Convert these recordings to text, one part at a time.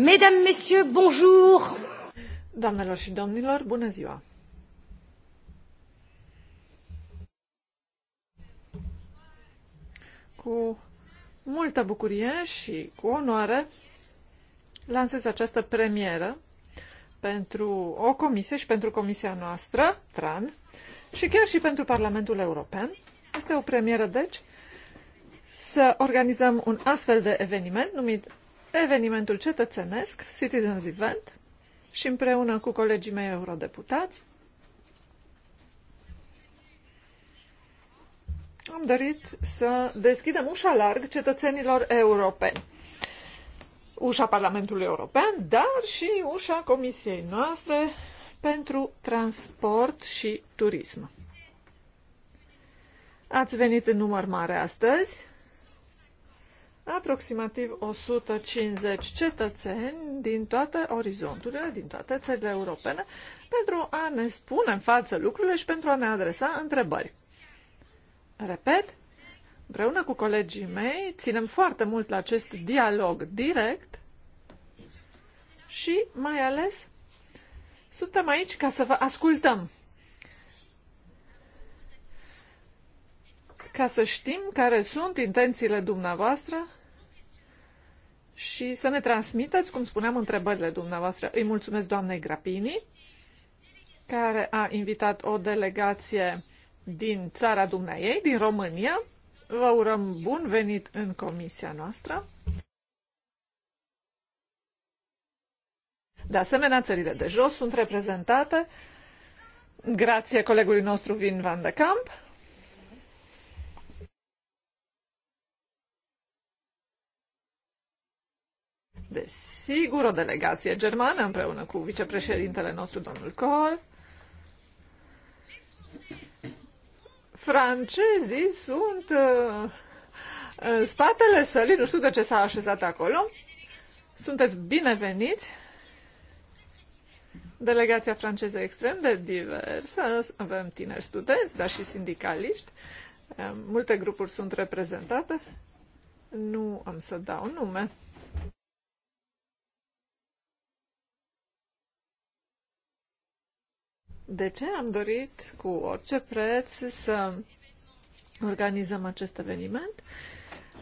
Mesdames, Messieurs, bonjour! Doamnelor și domnilor, bună ziua! Cu multă bucurie și cu onoare lansez această premieră pentru o comisie și pentru comisia noastră, TRAN, și chiar și pentru Parlamentul European. Este o premieră, deci, să organizăm un astfel de eveniment numit evenimentul cetățenesc, Citizens Event, și împreună cu colegii mei eurodeputați, am dorit să deschidem ușa larg cetățenilor europeni. Ușa Parlamentului European, dar și ușa Comisiei noastre pentru transport și turism. Ați venit în număr mare astăzi, aproximativ 150 cetățeni din toate orizonturile, din toate țările europene, pentru a ne spune în față lucrurile și pentru a ne adresa întrebări. Repet, împreună cu colegii mei, ținem foarte mult la acest dialog direct și mai ales suntem aici ca să vă ascultăm. Ca să știm care sunt intențiile dumneavoastră și să ne transmiteți, cum spuneam, întrebările dumneavoastră. Îi mulțumesc doamnei Grapini, care a invitat o delegație din țara dumneai, din România. Vă urăm bun venit în comisia noastră. De asemenea, țările de jos sunt reprezentate grație colegului nostru Vin van de Camp Desigur, o delegație germană împreună cu vicepreședintele nostru, domnul Kohl. Francezii sunt uh, în spatele sălii, nu știu de ce s-a așezat acolo. Sunteți bineveniți. Delegația franceză extrem de diversă. Avem tineri studenți, dar și sindicaliști. Multe grupuri sunt reprezentate. Nu am să dau nume. De ce am dorit cu orice preț să organizăm acest eveniment?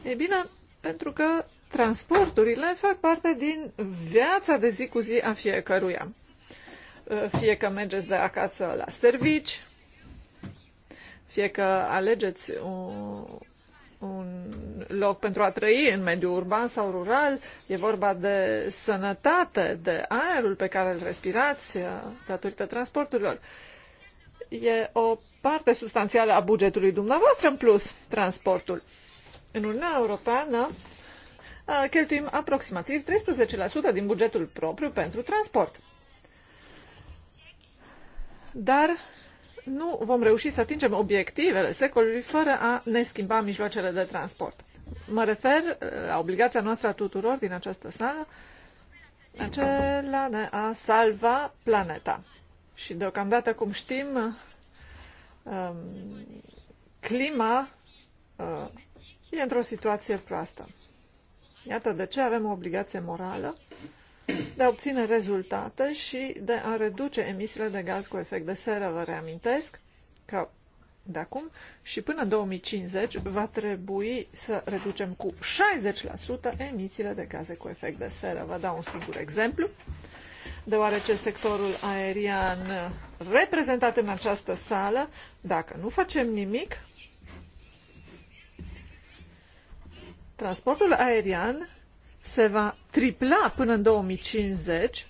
E bine, pentru că transporturile fac parte din viața de zi cu zi a fiecăruia. Fie că mergeți de acasă la servici, fie că alegeți un loc pentru a trăi în mediul urban sau rural, e vorba de sănătate, de aerul pe care îl respirați uh, datorită transporturilor. E o parte substanțială a bugetului dumneavoastră în plus transportul. În Uniunea Europeană uh, cheltuim aproximativ 13% din bugetul propriu pentru transport. Dar nu vom reuși să atingem obiectivele secolului fără a ne schimba mijloacele de transport. Mă refer uh, la obligația noastră a tuturor din această sală, acela de a salva planeta. Și deocamdată, cum știm, uh, um, clima uh, e într-o situație proastă. Iată de ce avem o obligație morală de a obține rezultate și de a reduce emisiile de gaz cu efect de seră. Vă reamintesc că de acum și până 2050 va trebui să reducem cu 60% emisiile de gaze cu efect de seră. Vă dau un singur exemplu, deoarece sectorul aerian reprezentat în această sală, dacă nu facem nimic, transportul aerian se va tripla până în 2050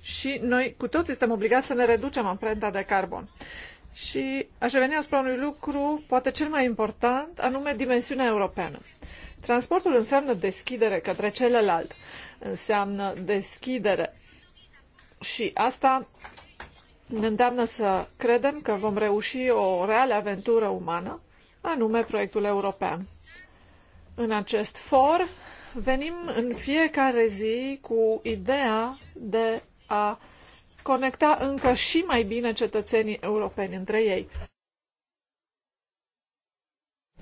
și noi cu toții suntem obligați să ne reducem amprenta de carbon. Și aș reveni asupra unui lucru, poate cel mai important, anume dimensiunea europeană. Transportul înseamnă deschidere către celălalt, înseamnă deschidere. Și asta ne îndeamnă să credem că vom reuși o reală aventură umană, anume proiectul european. În acest for venim în fiecare zi cu ideea de a conecta încă și mai bine cetățenii europeni între ei.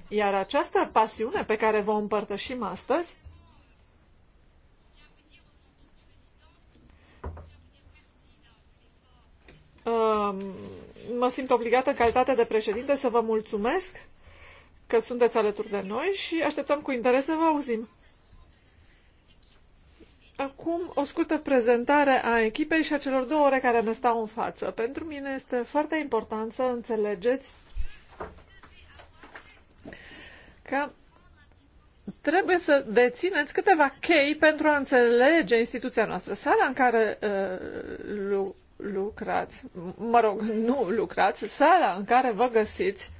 Iar această pasiune pe care vă împărtășim astăzi um, mă simt obligată în calitate de președinte să vă mulțumesc că sunteți alături de noi și așteptăm cu interes să vă auzim. Acum o scurtă prezentare a echipei și a celor două ore care ne stau în față. Pentru mine este foarte important să înțelegeți că trebuie să dețineți câteva chei pentru a înțelege instituția noastră. Sala în care uh, lucrați, mă rog, nu lucrați, sala în care vă găsiți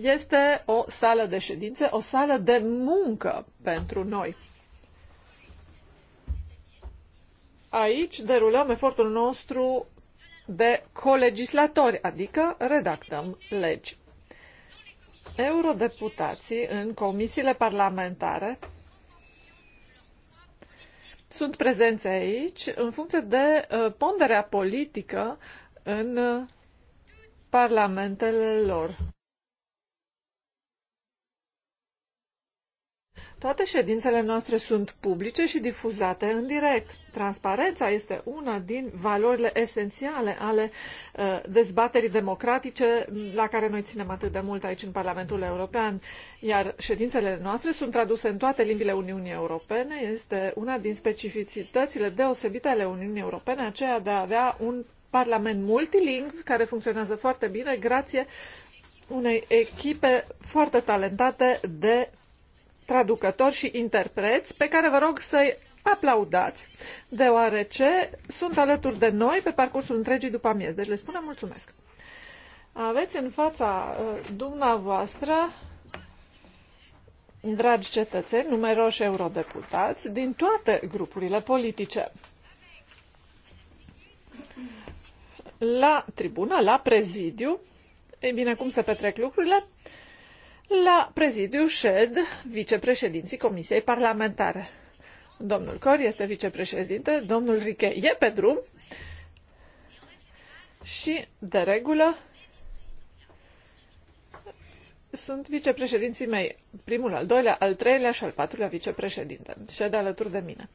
este o sală de ședințe, o sală de muncă pentru noi. Aici derulăm efortul nostru de colegislatori, adică redactăm legi. Eurodeputații în comisiile parlamentare sunt prezenți aici în funcție de uh, ponderea politică în uh, parlamentele lor. Toate ședințele noastre sunt publice și difuzate în direct. Transparența este una din valorile esențiale ale uh, dezbaterii democratice la care noi ținem atât de mult aici în Parlamentul European, iar ședințele noastre sunt traduse în toate limbile Uniunii Europene. Este una din specificitățile deosebite ale Uniunii Europene, aceea de a avea un parlament multilingv care funcționează foarte bine grație unei echipe foarte talentate de traducători și interpreți, pe care vă rog să-i aplaudați, deoarece sunt alături de noi pe parcursul întregii după amiez. Deci le spunem mulțumesc. Aveți în fața uh, dumneavoastră, dragi cetățeni, numeroși eurodeputați din toate grupurile politice. La tribună, la prezidiu, e bine, cum se petrec lucrurile? Uh, la prezidiu șed vicepreședinții Comisiei Parlamentare. Domnul Cor este vicepreședinte, domnul Riche e pe drum și, de regulă, sunt vicepreședinții mei, primul, al doilea, al treilea și al patrulea vicepreședinte. Șed alături de mine.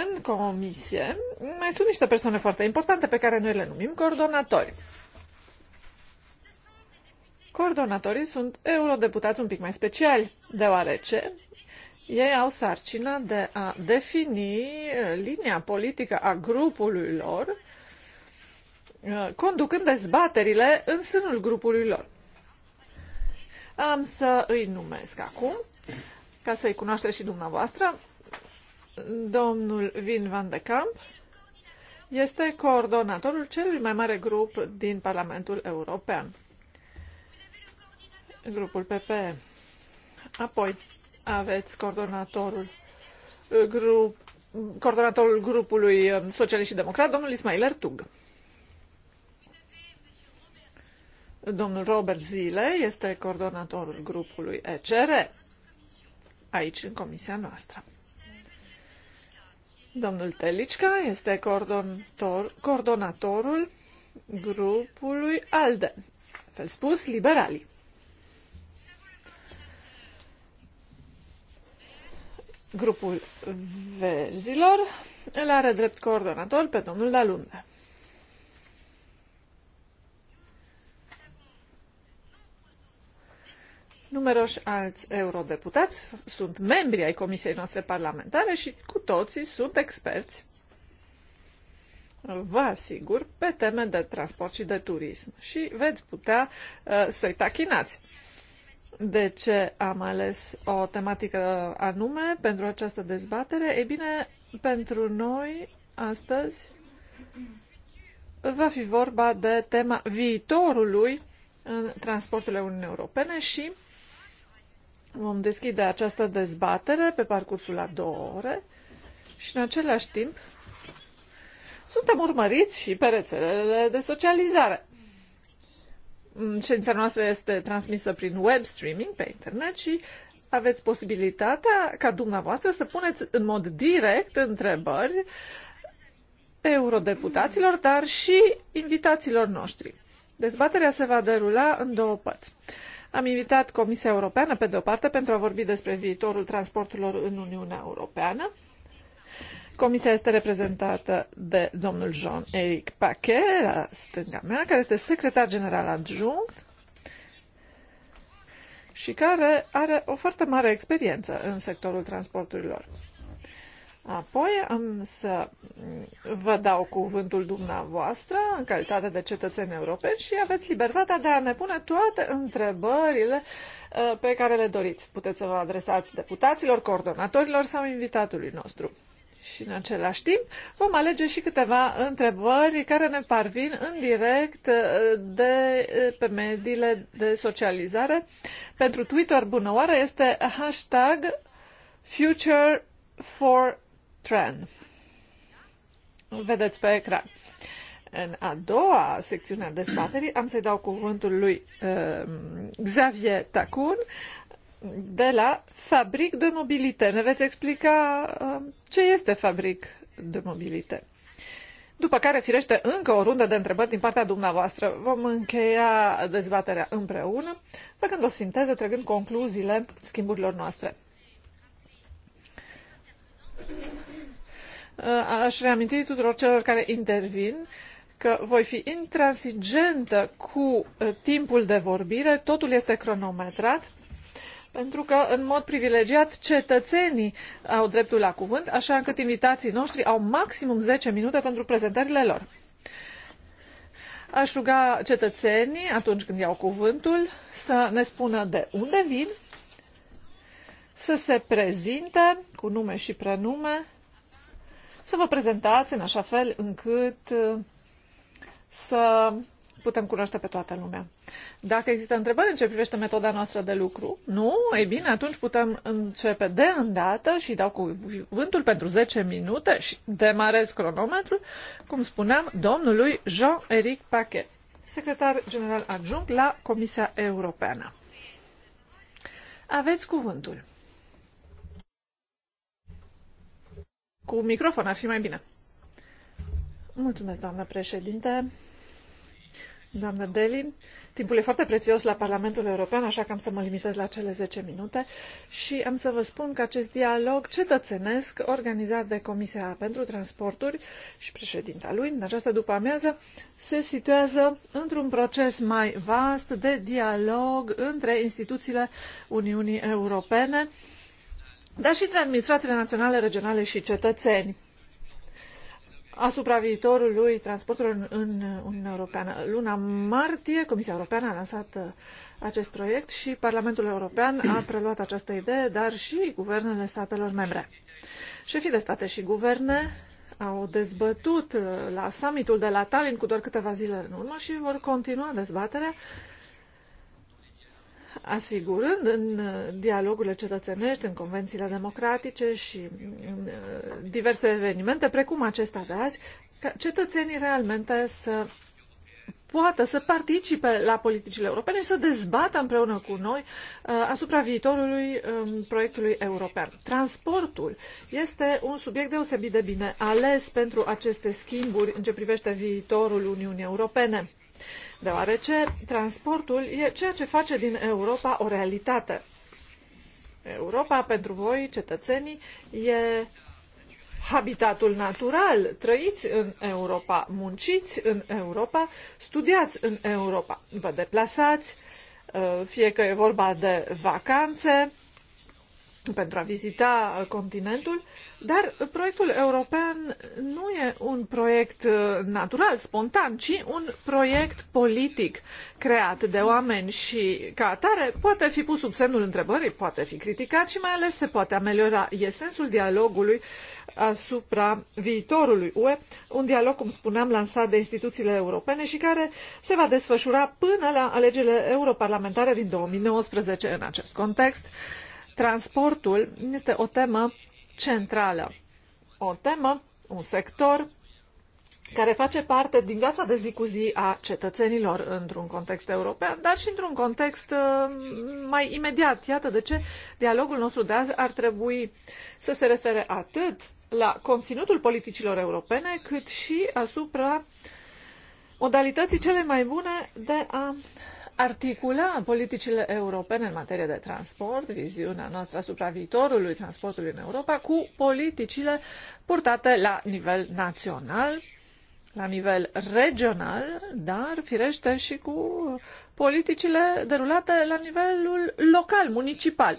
În comisie mai sunt niște persoane foarte importante pe care noi le numim coordonatori. Coordonatorii sunt eurodeputați un pic mai speciali, deoarece ei au sarcina de a defini uh, linia politică a grupului lor, uh, conducând dezbaterile în sânul grupului lor. Am să îi numesc acum, ca să-i cunoașteți și dumneavoastră, Domnul Vin van de Kamp este coordonatorul celui mai mare grup din Parlamentul European, grupul PPE. Apoi aveți coordonatorul, grup, coordonatorul grupului um, socialist și democrat, domnul Ismail Ertug. Domnul Robert Zile este coordonatorul grupului ECR, aici în comisia noastră. Domnul Telicca este coordonator, coordonatorul grupului ALDE, fel spus, liberalii. Grupul verzilor îl are drept coordonator pe domnul Dalunde. Numeroși alți eurodeputați sunt membri ai comisiei noastre parlamentare și cu toții sunt experți, vă asigur, pe teme de transport și de turism și veți putea uh, să-i tachinați. De ce am ales o tematică anume pentru această dezbatere? Ei bine, pentru noi astăzi va fi vorba de tema viitorului în transporturile Uniunii Europene și uh, Vom deschide această dezbatere pe parcursul a două ore și în același timp suntem urmăriți și pe rețelele de socializare. Mm, ședința noastră este transmisă prin web streaming pe internet și aveți posibilitatea ca dumneavoastră să puneți în mod direct întrebări eurodeputaților, dar și invitaților noștri. Dezbaterea se va derula în două părți. Am invitat Comisia Europeană, pe de o parte, pentru a vorbi despre viitorul transporturilor în Uniunea Europeană. Comisia este reprezentată de domnul Jean-Éric Paquet, la stânga mea, care este secretar general adjunct și care are o foarte mare experiență în sectorul transporturilor. Apoi am să vă dau cuvântul dumneavoastră în calitate de cetățeni europeni și aveți libertatea de a ne pune toate întrebările uh, pe care le doriți. Puteți să vă adresați deputaților, coordonatorilor sau invitatului nostru. Și în același timp vom alege și câteva întrebări care ne parvin în direct uh, de, uh, pe mediile de socializare. Pentru Twitter oară, este hashtag future for Tran. Vedeți pe ecran. În a doua secțiune a dezbaterii am să-i dau cuvântul lui uh, Xavier Tacun de la Fabric de Mobilite. Ne veți explica uh, ce este Fabric de Mobilite. După care, firește, încă o rundă de întrebări din partea dumneavoastră. Vom încheia dezbaterea împreună, făcând o sinteză, trăgând concluziile schimburilor noastre. Uh, aș reaminti tuturor celor care intervin că voi fi intransigentă cu uh, timpul de vorbire, totul este cronometrat, pentru că, în mod privilegiat, cetățenii au dreptul la cuvânt, așa încât invitații noștri au maximum 10 minute pentru prezentările lor. Aș ruga cetățenii, atunci când iau cuvântul, să ne spună de unde vin, să se prezinte cu nume și prenume, să vă prezentați în așa fel încât uh, să putem cunoaște pe toată lumea. Dacă există întrebări în ce privește metoda noastră de lucru, nu? Ei bine, atunci putem începe de îndată și dau cuvântul pentru 10 minute și demarez cronometrul, cum spuneam, domnului Jean-Éric Paquet, secretar general adjunct la Comisia Europeană. Aveți cuvântul. Cu microfon ar fi mai bine. Mulțumesc, doamnă președinte. Doamnă Deli, timpul e foarte prețios la Parlamentul European, așa că am să mă limitez la cele 10 minute și am să vă spun că acest dialog cetățenesc organizat de Comisia pentru Transporturi și președinta lui, în această după amiază, se situează într-un proces mai vast de dialog între instituțiile Uniunii Europene, dar și între administrațiile naționale, regionale și cetățeni asupra viitorului transportului în, în Uniunea Europeană. Luna martie, Comisia Europeană a lansat uh, acest proiect și Parlamentul European a preluat această idee, dar și guvernele statelor membre. Șefii de state și guverne au dezbătut uh, la summitul de la Tallinn cu doar câteva zile în urmă și vor continua dezbaterea asigurând în uh, dialogurile cetățenești, în convențiile democratice și în uh, diverse evenimente, precum acesta de azi, ca cetățenii realmente să poată să participe la politicile europene și să dezbată împreună cu noi uh, asupra viitorului um, proiectului european. Transportul este un subiect deosebit de bine ales pentru aceste schimburi în ce privește viitorul Uniunii Europene deoarece transportul e ceea ce face din Europa o realitate. Europa, pentru voi, cetățenii, e habitatul natural. Trăiți în Europa, munciți în Europa, studiați în Europa, vă deplasați, fie că e vorba de vacanțe, pentru a vizita continentul, dar proiectul european nu e un proiect uh, natural, spontan, ci un proiect politic creat de oameni și ca atare poate fi pus sub semnul întrebării, poate fi criticat și mai ales se poate ameliora. E sensul dialogului asupra viitorului UE, un dialog, cum spuneam, lansat de instituțiile europene și care se va desfășura până la alegerile europarlamentare din 2019. În acest context, transportul este o temă centrală. O temă, un sector care face parte din viața de zi cu zi a cetățenilor într-un context european, dar și într-un context uh, mai imediat. Iată de ce dialogul nostru de azi ar trebui să se refere atât la conținutul politicilor europene, cât și asupra modalității cele mai bune de a articula politicile europene în materie de transport, viziunea noastră asupra viitorului transportului în Europa, cu politicile purtate la nivel național, la nivel regional, dar firește și cu politicile derulate la nivelul local, municipal.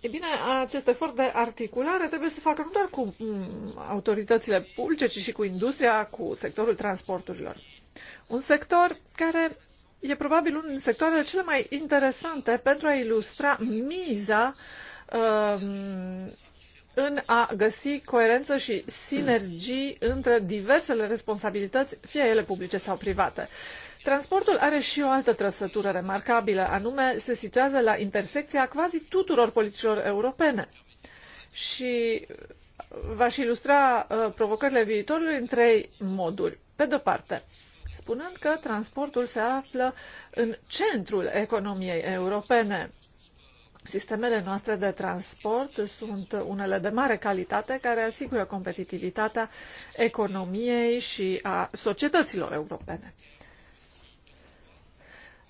E bine, acest efort de articulare trebuie să facă nu doar cu mm, autoritățile publice, ci și cu industria, cu sectorul transporturilor. Un sector care e probabil unul din sectoarele cele mai interesante pentru a ilustra miza um, în a găsi coerență și sinergii între diversele responsabilități, fie ele publice sau private. Transportul are și o altă trăsătură remarcabilă, anume se situează la intersecția quasi tuturor politicilor europene. Și v-aș ilustra uh, provocările viitorului în trei moduri. Pe de-o parte, uh, spunând că transportul se află în centrul economiei europene. Sistemele noastre de transport sunt unele de mare calitate care asigură competitivitatea economiei și a societăților europene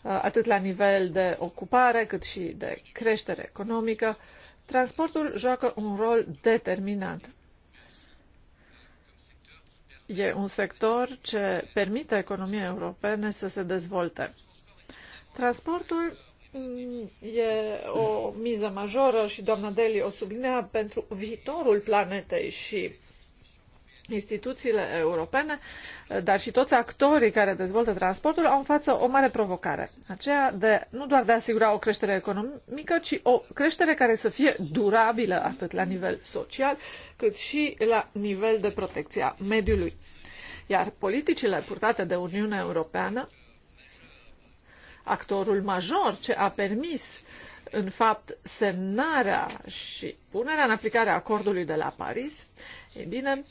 atât la nivel de ocupare, cât și de creștere economică, transportul joacă un rol determinant. E un sector ce permite economiei europene să se dezvolte. Transportul mm, e o miză majoră și doamna Deli o sublinea pentru viitorul planetei și instituțiile europene, dar și toți actorii care dezvoltă transportul au în față o mare provocare, aceea de nu doar de a asigura o creștere economică, ci o creștere care să fie durabilă atât la nivel social, cât și la nivel de protecție a mediului. Iar politicile purtate de Uniunea Europeană, actorul major ce a permis în fapt semnarea și punerea în aplicare a acordului de la Paris, e bine,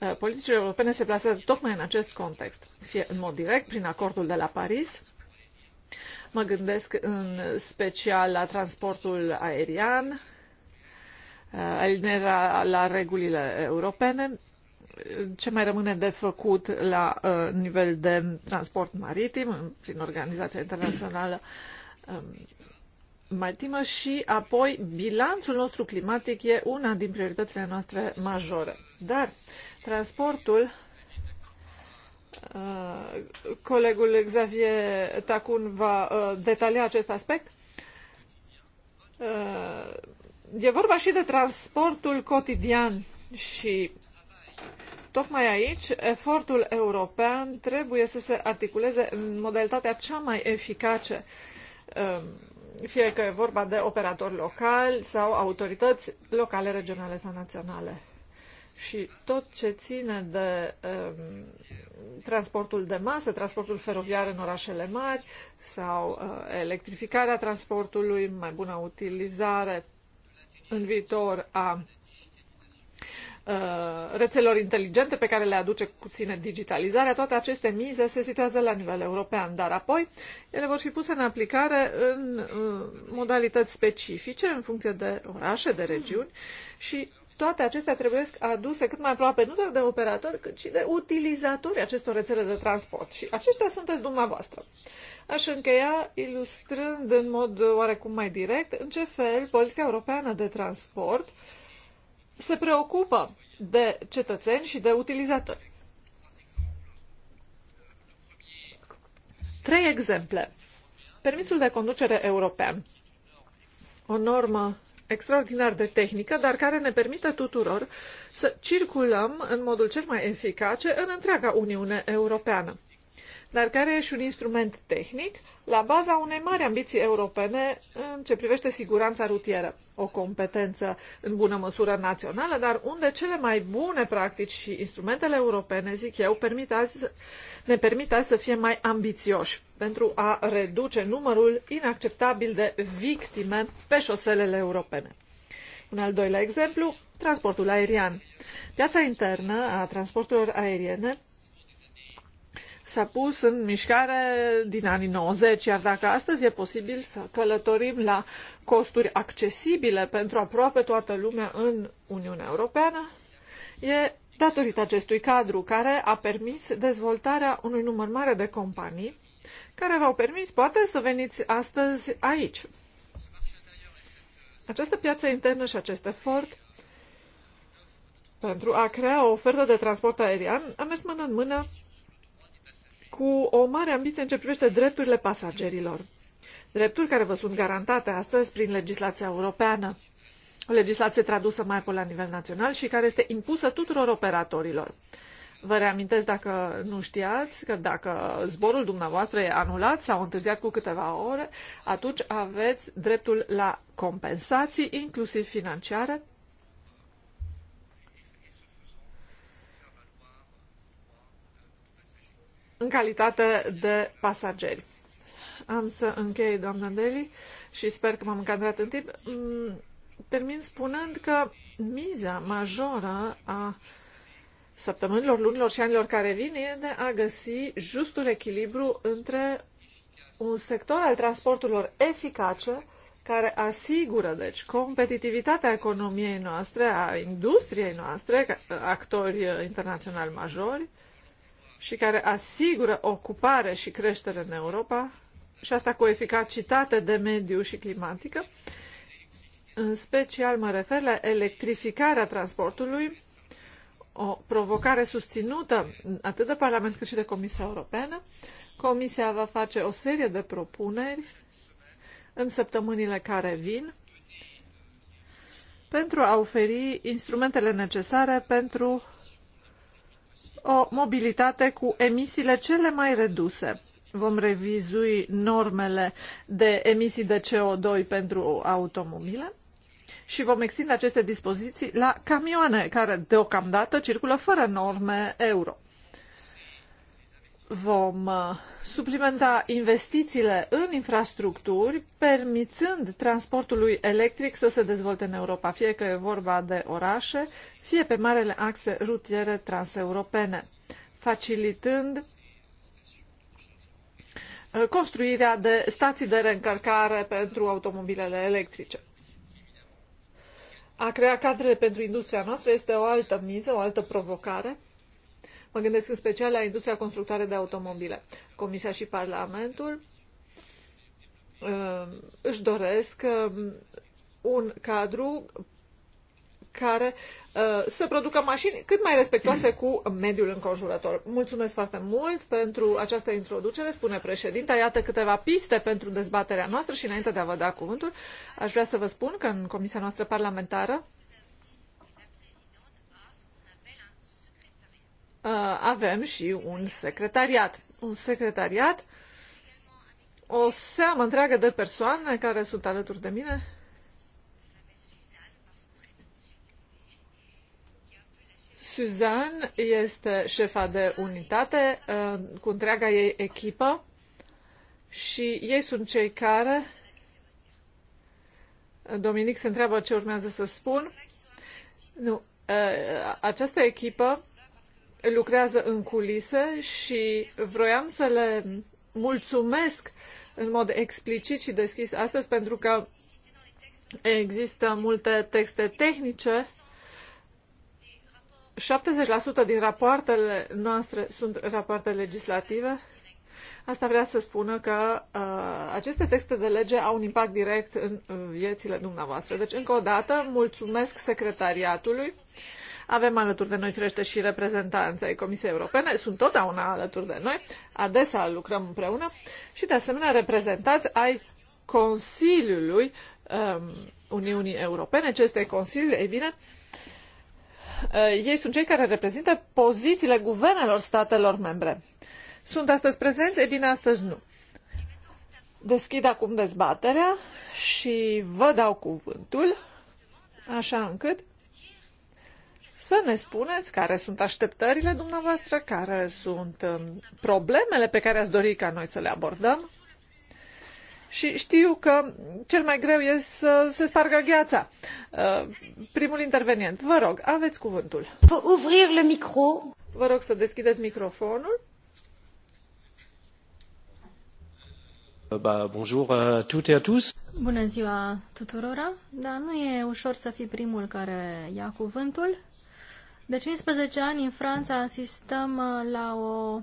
Uh, politicile europene se plasează tocmai în acest context, fie în mod direct, prin acordul de la Paris, mă gândesc în special la transportul aerian, uh, alinerea la regulile europene, ce mai rămâne de făcut la uh, nivel de transport maritim, prin Organizația Internațională um, maritimă și apoi bilanțul nostru climatic e una din prioritățile noastre majore. Dar transportul uh, colegul Xavier Tacun va uh, detalia acest aspect. Uh, e vorba și de transportul cotidian și tocmai aici efortul european trebuie să se articuleze în modalitatea cea mai eficace fie că e vorba de operatori locali sau autorități locale, regionale sau naționale. Și tot ce ține de um, transportul de masă, transportul feroviar în orașele mari sau uh, electrificarea transportului, mai bună utilizare în viitor a Uh, rețelor inteligente pe care le aduce cu sine digitalizarea, toate aceste mize se situează la nivel european, dar apoi ele vor fi puse în aplicare în uh, modalități specifice, în funcție de orașe, de regiuni și toate acestea trebuie aduse cât mai aproape nu doar de operatori, cât și de utilizatori acestor rețele de transport. Și aceștia sunteți dumneavoastră. Aș încheia ilustrând în mod oarecum mai direct în ce fel politica europeană de transport uh, se preocupă de cetățeni și de utilizatori. Trei exemple. Permisul de conducere european. O normă extraordinar de tehnică, dar care ne permite tuturor să circulăm în modul cel mai eficace în întreaga Uniune Europeană dar care e și un instrument tehnic la baza unei mari ambiții europene în ce privește siguranța rutieră. O competență în bună măsură națională, dar unde cele mai bune practici și instrumentele europene, zic eu, permit azi, ne permit azi să fie mai ambițioși pentru a reduce numărul inacceptabil de victime pe șoselele europene. Un al doilea exemplu, transportul aerian. Piața internă a transporturilor aeriene s-a pus în mișcare din anii 90, iar dacă astăzi e posibil să călătorim la costuri accesibile pentru aproape toată lumea în Uniunea Europeană, e datorită acestui cadru care a permis dezvoltarea unui număr mare de companii care v-au permis poate să veniți astăzi aici. Această piață internă și acest efort pentru a crea o ofertă de transport aerian a mers mână în mână cu o mare ambiție în ce privește drepturile pasagerilor. Drepturi care vă sunt garantate astăzi prin legislația europeană, o legislație tradusă mai apoi la nivel național și care este impusă tuturor operatorilor. Vă reamintesc dacă nu știați că dacă zborul dumneavoastră e anulat sau întârziat cu câteva ore, atunci aveți dreptul la compensații, inclusiv financiare, în calitate de pasageri. Am să închei, doamna Deli, și sper că m-am încadrat în timp. Mm, termin spunând că miza majoră a săptămânilor, lunilor și anilor care vin e de a găsi justul echilibru între un sector al transporturilor eficace, care asigură, deci, competitivitatea economiei noastre, a industriei noastre, actori internaționali majori, și care asigură ocupare și creștere în Europa, și asta cu eficacitate de mediu și climatică. În special mă refer la electrificarea transportului, o provocare susținută atât de Parlament cât și de Comisia Europeană. Comisia va face o serie de propuneri în săptămânile care vin pentru a oferi instrumentele necesare pentru o mobilitate cu emisiile cele mai reduse. Vom revizui normele de emisii de CO2 pentru automobile și vom extinde aceste dispoziții la camioane care deocamdată circulă fără norme euro vom uh, suplimenta investițiile în infrastructuri, permițând transportului electric să se dezvolte în Europa, fie că e vorba de orașe, fie pe marele axe rutiere transeuropene, facilitând uh, construirea de stații de reîncărcare pentru automobilele electrice. A crea cadre pentru industria noastră este o altă miză, o altă provocare Mă gândesc în special la industria constructoare de automobile. Comisia și Parlamentul um, își doresc um, un cadru care uh, să producă mașini cât mai respectoase cu mediul înconjurător. Mulțumesc foarte mult pentru această introducere, spune președinta. Iată câteva piste pentru dezbaterea noastră și înainte de a vă da cuvântul, aș vrea să vă spun că în comisia noastră parlamentară Uh, avem și un secretariat. Un secretariat, o seamă întreagă de persoane care sunt alături de mine. Suzanne este șefa de unitate uh, cu întreaga ei echipă și ei sunt cei care Dominic se întreabă ce urmează să spun. Nu, uh, această echipă lucrează în culise și vroiam să le mulțumesc în mod explicit și deschis astăzi pentru că există multe texte tehnice 70% din rapoartele noastre sunt rapoarte legislative. Asta vrea să spună că uh, aceste texte de lege au un impact direct în viețile dumneavoastră. Deci, încă o dată, mulțumesc secretariatului avem alături de noi, firește, și reprezentanții ai Comisiei Europene, sunt totdeauna alături de noi, adesea lucrăm împreună și, de asemenea, reprezentați ai Consiliului um, Uniunii Europene, ce este Consiliul, ei bine, uh, ei sunt cei care reprezintă pozițiile guvernelor statelor membre. Sunt astăzi prezenți? Ei bine, astăzi nu. Deschid acum dezbaterea și vă dau cuvântul, așa încât să ne spuneți care sunt așteptările dumneavoastră, care sunt um, problemele pe care ați dori ca noi să le abordăm. Și știu că cel mai greu e să se spargă gheața. Uh, primul intervenient, vă rog, aveți cuvântul. Vă micro. Vă rog să deschideți microfonul. Uh, bonjour uh, toutes et à tous. Bună ziua tuturora, Da, nu e ușor să fii primul care ia cuvântul. De 15 ani în Franța asistăm uh, la o,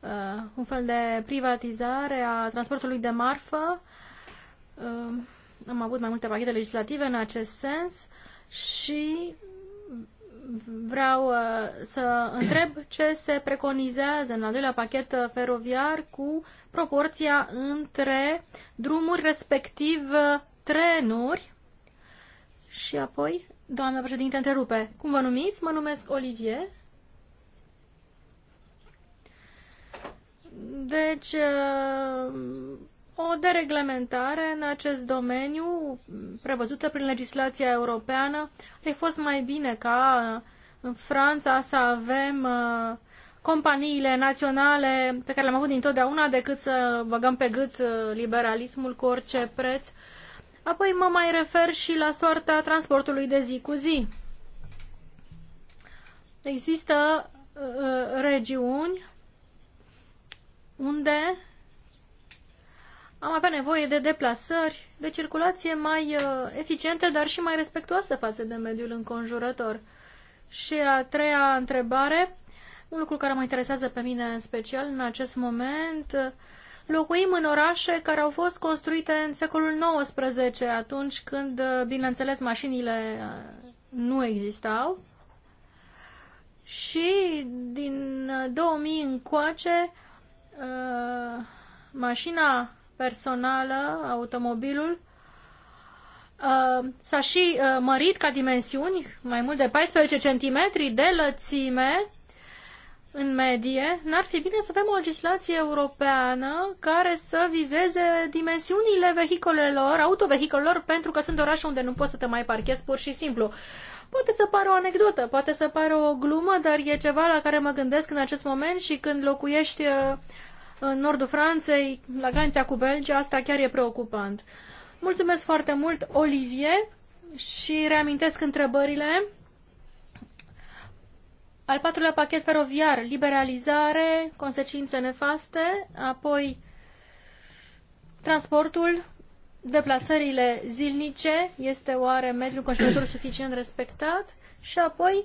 uh, un fel de privatizare a transportului de marfă. Uh, am avut mai multe pachete legislative în acest sens și vreau să întreb ce se preconizează în al doilea pachet feroviar cu proporția între drumuri respectiv trenuri și apoi Doamna președinte, întrerupe. Cum vă numiți? Mă numesc Olivier. Deci, uh, o dereglementare în acest domeniu, prevăzută prin legislația europeană, ar fost mai bine ca în Franța să avem uh, companiile naționale pe care le-am avut dintotdeauna, decât să băgăm pe gât uh, liberalismul cu orice preț Apoi mă mai refer și la soarta transportului de zi cu zi. Există uh, uh regiuni unde am avea nevoie de deplasări, de circulație mai uh, eficiente, dar și mai respectuoasă față de mediul înconjurător. Și a treia întrebare, un lucru care mă interesează pe mine în special în acest moment, uh, locuim în orașe care au fost construite în secolul XIX, atunci când, uh, bineînțeles, mașinile uh, nu existau. Și din 2000 uh, încoace, mașina personală, automobilul, s-a și mărit ca dimensiuni, mai mult de 14 cm de lățime, în medie, n-ar fi bine să avem o legislație europeană care să vizeze dimensiunile vehicolelor, autovehicolelor, pentru că sunt orașe unde nu poți să te mai parchezi pur și simplu. Poate să pară o anecdotă, poate să pară o glumă, dar e ceva la care mă gândesc în acest moment și când locuiești uh, în nordul Franței, la granița cu Belgia, asta chiar e preocupant. Mulțumesc foarte mult, Olivier, și reamintesc întrebările al patrulea pachet feroviar, liberalizare, consecințe nefaste, apoi transportul, deplasările zilnice, este oare mediul conștientul suficient respectat și apoi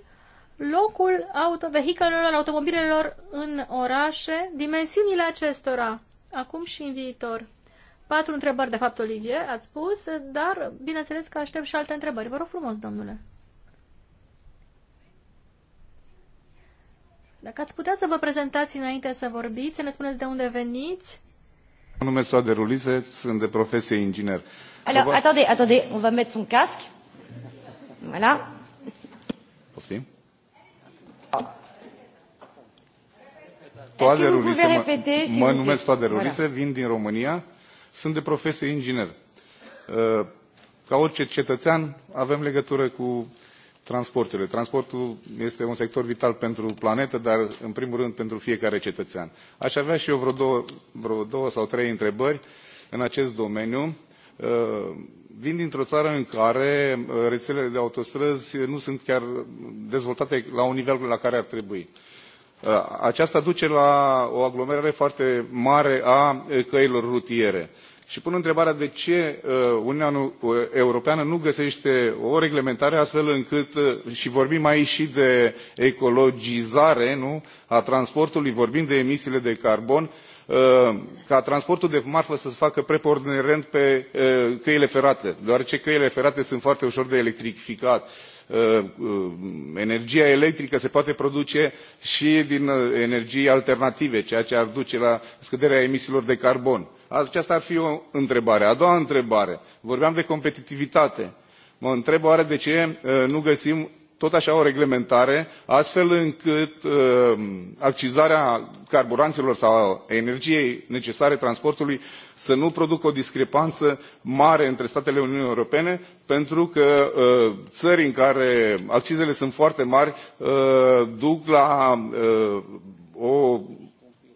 locul autovehiculelor, automobilelor în orașe, dimensiunile acestora, acum și în viitor. Patru întrebări, de fapt, Olivier, ați spus, dar bineînțeles că aștept și alte întrebări. Vă rog frumos, domnule. Dacă ați putea să vă prezentați înainte să vorbiți, să ne spuneți de unde veniți. Mă numesc Soade Rulise, sunt de profesie inginer. Alors, va... attendez, attendez, on va mettre son casque. Voilà. Poftim? Toade Rulise, mă, mă numesc Toade Rulise, voilà. vin din România, sunt de profesie inginer. Uh, Ca orice cetățean, avem legătură cu transporturile. Transportul este un sector vital pentru planetă, dar în primul rând pentru fiecare cetățean. Aș avea și eu vreo două, vreo două sau trei întrebări în acest domeniu. Uh, vin dintr-o țară în care uh, rețelele de autostrăzi nu sunt chiar dezvoltate la un nivel la care ar trebui. Uh, aceasta duce la o aglomerare foarte mare a căilor rutiere și pun întrebarea de ce uh, Uniunea uh, Europeană nu găsește o reglementare astfel încât, uh, și vorbim aici și de ecologizare nu? a transportului, vorbim de emisiile de carbon, ca transportul de marfă să se facă preponderent pe căile ferate, deoarece căile ferate sunt foarte ușor de electrificat energia electrică se poate produce și din energii alternative ceea ce ar duce la scăderea emisiilor de carbon. Aceasta ar fi o întrebare. A doua întrebare. Vorbeam de competitivitate. Mă întreb oare de ce uh, nu găsim tot așa o reglementare, astfel încât uh, accizarea carburanților sau energiei necesare transportului să nu producă o discrepanță mare între statele Uniunii Europene, pentru că uh, țări în care accizele sunt foarte mari uh, duc la uh, o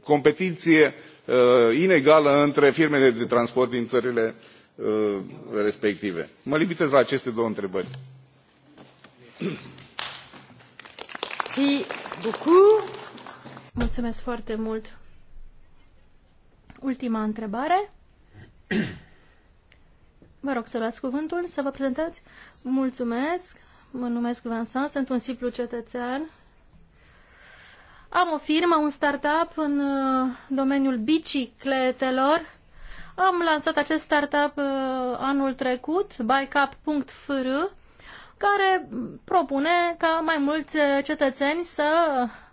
competiție Uh, inegală între firmele de transport din țările uh, respective. Mă limitez la aceste două întrebări. Mulțumesc foarte mult. Ultima întrebare. Vă rog să luați cuvântul, să vă prezentați. Mulțumesc. Mă numesc Vincent, sunt un simplu cetățean am o firmă, un startup în uh, domeniul bicicletelor. Am lansat acest startup uh, anul trecut, bikeUp.fr, care propune ca mai mulți uh, cetățeni să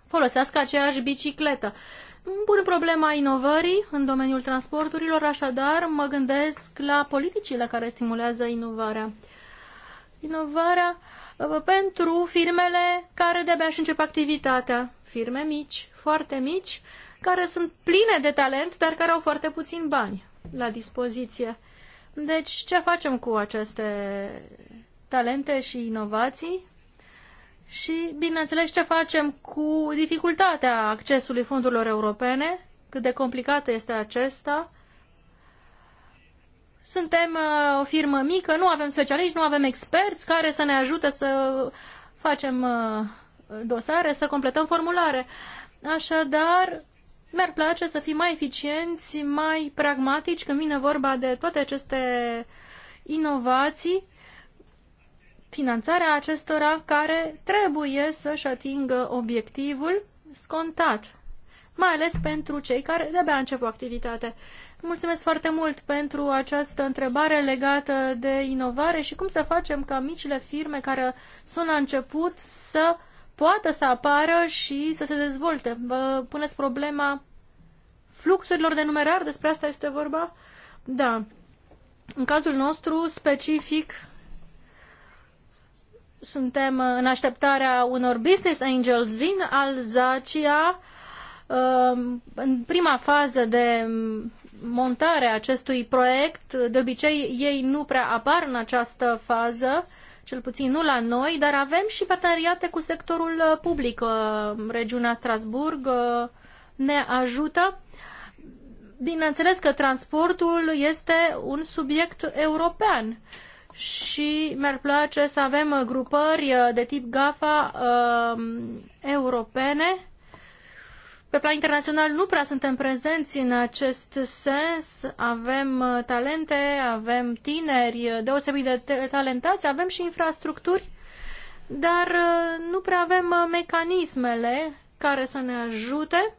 folosească aceeași bicicletă. Pun problema inovării în domeniul transporturilor, așadar mă gândesc la politicile care stimulează inovarea. Inovarea Uh, pentru firmele care de-abia își încep activitatea. Firme mici, foarte mici, care sunt pline de talent, dar care au foarte puțin bani la dispoziție. Deci, ce facem cu aceste talente și inovații? Și, bineînțeles, ce facem cu dificultatea accesului fondurilor europene, cât de complicat este acesta suntem uh, o firmă mică, nu avem specialiști, nu avem experți care să ne ajute să facem uh, dosare, să completăm formulare. Așadar, mi-ar place să fim mai eficienți, mai pragmatici când vine vorba de toate aceste inovații, finanțarea acestora care trebuie să-și atingă obiectivul scontat, mai ales pentru cei care de-abia încep o activitate. Mulțumesc foarte mult pentru această întrebare legată de inovare și cum să facem ca micile firme care sunt la început să poată să apară și să se dezvolte. Vă puneți problema fluxurilor de numerar, despre asta este vorba? Da. În cazul nostru, specific, suntem în așteptarea unor business angels din Alzacia, uh, în prima fază de montare a acestui proiect. De obicei, ei nu prea apar în această fază, cel puțin nu la noi, dar avem și parteneriate cu sectorul public. Regiunea Strasburg uh, ne ajută. Bineînțeles că transportul este un subiect european și mi-ar place să avem grupări de tip GAFA uh, europene pe plan internațional nu prea suntem prezenți în acest sens. Avem uh, talente, avem tineri uh, deosebit de talentați, avem și infrastructuri, dar uh, nu prea avem mecanismele care să ne ajute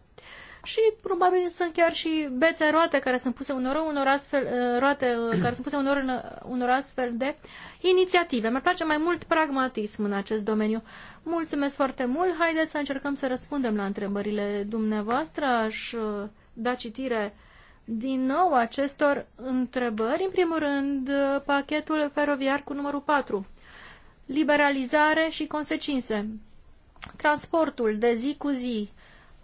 și probabil sunt chiar și bețe roate care sunt puse unor, unor astfel, uh, roate, uh, care sunt puse unor, unor astfel de inițiative. Mi-ar place mai mult pragmatism în acest domeniu. Mulțumesc foarte mult. Haideți să încercăm să răspundem la întrebările dumneavoastră. Aș uh, da citire din nou acestor întrebări. În primul rând, pachetul feroviar cu numărul 4. Liberalizare și consecințe. Transportul de zi cu zi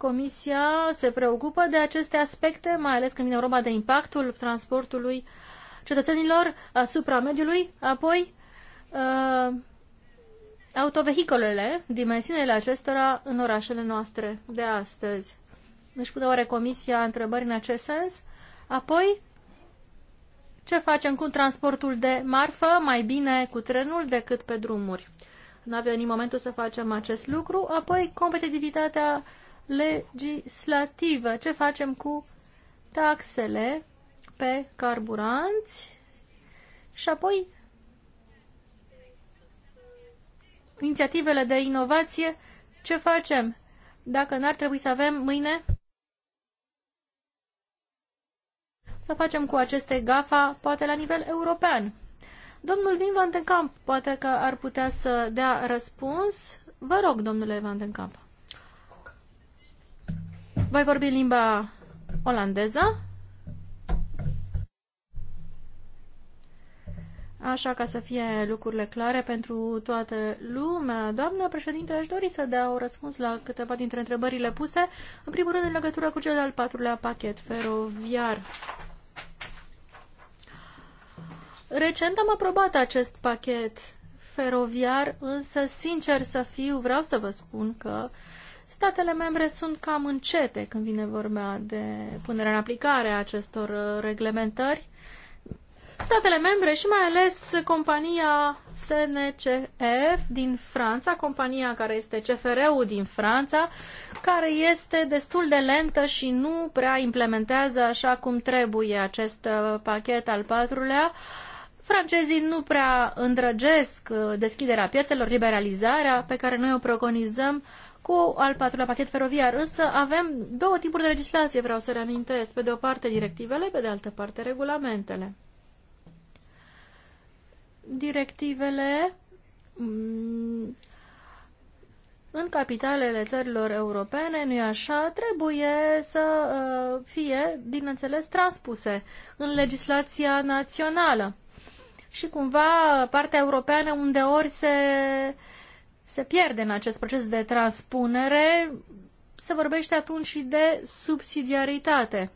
Comisia se preocupă de aceste aspecte, mai ales când vine vorba de impactul transportului cetățenilor asupra mediului, apoi uh, autovehicolele, dimensiunile acestora în orașele noastre de astăzi. Își pune oare Comisia întrebări în acest sens? Apoi, ce facem cu transportul de marfă, mai bine cu trenul decât pe drumuri? Nu avem venit momentul să facem acest lucru. Apoi, competitivitatea legislativă. Ce facem cu taxele pe carburanți și apoi inițiativele de inovație, ce facem? Dacă n-ar trebui să avem mâine să facem cu aceste GAFA, poate la nivel european. Domnul Vin Van den Kamp, poate că ar putea să dea răspuns. Vă rog, domnule Van den Kamp. Voi vorbi în limba olandeză. Așa ca să fie lucrurile clare pentru toată lumea. Doamna președinte, aș dori să dea o răspuns la câteva dintre întrebările puse. În primul rând, în legătură cu cel de-al patrulea pachet feroviar. Recent am aprobat acest pachet feroviar, însă, sincer să fiu, vreau să vă spun că uh, statele membre sunt cam încete când vine vorba de punerea în aplicare a acestor uh, reglementări. Statele membre și mai ales compania SNCF din Franța, compania care este CFR-ul din Franța, care este destul de lentă și nu prea implementează așa cum trebuie acest uh, pachet al patrulea. Francezii nu prea îndrăgesc uh, deschiderea piețelor, liberalizarea pe care noi o preconizăm cu al patrulea pachet feroviar. Însă avem două tipuri de legislație, vreau să reamintesc. Pe de o parte directivele, pe de altă parte regulamentele. Directivele mm, în capitalele țărilor europene, nu-i așa, trebuie să uh, fie, bineînțeles, transpuse în legislația națională. Și cumva partea europeană unde ori se uh, se pierde în acest proces de transpunere, se vorbește atunci și de subsidiaritate.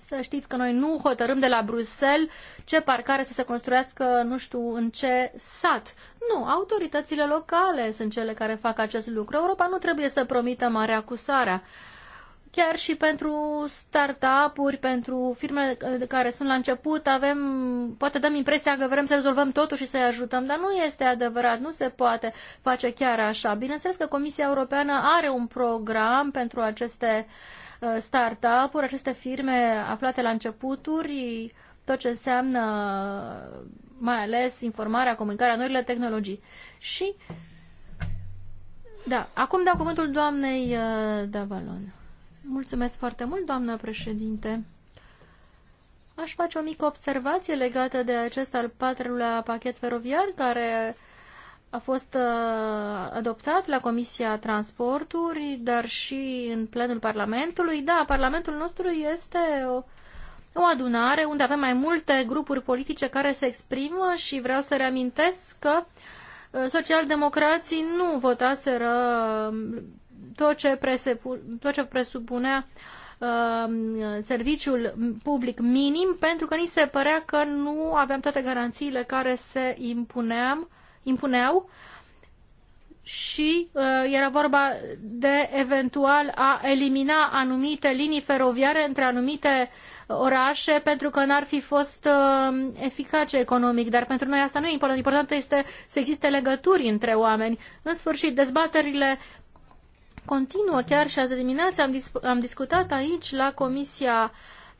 Să știți că noi nu hotărâm de la Bruxelles ce parcare să se construiască, nu știu, în ce sat. Nu, autoritățile locale sunt cele care fac acest lucru. Europa nu trebuie să promită marea cu sarea chiar și pentru startup-uri, pentru firme care sunt la început, avem, poate dăm impresia că vrem să rezolvăm totul și să-i ajutăm, dar nu este adevărat, nu se poate face chiar așa. Bineînțeles că Comisia Europeană are un program pentru aceste uh, startup-uri, aceste firme aflate la începuturi, tot ce înseamnă mai ales informarea, comunicarea, noile tehnologii. Și da, acum dau cuvântul doamnei uh, Davalon. Mulțumesc foarte mult, doamnă președinte. Aș face o mică observație legată de acest al patrulea pachet feroviar care a fost uh, adoptat la Comisia Transporturi, dar și în plenul Parlamentului. Da, Parlamentul nostru este o, o adunare unde avem mai multe grupuri politice care se exprimă și vreau să reamintesc că uh, socialdemocrații nu votaseră tot ce, presupune, tot ce presupunea um, serviciul public minim pentru că ni se părea că nu aveam toate garanțiile care se impuneam, impuneau și uh, era vorba de eventual a elimina anumite linii feroviare între anumite orașe pentru că n-ar fi fost uh, eficace economic, dar pentru noi asta nu e important. Important este să existe legături între oameni. În sfârșit, dezbaterile continuă chiar și azi dimineață. Am, dis- am discutat aici la Comisia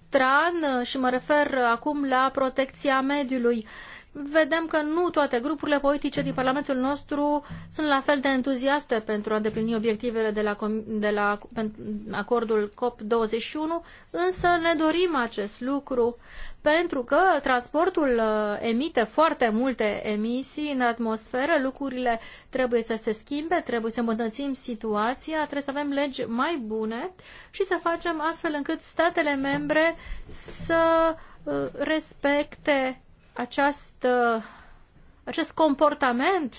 TRAN și mă refer acum la protecția mediului vedem că nu toate grupurile politice din Parlamentul nostru sunt la fel de entuziaste pentru a deplini obiectivele de la, de la acordul COP21, însă ne dorim acest lucru pentru că transportul uh, emite foarte multe emisii în atmosferă, lucrurile trebuie să se schimbe, trebuie să îmbunătățim situația, trebuie să avem legi mai bune și să facem astfel încât statele membre să uh, respecte această, acest comportament,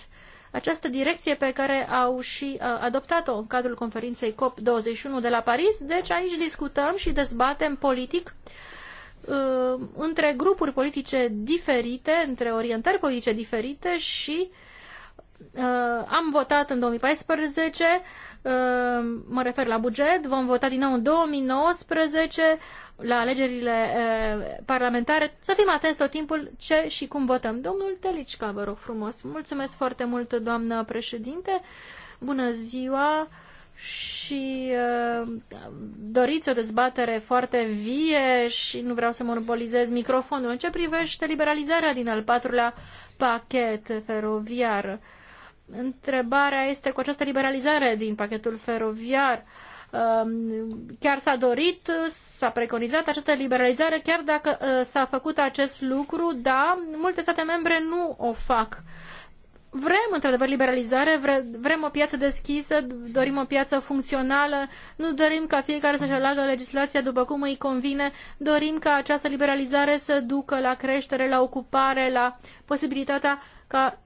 această direcție pe care au și uh, adoptat-o în cadrul conferinței COP21 de la Paris. Deci aici discutăm și dezbatem politic uh, între grupuri politice diferite, între orientări politice diferite și uh, am votat în 2014 Ehm, mă refer la buget, vom vota din nou în 2019 la alegerile eh, parlamentare. Să fim atenți tot timpul ce și cum votăm. Domnul Telicica, vă rog frumos. Mulțumesc foarte mult, doamnă președinte. Bună ziua și eh, doriți o dezbatere foarte vie și nu vreau să monopolizez microfonul. În ce privește liberalizarea din al patrulea pachet feroviar? Întrebarea este cu această liberalizare din pachetul feroviar. Um, chiar s-a dorit, s-a preconizat această liberalizare, chiar dacă uh, s-a făcut acest lucru, da, multe state membre nu o fac. Vrem, într-adevăr, liberalizare, vrem o piață deschisă, dorim o piață funcțională, nu dorim ca fiecare să-și aleagă legislația după cum îi convine, dorim ca această liberalizare să ducă la creștere, la ocupare, la posibilitatea ca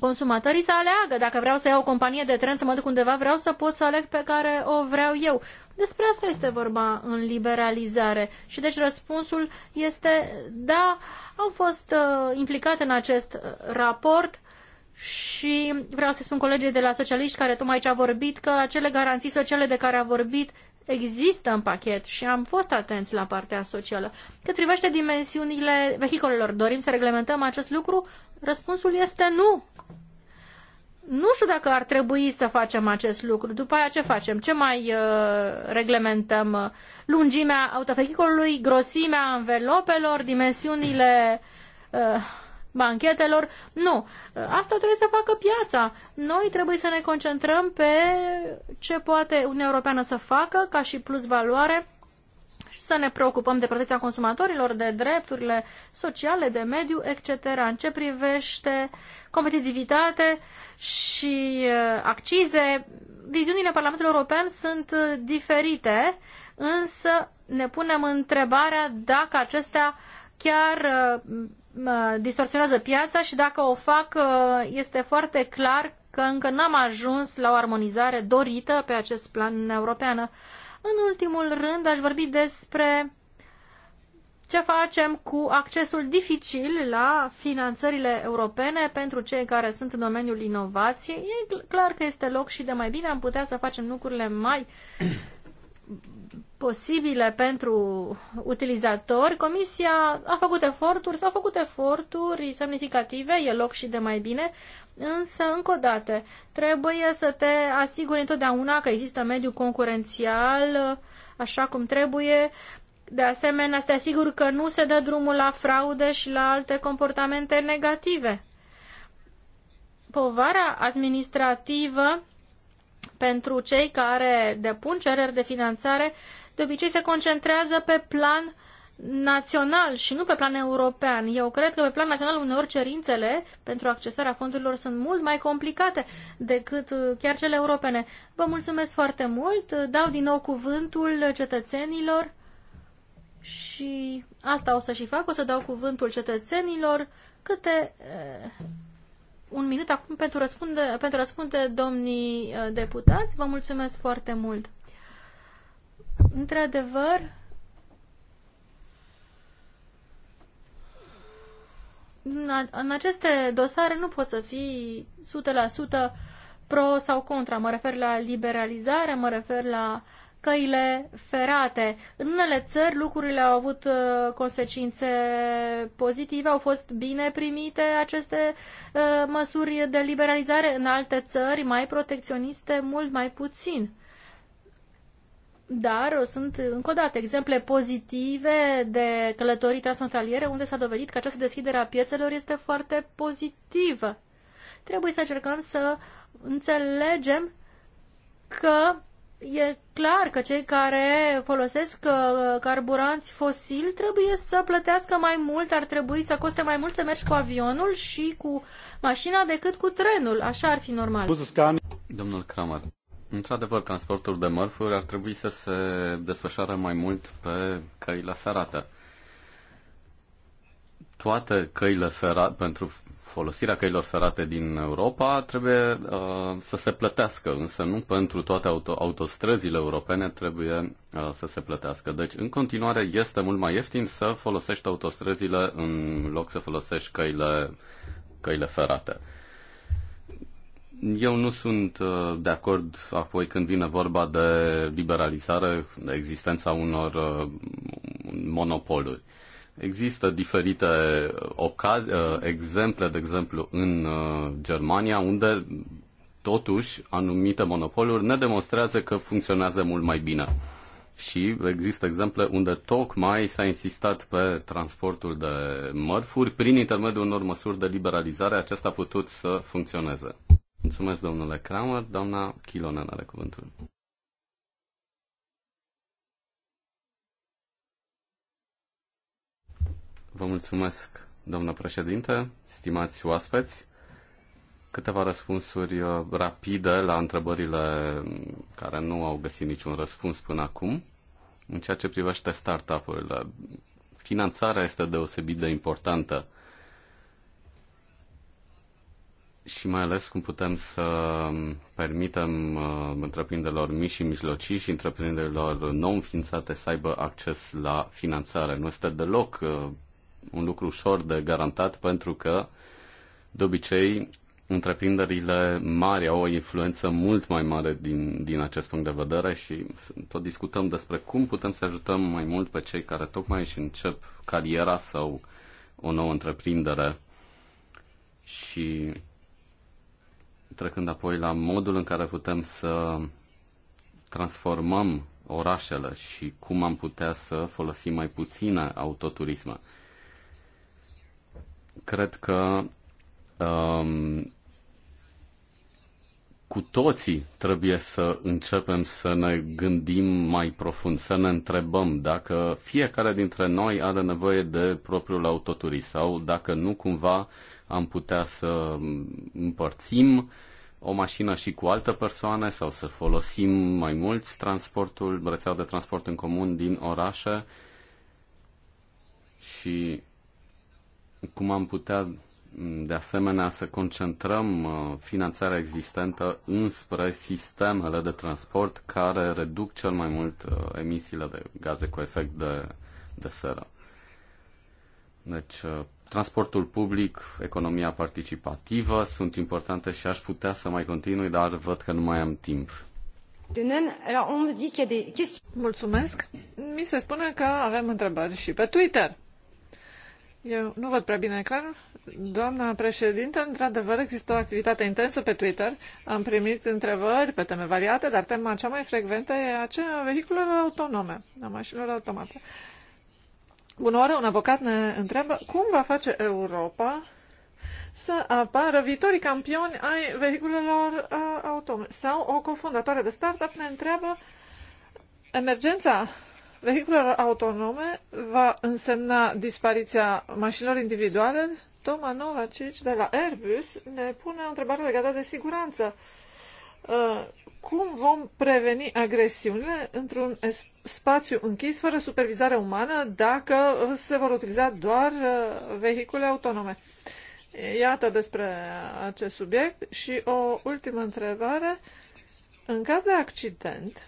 consumatorii să aleagă. Dacă vreau să iau o companie de tren să mă duc undeva, vreau să pot să aleg pe care o vreau eu. Despre asta este vorba în liberalizare. Și deci răspunsul este da, am fost uh, implicat în acest uh, raport și vreau să spun colegii de la socialiști care tocmai aici a vorbit că acele garanții sociale de care a vorbit există în pachet și am fost atenți la partea socială. Cât privește dimensiunile vehicolelor, dorim să reglementăm acest lucru? Răspunsul este nu. Nu știu dacă ar trebui să facem acest lucru. După aia ce facem? Ce mai uh, reglementăm? Lungimea autovehicolului, grosimea învelopelor, dimensiunile uh, banchetelor. Nu, asta trebuie să facă piața. Noi trebuie să ne concentrăm pe ce poate Uniunea Europeană să facă ca și plus valoare și să ne preocupăm de protecția consumatorilor, de drepturile sociale, de mediu, etc. În ce privește competitivitate și uh, accize, viziunile Parlamentului European sunt uh, diferite, însă ne punem întrebarea dacă acestea chiar uh, distorsionează piața și dacă o fac, uh, este foarte clar că încă n-am ajuns la o armonizare dorită pe acest plan european. În ultimul rând, aș vorbi despre ce facem cu accesul dificil la finanțările europene pentru cei care sunt în domeniul inovației? E clar că este loc și de mai bine am putea să facem lucrurile mai posibile pentru utilizatori, Comisia a făcut eforturi, s-au făcut eforturi semnificative, e loc și de mai bine, însă, încă o dată, trebuie să te asiguri întotdeauna că există mediu concurențial așa cum trebuie, de asemenea, să te asiguri că nu se dă drumul la fraude și la alte comportamente negative. Povara administrativă pentru cei care depun cereri de finanțare de obicei se concentrează pe plan național și nu pe plan european. Eu cred că pe plan național uneori cerințele pentru accesarea fondurilor sunt mult mai complicate decât uh, chiar cele europene. Vă mulțumesc foarte mult, dau din nou cuvântul cetățenilor și asta o să și fac, o să dau cuvântul cetățenilor câte uh, un minut acum pentru, răspunde, pentru răspunde domnii uh, deputați. Vă mulțumesc foarte mult. Într-adevăr, în aceste dosare nu poți să fii 100% pro sau contra. Mă refer la liberalizare, mă refer la căile ferate. În unele țări lucrurile au avut uh, consecințe pozitive, au fost bine primite aceste uh, măsuri de liberalizare, în alte țări mai protecționiste, mult mai puțin. Dar sunt, încă o dată, exemple pozitive de călătorii transfrontaliere unde s-a dovedit că această deschidere a piețelor este foarte pozitivă. Trebuie să încercăm să înțelegem că E clar că cei care folosesc uh, carburanți fosili trebuie să plătească mai mult, ar trebui să coste mai mult să mergi cu avionul și cu mașina decât cu trenul. Așa ar fi normal. Domnul Kramer, într-adevăr, transportul de mărfuri ar trebui să se desfășoare mai mult pe căile ferate toate căile ferate, pentru folosirea căilor ferate din Europa trebuie uh, să se plătească, însă nu pentru toate auto- autostrăzile europene trebuie uh, să se plătească. Deci, în continuare, este mult mai ieftin să folosești autostrăzile în loc să folosești căile, căile ferate. Eu nu sunt uh, de acord apoi când vine vorba de liberalizare, de existența unor uh, monopoluri. Uh, Există diferite uh, ocazii, uh, exemple, de exemplu, în uh, Germania, unde totuși anumite monopoluri ne demonstrează că funcționează mult mai bine. Și există exemple unde tocmai s-a insistat pe transportul de mărfuri prin intermediul unor măsuri de liberalizare, acesta a putut să funcționeze. Mulțumesc, domnule Kramer. Doamna Kilonen, are cuvântul. Vă mulțumesc, doamnă președinte, stimați oaspeți. Câteva răspunsuri uh, rapide la întrebările care nu au găsit niciun răspuns până acum. În ceea ce privește startup-urile, finanțarea este deosebit de importantă și mai ales cum putem să permitem uh, întreprinderilor mici și mijlocii și întreprinderilor nou înființate să aibă acces la finanțare. Nu este deloc uh, un lucru ușor de garantat pentru că, de obicei, întreprinderile mari au o influență mult mai mare din, din acest punct de vedere și tot discutăm despre cum putem să ajutăm mai mult pe cei care tocmai își încep cariera sau o nouă întreprindere și trecând apoi la modul în care putem să transformăm orașele și cum am putea să folosim mai puține autoturisme cred că um, cu toții trebuie să începem să ne gândim mai profund, să ne întrebăm dacă fiecare dintre noi are nevoie de propriul autoturism sau dacă nu cumva am putea să împărțim o mașină și cu altă persoană sau să folosim mai mulți transportul, rețeaua de transport în comun din orașe și cum am putea de asemenea să concentrăm uh, finanțarea existentă înspre sistemele de transport care reduc cel mai mult uh, emisiile de gaze cu efect de, de seră. Deci, uh, transportul public, economia participativă sunt importante și aș putea să mai continui, dar văd că nu mai am timp. Mulțumesc. Mi se spune că avem întrebări și pe Twitter. Eu nu văd prea bine ecranul. Doamna președintă, într-adevăr există o activitate intensă pe Twitter. Am primit întrebări pe teme variate, dar tema cea mai frecventă e aceea a vehiculelor autonome, a mașinilor automate. Bună oară, un avocat ne întreabă cum va face Europa să apară viitorii campioni ai vehiculelor uh, autonome. Sau o cofondatoare de startup ne întreabă emergența vehiculelor autonome va însemna dispariția mașinilor individuale. Toma Novacic de la Airbus ne pune o întrebare legată de siguranță. Uh, cum vom preveni agresiunile într-un spațiu închis fără supervizare umană dacă se vor utiliza doar uh, vehicule autonome? Iată despre acest subiect și o ultimă întrebare. În caz de accident,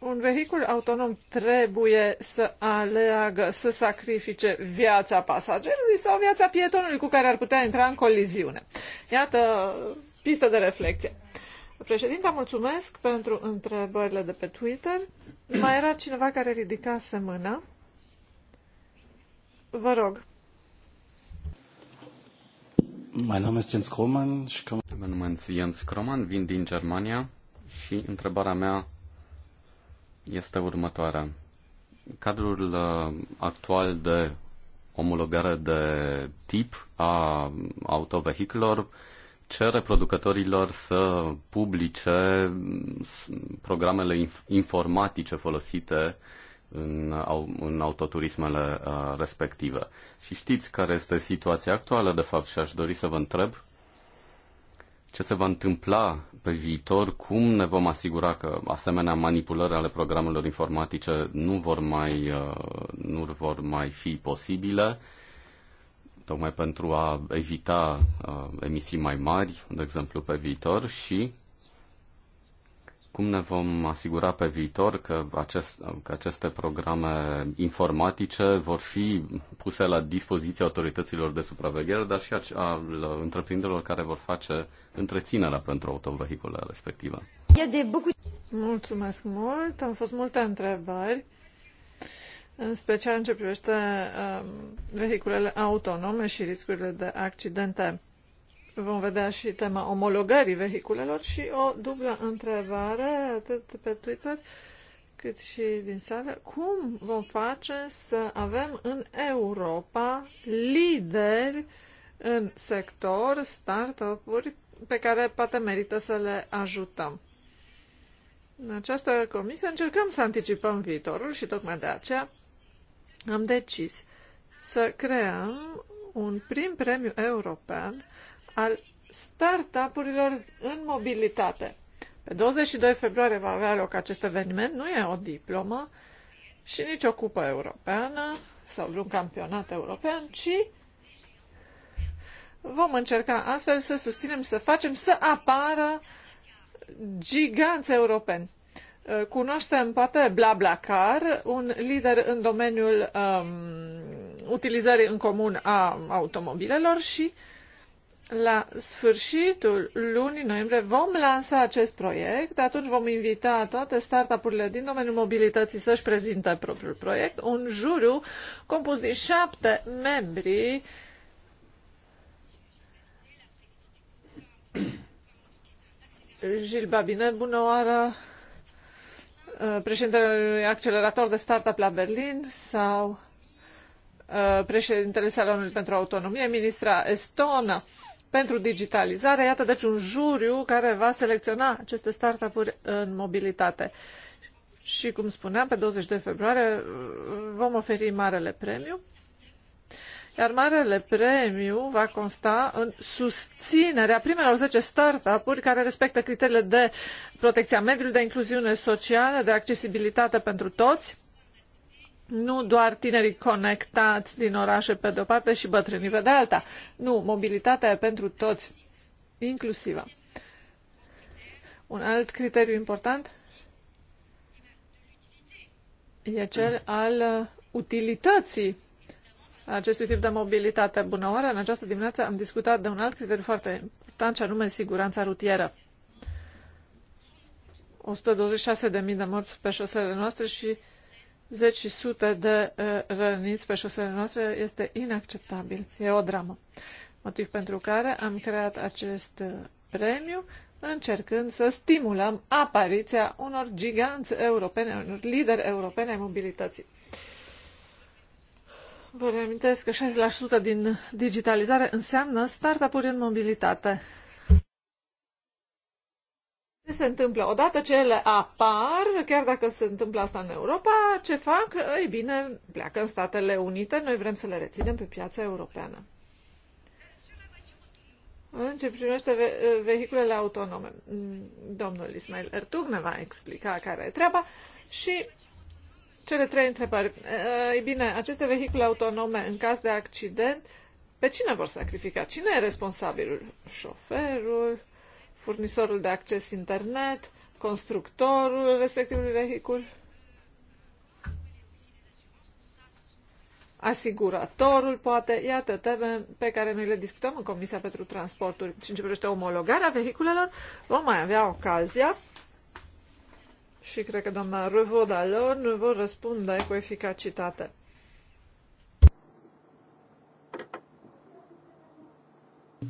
un vehicul autonom trebuie să aleagă să sacrifice viața pasagerului sau viața pietonului cu care ar putea intra în coliziune. Iată, pistă de reflexie. Președinta, mulțumesc pentru întrebările de pe Twitter. Mai era cineva care ridica mâna? Vă rog. Mein Name ist Jens Kroman. Mă numesc Jens Kroman, vin din Germania și întrebarea mea este următoarea. Cadrul uh, actual de omologare de tip a autovehiculor cere producătorilor să publice mm, programele informatice folosite în, în autoturismele uh, respective. Și știți care este situația actuală, de fapt, și aș dori să vă întreb ce se va întâmpla pe viitor, cum ne vom asigura că asemenea manipulări ale programelor informatice nu vor mai, uh, nu vor mai fi posibile, tocmai pentru a evita uh, emisii mai mari, de exemplu, pe viitor și cum ne vom asigura pe viitor că, acest, că aceste programe informatice vor fi puse la dispoziția autorităților de supraveghere, dar și a întreprinderilor care vor face întreținerea pentru autovehiculele respective? Mulțumesc mult! Au fost multe întrebări, în special în ce privește um, vehiculele autonome și riscurile de accidente vom vedea și tema omologării vehiculelor și o dublă întrebare, atât pe Twitter cât și din sală. Cum vom face să avem în Europa lideri în sector, startup-uri pe care poate merită să le ajutăm? În această comisie încercăm să anticipăm viitorul și tocmai de aceea am decis să creăm un prim premiu european al startup-urilor în mobilitate. Pe 22 februarie va avea loc acest eveniment, nu e o diplomă și nici o cupă europeană sau vreun campionat european, ci vom încerca astfel să susținem să facem să apară giganți europeni. Uh, cunoaștem poate BlaBlaCar, un lider în domeniul um, utilizării în comun a automobilelor și uh, la sfârșitul lunii noiembrie vom lansa acest proiect, atunci vom invita toate startup-urile din domeniul mobilității să-și prezinte propriul proiect, un juriu compus din șapte membri Gilles Babinet, bună oară, uh, președintele accelerator de startup la Berlin sau uh, președintele Salonului pentru Autonomie, ministra Estonă, pentru digitalizare. Iată deci un juriu care va selecționa aceste startup-uri în mobilitate. Și cum spuneam, pe 22 februarie uh, vom oferi marele premiu. Iar marele premiu va consta în susținerea primelor 10 startup-uri care respectă criteriile de protecția mediului, de incluziune socială, de accesibilitate pentru toți nu doar tinerii conectați din orașe pe de-o parte și bătrânii pe de alta. Nu, mobilitatea e pentru toți, inclusivă. Un alt criteriu important e cel al uh, utilității acestui tip de mobilitate. Bună oară! În această dimineață am discutat de un alt criteriu foarte important, ce anume siguranța rutieră. 126.000 de morți pe șosele noastre și zeci și sute de răniți pe șosele noastre este inacceptabil. E o dramă. Motiv pentru care am creat acest premiu încercând să stimulăm apariția unor giganți europene, unor lideri europene ai mobilității. Vă reamintesc că 60% din digitalizare înseamnă startup-uri în mobilitate se întâmplă? Odată ce ele apar, chiar dacă se întâmplă asta în Europa, ce fac? Ei bine, pleacă în Statele Unite, noi vrem să le reținem pe piața europeană. În ce privește vehiculele autonome, mm, domnul Ismail Ertug ne va explica care e treaba și cele trei întrebări. Ei bine, aceste vehicule autonome, în caz de accident, pe cine vor sacrifica? Cine e responsabilul? Șoferul? furnizorul de acces internet, constructorul respectivului vehicul, asiguratorul, poate, iată teme pe care noi le discutăm în Comisia pentru Transporturi și în ce privește omologarea vehiculelor, vom mai avea ocazia și cred că doamna nu vor răspunde cu eficacitate.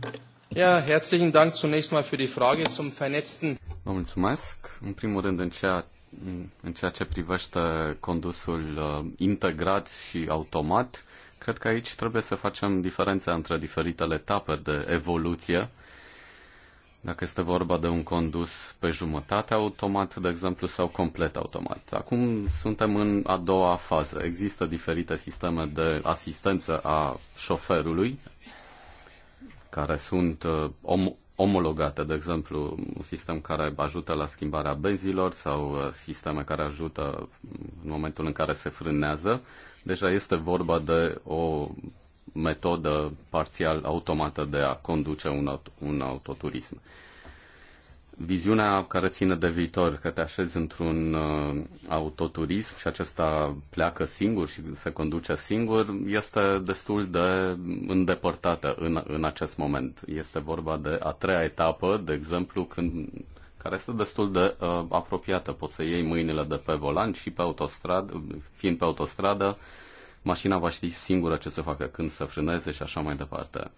Thank you. Ja, herzlichen Dank zunächst mal für die Frage zum vernetzten. Vă mulțumesc. În primul rând, în ceea, în ceea ce privește condusul uh, integrat și automat, cred că aici trebuie să facem diferența între diferitele etape de evoluție. Dacă este vorba de un condus pe jumătate automat, de exemplu, sau complet automat. Acum suntem în a doua fază. Există diferite sisteme de asistență a șoferului, care sunt uh, om- omologate, de exemplu, un sistem care ajută la schimbarea benzilor sau uh, sisteme care ajută mm, în momentul în care se frânează. Deja este vorba de o metodă parțial automată de a conduce un, aut- un autoturism viziunea care ține de viitor, că te așezi într-un uh, autoturism și acesta pleacă singur și se conduce singur, este destul de îndepărtată în, în acest moment. Este vorba de a treia etapă, de exemplu, când, care este destul de uh, apropiată. Poți să iei mâinile de pe volan și pe autostradă, fiind pe autostradă, mașina va ști singură ce să facă, când să frâneze și așa mai departe.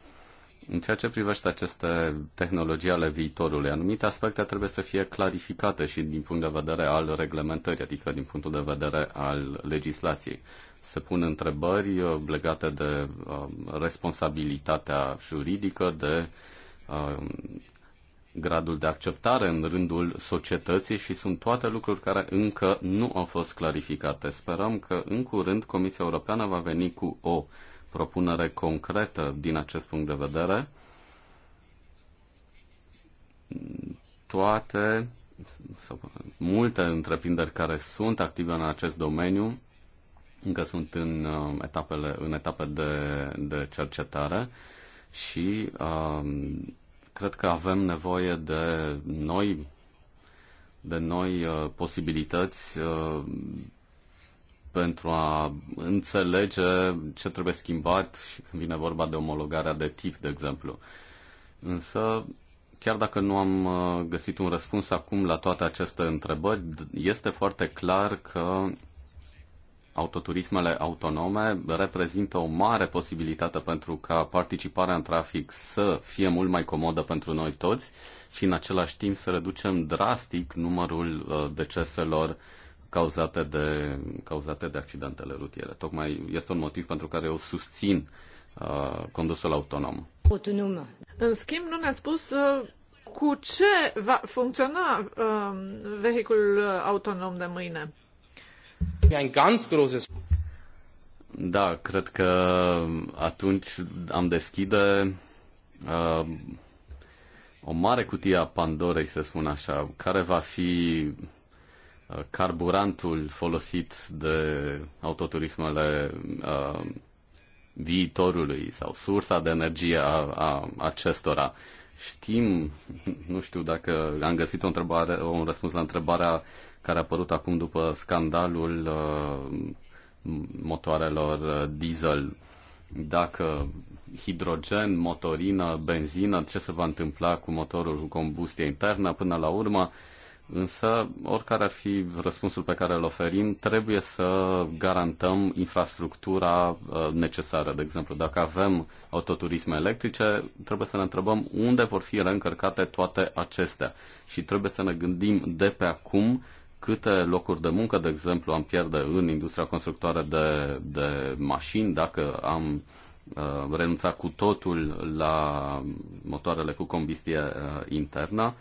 În ceea ce privește aceste tehnologii ale viitorului, anumite aspecte trebuie să fie clarificate și din punct de vedere al reglementării, adică din punctul de vedere al legislației. Se pun întrebări uh, legate de uh, responsabilitatea juridică, de uh, gradul de acceptare în rândul societății și sunt toate lucruri care încă nu au fost clarificate. Sperăm că în curând Comisia Europeană va veni cu o propunere concretă din acest punct de vedere. Toate sau multe întreprinderi care sunt active în acest domeniu încă sunt în uh, etapele, în etape de, de cercetare și uh, cred că avem nevoie de noi de noi uh, posibilități uh, pentru a înțelege ce trebuie schimbat și când vine vorba de omologarea de tip, de exemplu. Însă, chiar dacă nu am uh, găsit un răspuns acum la toate aceste întrebări, este foarte clar că autoturismele autonome reprezintă o mare posibilitate pentru ca participarea în trafic să fie mult mai comodă pentru noi toți și în același timp să reducem drastic numărul uh, deceselor cauzate de, cauzate de accidentele rutiere. Tocmai este un motiv pentru care eu susțin uh, condusul autonom. Autonom. În schimb, nu ne-ați spus uh, cu ce va funcționa uh, vehiculul autonom de mâine. Da, cred că atunci am deschide uh, o mare cutie a Pandorei, să spun așa, care va fi carburantul folosit de autoturismele uh, viitorului sau sursa de energie a, a acestora. Știm, nu știu dacă am găsit o întrebare, un răspuns la întrebarea care a apărut acum după scandalul uh, motoarelor uh, diesel. Dacă hidrogen, motorină, benzină, ce se va întâmpla cu motorul cu combustie internă până la urmă? Uh, Însă, oricare ar fi răspunsul pe care îl oferim, trebuie să garantăm infrastructura uh, necesară. De exemplu, dacă avem autoturisme electrice, trebuie să ne întrebăm unde vor fi reîncărcate toate acestea. Și trebuie să ne gândim de pe acum câte locuri de muncă, de exemplu, am pierde în industria constructoare de, de mașini dacă am renunța uh, renunțat cu totul la motoarele cu combustie uh, internă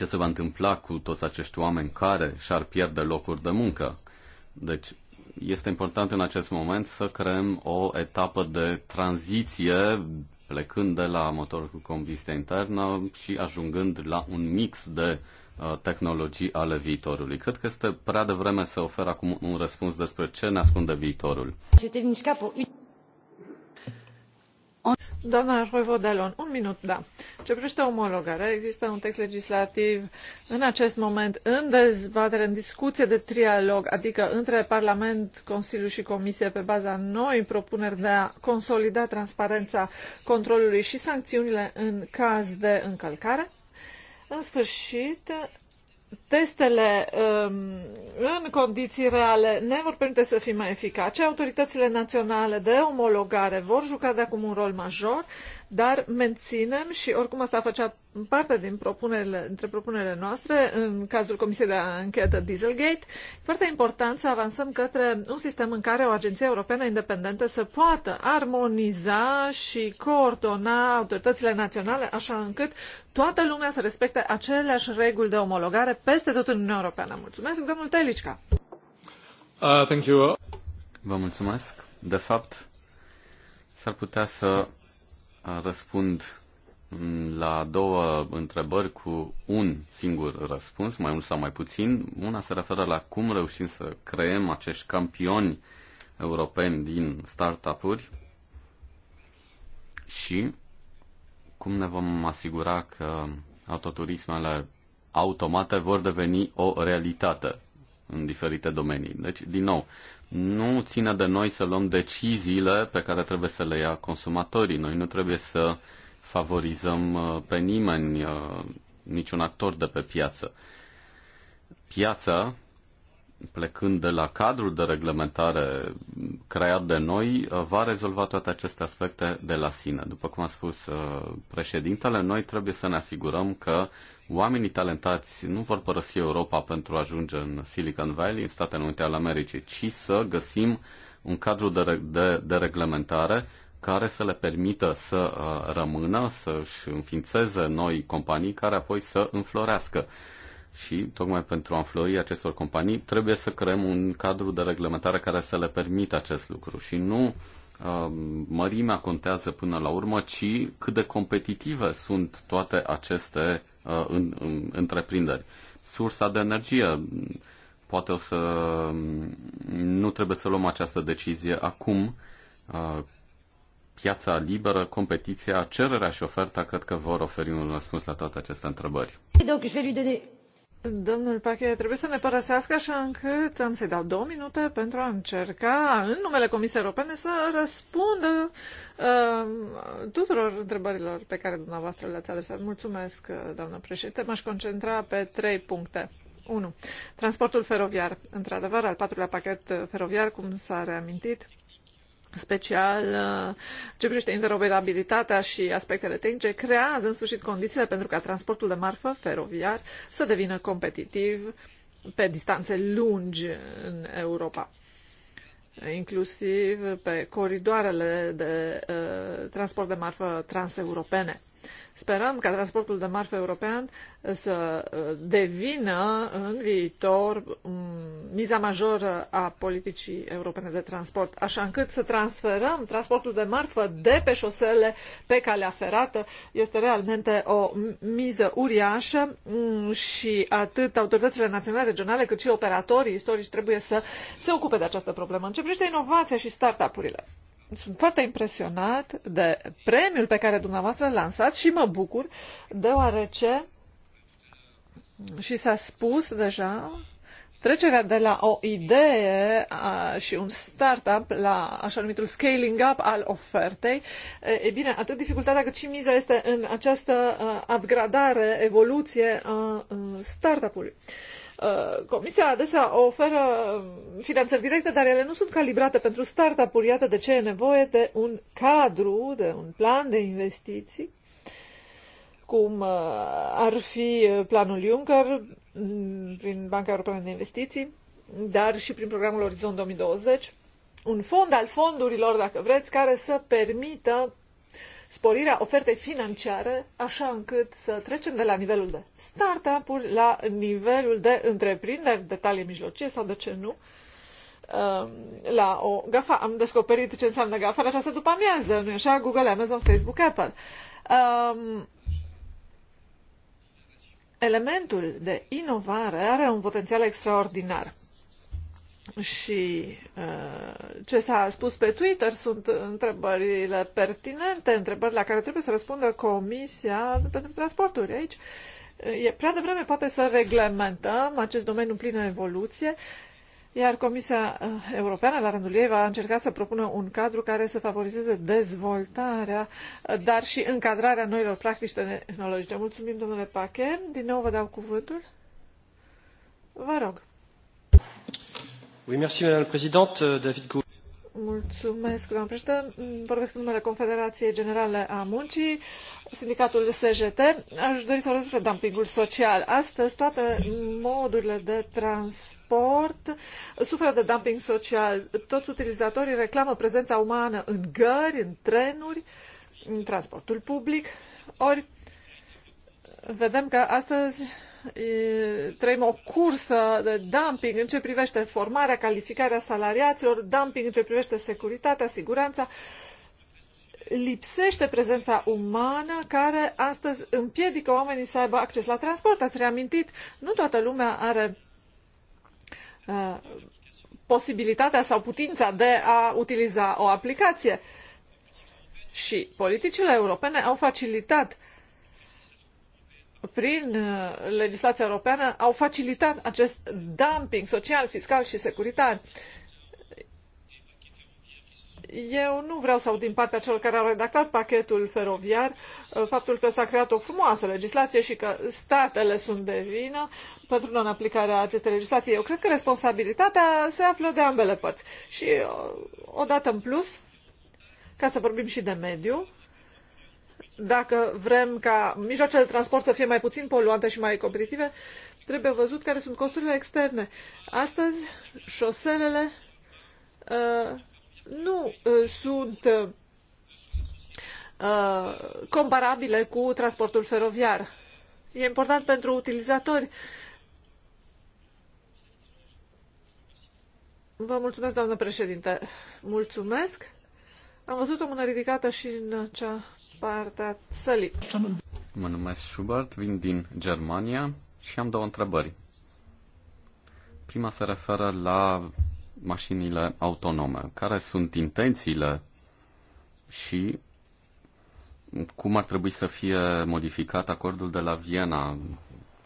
ce se va întâmpla cu toți acești oameni care și-ar pierde locuri de muncă. Deci este important în acest moment să creăm o etapă de tranziție plecând de la motorul cu combustie internă și ajungând la un mix de uh, tehnologii ale viitorului. Cred că este prea devreme să ofer acum un răspuns despre ce ne ascunde viitorul. Doamna Vodelon, un minut, da. Ce privește omologarea, există un text legislativ în acest moment în dezbatere, în discuție de trialog, adică între Parlament, Consiliu și Comisie pe baza noi propuneri de a consolida transparența controlului și sancțiunile în caz de încălcare. În sfârșit, testele um, în condiții reale ne vor permite să fim mai eficace. Autoritățile naționale de omologare vor juca de acum un rol major dar menținem și oricum asta făcea parte din propunerile, între propunerile noastre în cazul Comisiei de Anchetă Dieselgate. Foarte important să avansăm către un sistem în care o agenție europeană independentă să poată armoniza și coordona autoritățile naționale așa încât toată lumea să respecte aceleași reguli de omologare peste tot în Uniunea Europeană. Mulțumesc, domnul Telicica! Uh, thank you. Vă mulțumesc. De fapt, s-ar putea să răspund la două întrebări cu un singur răspuns, mai mult sau mai puțin. Una se referă la cum reușim să creăm acești campioni europeni din startup-uri și cum ne vom asigura că autoturismele automate vor deveni o realitate în diferite domenii. Deci, din nou, nu ține de noi să luăm deciziile pe care trebuie să le ia consumatorii. Noi nu trebuie să favorizăm uh, pe nimeni, uh, niciun actor de pe piață. Piața plecând de la cadrul de reglementare creat de noi, va rezolva toate aceste aspecte de la sine. După cum a spus uh, președintele, noi trebuie să ne asigurăm că oamenii talentați nu vor părăsi Europa pentru a ajunge în Silicon Valley, în Statele Unite ale Americii, ci să găsim un cadru de, de, de reglementare care să le permită să uh, rămână, să-și înființeze noi companii care apoi să înflorească și tocmai pentru a înflori acestor companii trebuie să creăm un cadru de reglementare care să le permită acest lucru și nu uh, mărimea contează până la urmă, ci cât de competitive sunt toate aceste uh, în, în, întreprinderi. Sursa de energie, poate o să nu trebuie să luăm această decizie acum. Uh, piața liberă, competiția, cererea și oferta cred că vor oferi un răspuns la toate aceste întrebări. Donc, je vais lui donner Domnul Pache trebuie să ne părăsească așa încât am să-i dau două minute pentru a încerca, în numele Comisiei Europene, să răspundă uh, tuturor întrebărilor pe care dumneavoastră le-ați adresat. Mulțumesc, uh, doamnă președinte. M-aș concentra pe trei puncte. 1. Transportul feroviar. Într-adevăr, al patrulea pachet uh, feroviar, cum s-a reamintit, special uh, ce privește interoperabilitatea și aspectele tehnice, creează în sfârșit condițiile pentru ca transportul de marfă feroviar să devină competitiv pe distanțe lungi în Europa inclusiv pe coridoarele de uh, transport de marfă transeuropene. Sperăm ca transportul de marfă european uh, să uh, devină în viitor um, miza majoră a politicii europene de transport, așa încât să transferăm transportul de marfă de pe șosele pe calea ferată. Este realmente o miză uriașă um, și atât autoritățile naționale, regionale, cât și operatorii istorici trebuie să se ocupe de această problemă. În ce privește inovația și up urile sunt foarte impresionat de premiul pe care dumneavoastră l a lansat și mă bucur deoarece și s-a spus deja trecerea de la o idee a, și un startup la așa numitul scaling up al ofertei, e, e bine, atât dificultatea cât și miza este în această a, upgradare, evoluție a a startup-ului. Uh, comisia adesea oferă finanțări directe, dar ele nu sunt calibrate pentru startup-uri. Iată de ce e nevoie de un cadru, de un plan de investiții, cum uh, ar fi uh, planul Juncker mm, prin Banca Europeană de Investiții, dar și prin programul Orizont 2020, un fond al fondurilor, dacă vreți, care să permită sporirea ofertei financiare, așa încât să trecem de la nivelul de startup-uri la nivelul de întreprinderi, de talie mijlocie sau de ce nu, um, la o GAFA. Am descoperit ce înseamnă GAFA la această după amiază, nu așa? Google, Amazon, Facebook, Apple. Um, elementul de inovare are un potențial extraordinar și uh, ce s-a spus pe Twitter sunt întrebările pertinente, întrebări la care trebuie să răspundă Comisia pentru Transporturi. Aici uh, e prea devreme poate să reglementăm acest domeniu în plină evoluție, iar Comisia uh, Europeană, la rândul ei, va încerca să propună un cadru care să favorizeze dezvoltarea, dar și încadrarea noilor practici tehnologice. Mulțumim, domnule Pache. Din nou vă dau cuvântul. Vă rog. Euh, doamnă președinte. Mm, vorbesc în numele Confederației Generale a Muncii, sindicatul sgt Aș dori să vorbesc despre dumpingul social. Astăzi, toate modurile de transport suferă de dumping social. Toți utilizatorii reclamă prezența umană în gări, în trenuri, în transportul public. Ori, vedem că astăzi trăim o cursă de dumping în ce privește formarea, calificarea salariaților, dumping în ce privește securitatea, siguranța. Lipsește prezența umană care astăzi împiedică oamenii să aibă acces la transport. Ați reamintit, nu toată lumea are uh, posibilitatea sau putința de a utiliza o aplicație. Și politicile europene au facilitat uh, prin uh, legislația europeană, au facilitat acest dumping social, fiscal și securitar. Eu nu vreau să aud din partea celor care au redactat pachetul feroviar uh, faptul că s-a creat o frumoasă legislație și că statele sunt de vină pentru non-aplicarea acestei legislații. Eu cred că responsabilitatea se află de ambele părți. Și uh, odată în plus, ca să vorbim și de mediu, dacă vrem ca mijloacele de transport să fie mai puțin poluante și mai competitive, trebuie văzut care sunt costurile externe. Astăzi, șoselele uh, nu uh, sunt uh, uh comparabile cu transportul feroviar. E important pentru utilizatori. Vă mulțumesc, doamnă președinte. Mulțumesc. Am văzut o mână ridicată și în acea parte a sălii. Mă numesc Schubert, vin din Germania și am două întrebări. Prima se referă la mașinile autonome. Care sunt intențiile și cum ar trebui să fie modificat acordul de la Viena,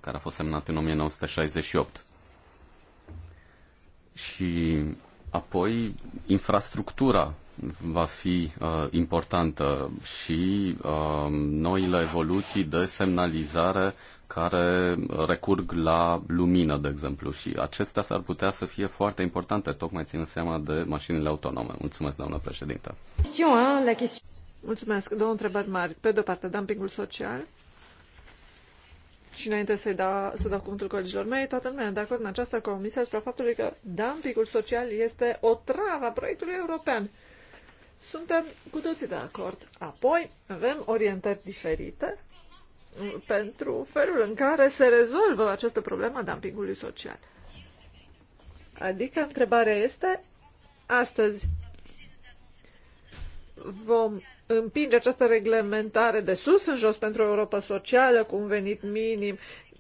care a fost semnat în 1968? Și apoi infrastructura va fi uh, importantă și uh, noile evoluții de semnalizare care recurg la lumină, de exemplu, și acestea s-ar putea să fie foarte importante, tocmai ținând seama de mașinile autonome. Mulțumesc, doamnă președintă. Mulțumesc. Două întrebări mari. Pe de-o parte, dumpingul social și înainte să-i da, să dau cuvântul colegilor mei, toată lumea de acord în această comisie asupra faptului că dumpingul social este o travă a proiectului european. Suntem cu toții de acord. Apoi avem orientări diferite pentru felul în care se rezolvă această problemă a dumpingului social. Adică întrebarea este, astăzi vom împinge această reglementare de sus în jos pentru Europa socială cu un venit minim,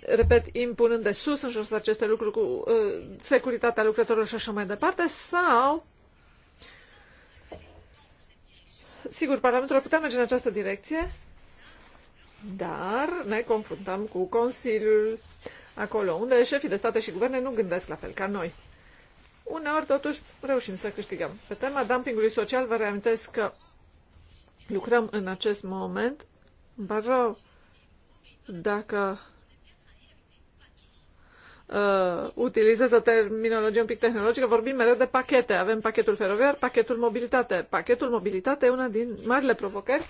repet, impunând de sus în jos aceste lucruri cu uh, securitatea lucrătorilor și așa mai departe, sau Sigur, Parlamentul ar putea merge în această direcție, dar ne confruntăm cu Consiliul, acolo unde șefii de state și guverne nu gândesc la fel ca noi. Uneori, totuși, reușim să câștigăm. Pe tema dumpingului social, vă reamintesc că lucrăm în acest moment. Îmi dacă uh, utilizez o terminologie un pic tehnologică, vorbim mereu de pachete. Avem pachetul feroviar, pachetul mobilitate. Pachetul mobilitate e una din marile provocări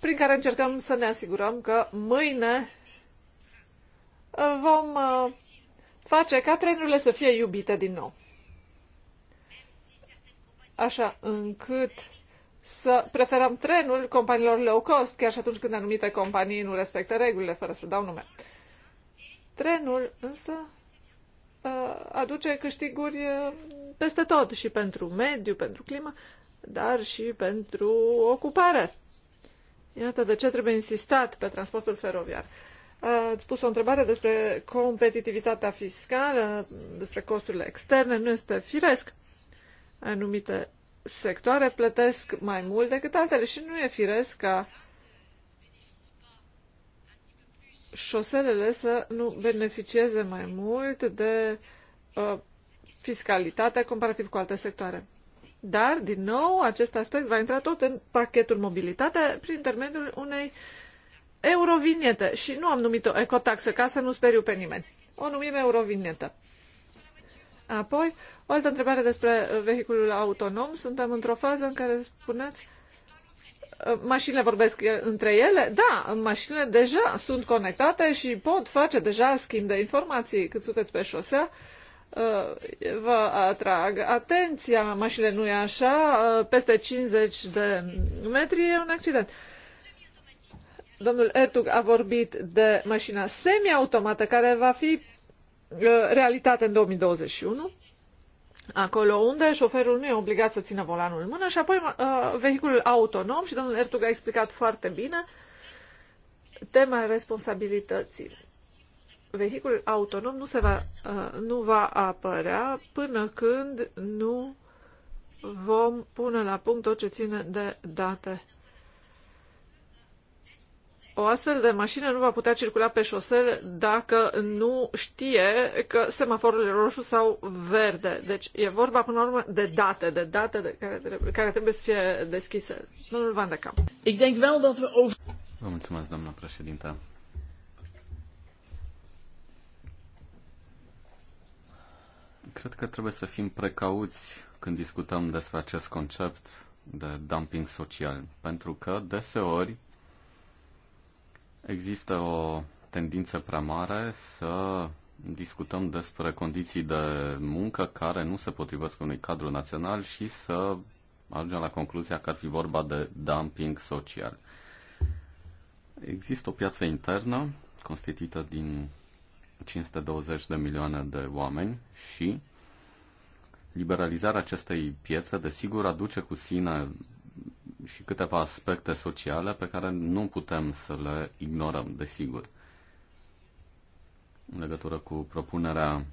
prin care încercăm să ne asigurăm că mâine uh, vom uh, face ca trenurile să fie iubite din nou. Așa încât să preferăm trenul companiilor low cost, chiar și atunci când anumite companii nu respectă regulile, fără să dau nume. Trenul, însă, ă, aduce câștiguri ă, peste tot și pentru mediu, pentru climă, dar și pentru ocupare. Iată de ce trebuie insistat pe transportul feroviar. Ă, ați pus o întrebare despre competitivitatea fiscală, despre costurile externe. Nu este firesc anumite sectoare plătesc mai mult decât altele și nu e firesc ca șoselele să nu beneficieze mai mult de uh, fiscalitate comparativ cu alte sectoare. Dar, din nou, acest aspect va intra tot în pachetul mobilitate prin intermediul unei euroviniete și nu am numit-o ecotaxă ca să nu speriu pe nimeni. O numim eurovinietă. Apoi, o altă întrebare despre vehiculul autonom. Suntem într-o fază în care spuneți uh, mașinile vorbesc între ele? Da, mașinile deja sunt conectate și pot face deja schimb de informații cât sunteți pe șosea. Uh, vă atrag atenția, mașinile nu e așa, uh, peste 50 de metri e un accident. Domnul Ertug a vorbit de mașina semi-automată care va fi Uh, realitate în 2021, acolo unde șoferul nu e obligat să țină volanul în mână și apoi uh, vehiculul autonom și domnul Ertug a explicat foarte bine tema responsabilității. Vehiculul autonom nu, se va, uh, nu va apărea până când nu vom pune la punct tot ce ține de date o astfel de mașină nu va putea circula pe șosele dacă nu știe că semaforul e roșu sau verde. Deci e vorba, până la urmă, de date, de date de care, trebuie, care trebuie să fie deschise. Domnul Van de Cap. Vă mulțumesc, doamna președintă. Cred că trebuie să fim precauți când discutăm despre acest concept de dumping social, pentru că deseori Există o tendință prea mare să discutăm despre condiții de muncă care nu se potrivesc unui cadru național și să ajungem la concluzia că ar fi vorba de dumping social. Există o piață internă constituită din 520 de milioane de oameni și liberalizarea acestei piețe, desigur, aduce cu sine și câteva aspecte sociale pe care nu putem să le ignorăm, desigur. În legătură cu propunerea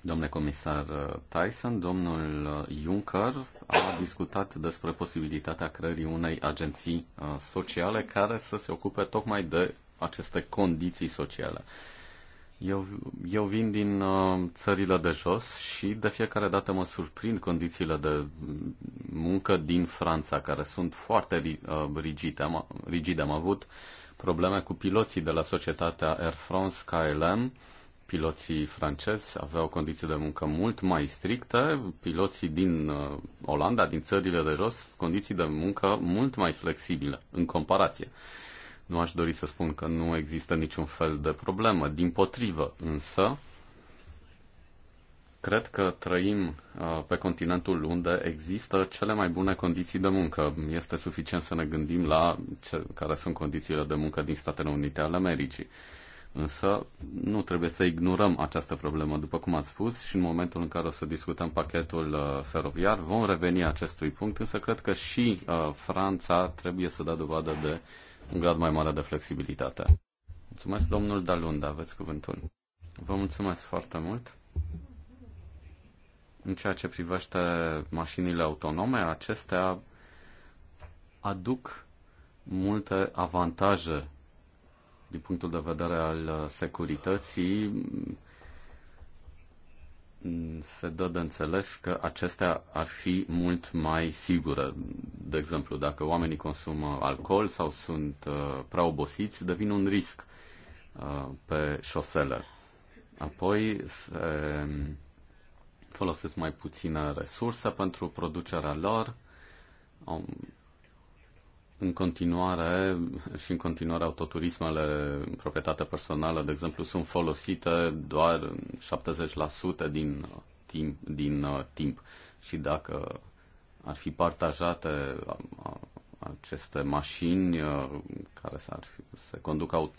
domnului comisar uh, Tyson, domnul uh, Juncker a discutat despre posibilitatea creării unei agenții uh, sociale care să se ocupe tocmai de aceste condiții sociale. Eu, eu vin din uh, țările de jos și de fiecare dată mă surprind condițiile de muncă din Franța, care sunt foarte uh, rigide. Am, rigide. Am avut probleme cu piloții de la societatea Air France KLM. Piloții francezi aveau condiții de muncă mult mai stricte, piloții din uh, Olanda, din țările de jos, condiții de muncă mult mai flexibile în comparație. Uh, nu aș dori să spun că nu există niciun fel de problemă, din potrivă, însă cred că trăim uh, pe continentul unde există cele mai bune condiții de muncă. Este suficient să ne gândim la ce, care sunt condițiile de muncă din Statele Unite ale Americii. Însă nu trebuie să ignorăm această problemă, după cum ați spus, și în momentul în care o să discutăm pachetul uh, feroviar vom reveni acestui punct, însă cred că și uh, Franța trebuie să dea dovadă de un grad mai mare de flexibilitate. Mulțumesc, domnul Dalunda, aveți cuvântul. Vă mulțumesc foarte mult. În ceea ce privește mașinile autonome, acestea aduc multe avantaje din punctul de vedere al securității, Mm, se dă de înțeles că acestea ar fi mult mai sigure. De exemplu, dacă oamenii consumă alcool sau sunt uh, prea obosiți, devin un risc uh, pe șosele. Apoi se mm, folosesc mai puține resurse pentru producerea lor, în continuare, și în continuare autoturismele în proprietate personală, de exemplu, sunt folosite doar 70% din timp, din uh, timp. Și dacă ar fi partajate uh, uh, aceste mașini care s-ar, se conduc aut,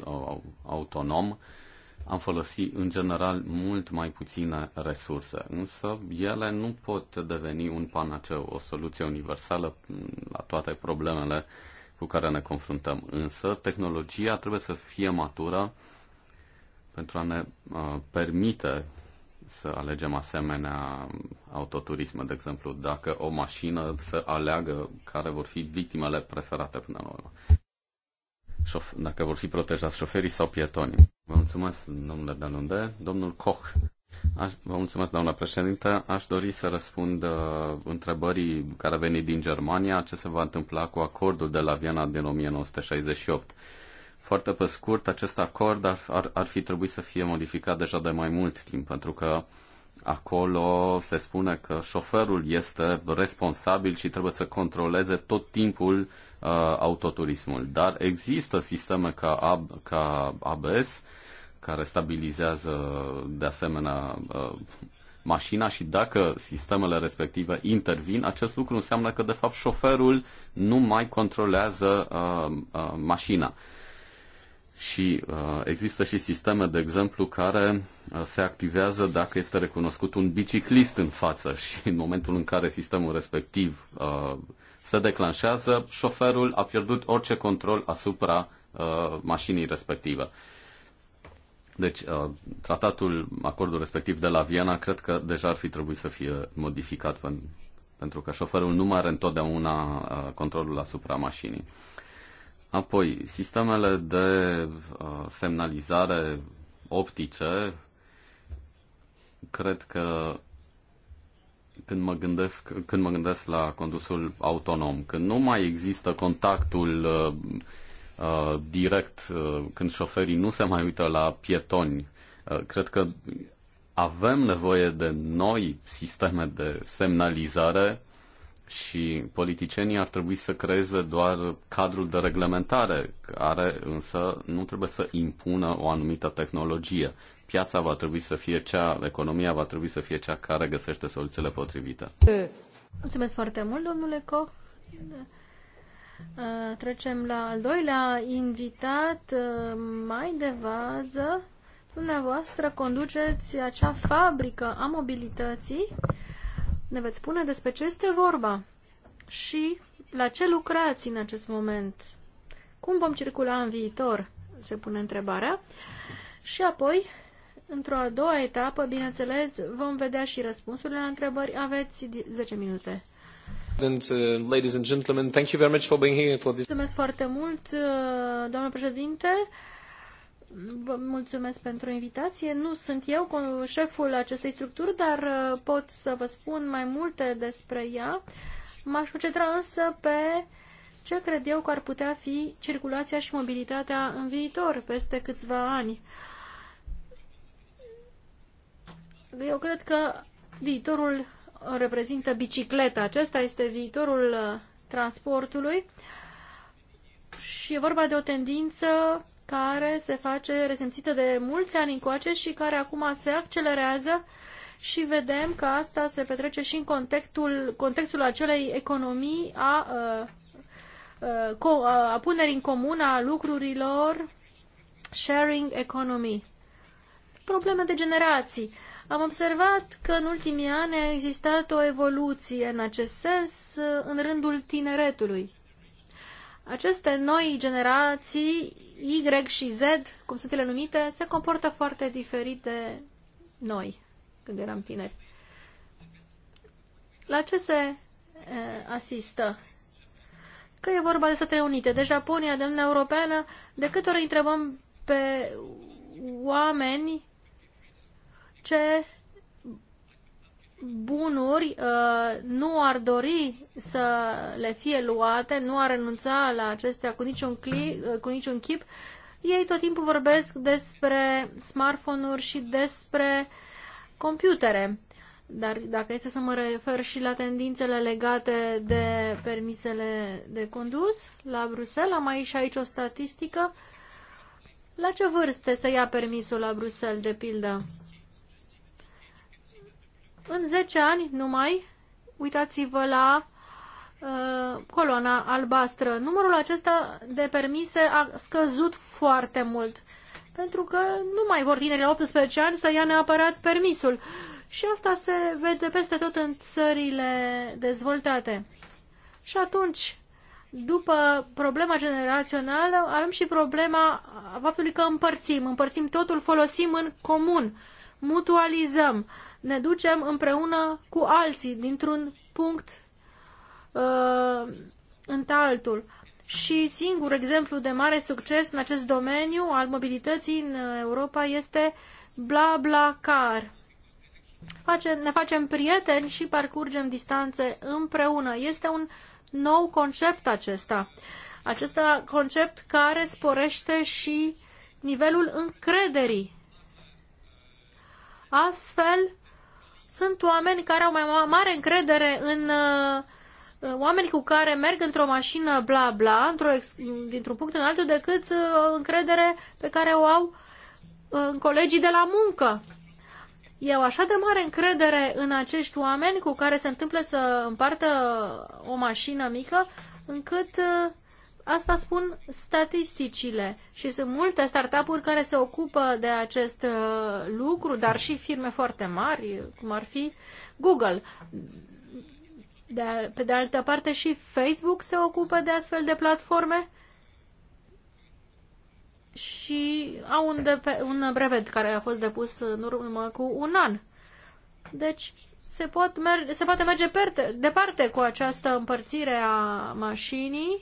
autonom, am folosit în general mult mai puține resurse, însă ele nu pot deveni un panaceu, o soluție universală la toate problemele uh, cu care ne confruntăm. Însă, tehnologia trebuie să fie matură pentru a ne uh, permite să alegem asemenea autoturisme, de exemplu, dacă o mașină să aleagă care vor fi victimele preferate până la urmă. Șof- dacă vor fi protejați șoferii sau pietonii. Vă mulțumesc, domnule Dalunde. Domnul Koch Aș, vă mulțumesc, doamna președinte. Aș dori să răspund uh, întrebării care a venit din Germania, ce se va întâmpla cu acordul de la Viena din 1968. Foarte pe scurt, acest acord ar, ar, ar fi trebuit să fie modificat deja de mai mult timp, pentru că acolo se spune că șoferul este responsabil și trebuie să controleze tot timpul uh, autoturismul. Dar există sisteme ca, AB, ca ABS, care stabilizează de asemenea uh, mașina și dacă sistemele respective intervin, acest lucru înseamnă că de fapt șoferul nu mai controlează uh, uh, mașina. Și uh, există și sisteme, de exemplu, care uh, se activează dacă este recunoscut un biciclist în față și în momentul în care sistemul respectiv uh, se declanșează, șoferul a pierdut orice control asupra uh, mașinii respective. Uh, deci, uh, tratatul, acordul respectiv de la Viena, cred că deja ar fi trebuit să fie modificat pentru că șoferul nu mai are întotdeauna uh, controlul asupra mașinii. Apoi, sistemele de uh, semnalizare optice, cred că când mă gândesc, când mă gândesc la condusul autonom, când nu mai există contactul Uh, direct uh, când șoferii nu se mai uită la pietoni. Uh, cred că avem nevoie de noi sisteme de semnalizare și politicienii ar trebui să creeze doar cadrul de reglementare, care însă nu trebuie să impună o anumită tehnologie. Piața va trebui să fie cea, economia va trebui să fie cea care găsește soluțiile potrivite. Mulțumesc foarte mult, domnule Koch. Uh, trecem la al doilea invitat, uh, mai de vază. Dumneavoastră conduceți acea fabrică a mobilității. Ne veți spune despre ce este vorba și la ce lucrați în acest moment. Cum vom circula în viitor, se pune întrebarea. Și apoi, într-o a doua etapă, bineînțeles, vom vedea și răspunsurile la întrebări. Aveți 10 minute Mulțumesc foarte mult, uh, doamnă președinte. Vă mulțumesc pentru invitație. Nu sunt eu șeful acestei structuri, dar uh, pot să vă spun mai multe despre ea. M-aș concentra însă pe ce cred eu că ar putea fi circulația și mobilitatea în viitor, peste câțiva ani. Eu cred că Viitorul reprezintă bicicleta. Acesta este viitorul uh, transportului și e vorba de o tendință care se face resimțită de mulți ani încoace și care acum se accelerează și vedem că asta se petrece și în contextul, contextul acelei economii a, a, uh, uh, a, a punerii în comun a lucrurilor, sharing economy. Probleme de generații. Am observat că în ultimii ani a existat o evoluție în acest sens uh, în rândul tineretului. Aceste noi generații Y și Z, cum sunt ele numite, se comportă foarte diferit de noi când eram tineri. La ce se uh, asistă? Că e vorba de Statele Unite, de deci Japonia, de Uniunea Europeană, de câte ori întrebăm pe oameni ce bunuri uh, nu ar dori să le fie luate, nu ar renunța la acestea cu niciun, cli, uh, cu niciun chip. Ei tot timpul vorbesc despre smartphone-uri și despre computere. Dar dacă este să mă refer și la tendințele legate de permisele de condus la Bruxelles, am aici aici o statistică. La ce vârste se ia permisul la Bruxelles, de pildă? În 10 ani numai, uitați-vă la uh, coloana albastră. Numărul acesta de permise a scăzut foarte mult, pentru că nu mai vor tinerii la 18 ani să ia neapărat permisul. Și asta se vede peste tot în țările dezvoltate. Și atunci, după problema generațională, avem și problema faptului că împărțim. Împărțim totul, folosim în comun, mutualizăm. Uh, ne ducem împreună cu alții dintr-un punct uh, în altul. Și singur exemplu de mare succes în acest domeniu al mobilității în Europa este BlaBlaCar. Face, ne facem prieteni și parcurgem distanțe împreună. Este un nou concept acesta. Acest concept care sporește și nivelul încrederii. Astfel, sunt oameni care au mai mare încredere în uh, uh, oameni cu care merg într-o mașină bla bla, într-o, dintr-un punct în altul, decât uh, încredere pe care o au în colegii de la muncă. Eu așa de mare încredere în acești oameni cu care se întâmplă să împartă o mașină mică, încât uh, Asta spun statisticile și sunt multe startup-uri care se ocupă de acest uh, lucru, dar și firme foarte mari, cum ar fi Google. De, pe de altă parte și Facebook se ocupă de astfel de platforme și au un, de, un brevet care a fost depus în urmă cu un an. Deci se, pot merge, se poate merge departe cu această împărțire a mașinii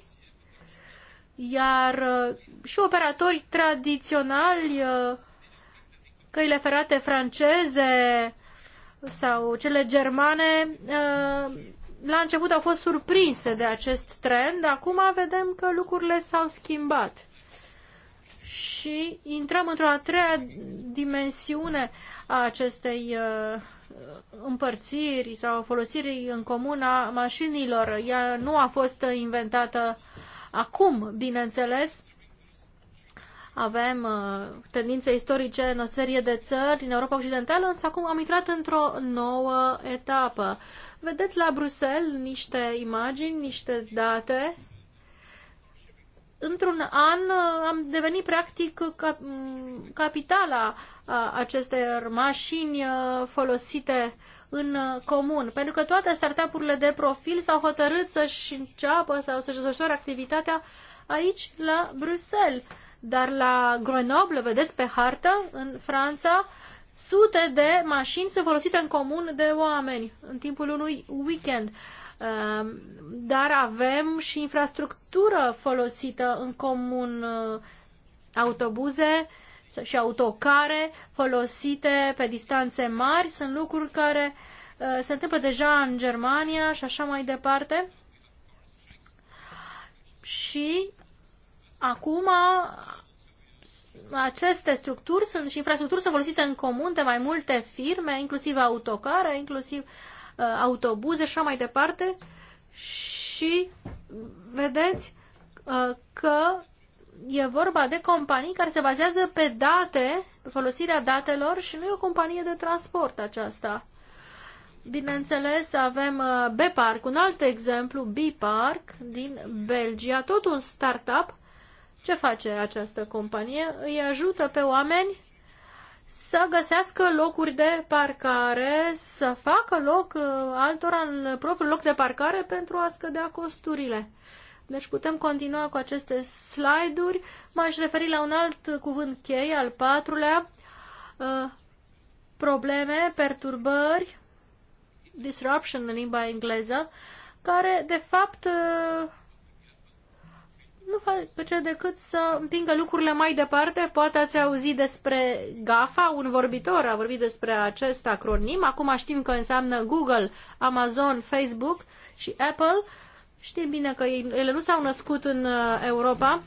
iar uh, și operatori tradiționali, uh, căile ferate franceze sau cele germane, uh, la început au fost surprinse de acest trend, acum vedem că lucrurile s-au schimbat și intrăm într-o a treia dimensiune a acestei împărțiri sau folosirii în comun a mașinilor. Ea nu a fost inventată uh, Acum, bineînțeles, avem uh, tendințe istorice în o serie de țări în Europa Occidentală, însă acum am intrat într-o nouă etapă. Vedeți la Bruxelles niște imagini, niște date. Într-un an uh, am devenit practic mm, capitala uh, acestor mașini folosite în uh, comun. Pentru că toate startup-urile de profil s-au hotărât să-și înceapă sau să-și desfășoare activitatea aici, la Bruxelles. Dar la Grenoble, vedeți pe hartă, în Franța, sute de mașini sunt folosite în comun de oameni în timpul unui weekend. Um, dar avem și infrastructură folosită în comun, uh, autobuze, și autocare folosite pe distanțe mari. Sunt lucruri care uh, se întâmplă deja în Germania și așa mai departe. Și acum aceste structuri sunt și infrastructuri sunt folosite în comun de mai multe firme, inclusiv autocare, inclusiv uh, autobuze și așa mai departe. Și vedeți uh, că e vorba de companii care se bazează pe date, pe folosirea datelor și nu e o companie de transport aceasta. Bineînțeles, avem uh, B-Park, un alt exemplu, B-Park din Belgia, tot un startup. Ce face această companie? Îi ajută pe oameni să găsească locuri de parcare, să facă loc uh, altora în propriul loc de parcare pentru a scădea costurile. Deci putem continua cu aceste slide-uri. M-aș referi la un alt cuvânt chei, al patrulea, uh, probleme, perturbări, disruption în limba engleză, care de fapt uh, nu face decât să împingă lucrurile mai departe. Poate ați auzit despre GAFA, un vorbitor a vorbit despre acest acronim. Acum știm că înseamnă Google, Amazon, Facebook și Apple Știm bine că ele nu s-au născut în uh, Europa,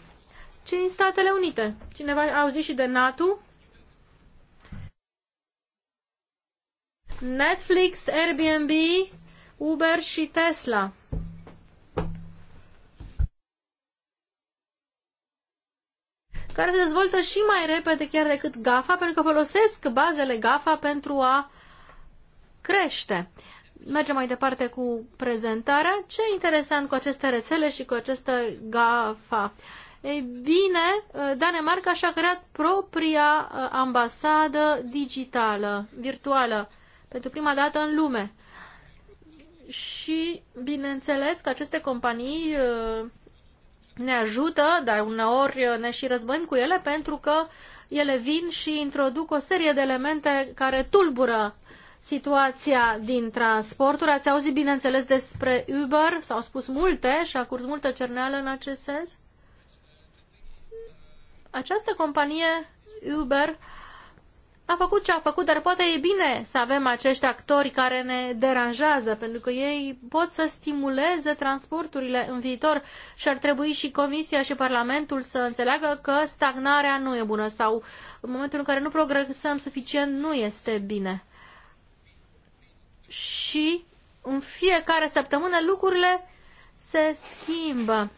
ci în Statele Unite. Cineva a auzit și de NATO. Netflix, Airbnb, Uber și Tesla. care se dezvoltă și mai repede chiar decât GAFA, pentru că folosesc bazele GAFA pentru a crește. Mergem mai departe cu prezentarea. Ce interesant cu aceste rețele și cu această GAFA? Ei bine, uh, Danemarca și-a creat propria uh, ambasadă digitală, virtuală, pentru prima dată în lume. Și, bineînțeles, că aceste companii uh, ne ajută, dar uneori ne și războim cu ele, pentru că ele vin și introduc o serie de elemente care tulbură uh, situația din transporturi. Ați auzit, bineînțeles, despre Uber, s-au spus multe și a curs multă cerneală în acest sens. Această companie Uber a făcut ce a făcut, dar poate e bine să avem acești actori care ne deranjează, pentru că ei pot să stimuleze transporturile în viitor și ar trebui și Comisia și Parlamentul să înțeleagă că stagnarea nu e bună sau în momentul în care nu progresăm suficient nu este bine și în fiecare săptămână lucrurile se schimbă.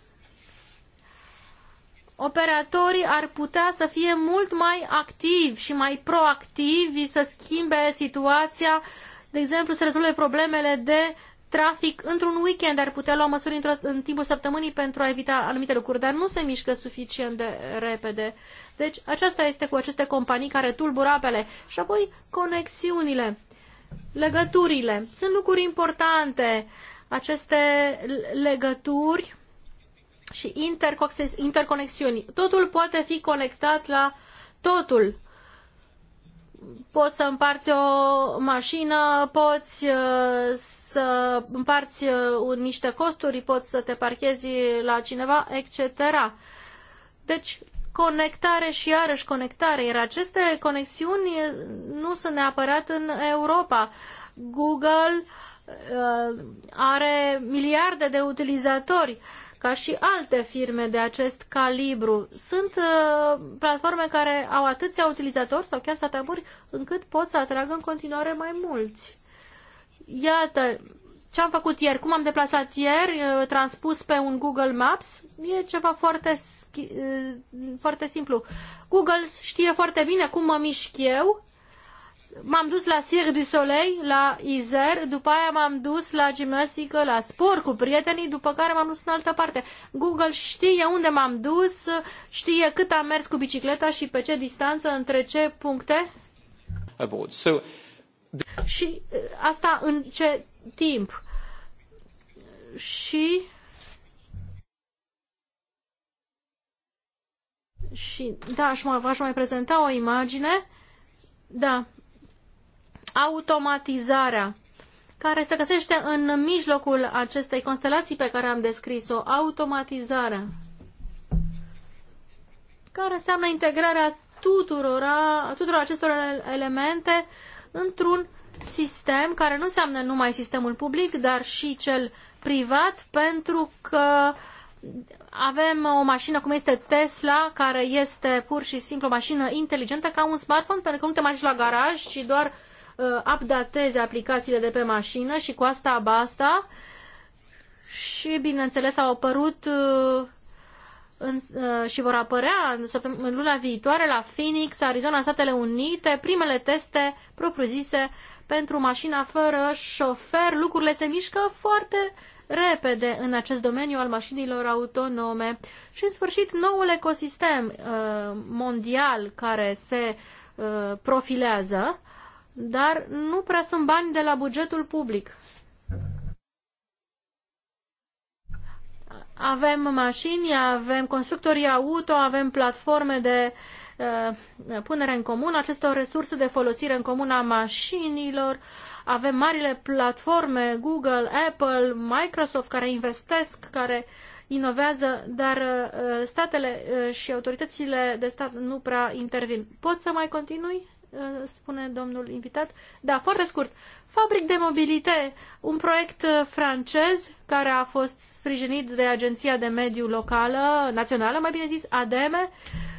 Operatorii ar putea să fie mult mai activi și mai proactivi, să schimbe situația, de exemplu, să rezolve problemele de trafic într-un weekend, ar putea lua măsuri în timpul săptămânii pentru a evita anumite lucruri, dar nu se mișcă suficient de repede. Deci aceasta este cu aceste companii care tulbură apele și apoi conexiunile legăturile. Sunt lucruri importante aceste legături și interconexiuni. Totul poate fi conectat la totul. Poți să împarți o mașină, poți uh, să împarți uh, niște costuri, poți să te parchezi la cineva, etc. Deci, conectare și iarăși conectare, iar aceste conexiuni nu sunt neapărat în Europa. Google uh, are miliarde de utilizatori ca și alte firme de acest calibru. Sunt uh, platforme care au atâția utilizatori sau chiar stataburi încât pot să atragă în continuare mai mulți. Iată, ce am făcut ieri? Cum am deplasat ieri? Uh, transpus pe un Google Maps? E ceva foarte, uh, foarte simplu. Google știe foarte bine cum mă mișc eu. M-am dus la Cirque du Soleil, la Izer, după aia m-am dus la gimnastică, la sport cu prietenii, după care m-am dus în altă parte. Google știe unde m-am dus, știe cât am mers cu bicicleta și pe ce distanță, între ce puncte. Abort. Și uh, asta în ce timp? și și da, aș mai, aș mai prezenta o imagine da automatizarea care se găsește în mijlocul acestei constelații pe care am descris-o automatizarea care înseamnă integrarea tuturora, tuturor acestor elemente într-un sistem care nu înseamnă numai sistemul public, dar și cel privat, pentru că avem o mașină cum este Tesla, care este pur și simplu o mașină inteligentă ca un smartphone, pentru că nu te mai duci la garaj, și doar uh, updatezi aplicațiile de pe mașină și cu asta basta. Și, bineînțeles, au apărut uh, în, uh, și vor apărea în, în luna viitoare la Phoenix, Arizona, Statele Unite, primele teste propriu-zise uh, pentru mașina fără șofer, lucrurile se mișcă foarte repede în acest domeniu al mașinilor autonome și, în sfârșit, noul ecosistem uh, mondial care se uh, profilează, dar nu prea sunt bani de la bugetul public. Avem mașini, avem constructorii auto, avem platforme de uh, Uh, punerea în comun acestor resurse de folosire în comun a mașinilor. Avem marile platforme, Google, Apple, Microsoft, care investesc, care inovează, dar uh, statele uh, și autoritățile de stat nu prea intervin. Pot să mai continui? spune domnul invitat. Da, foarte scurt. Fabric de mobilite, un proiect francez care a fost sprijinit de Agenția de Mediu Locală, Națională, mai bine zis, ADM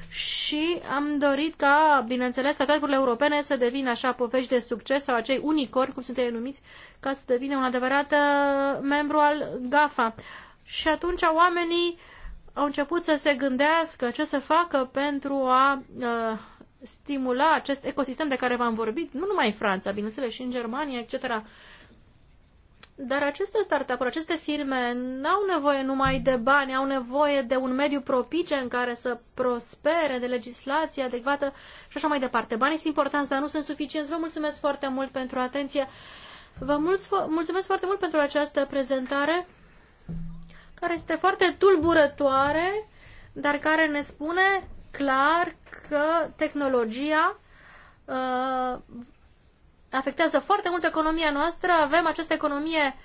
și am dorit ca, bineînțeles, să calculele europene să devină așa povești de succes sau acei unicorni, cum sunt ei numiți, ca să devină un adevărat uh, membru al GAFA. Și atunci oamenii au început să se gândească ce să facă pentru a uh, stimula acest ecosistem de care v-am vorbit, nu numai în Franța, bineînțeles, și în Germania, etc. Dar aceste startup-uri, aceste firme n-au nevoie numai de bani, au nevoie de un mediu propice în care să prospere, de legislație adecvată și așa mai departe. Banii sunt importanți, dar nu sunt suficienți. Vă mulțumesc foarte mult pentru atenție. Vă mulțumesc foarte mult pentru această prezentare, care este foarte tulburătoare, dar care ne spune clar că tehnologia uh, afectează foarte mult economia noastră. Avem această economie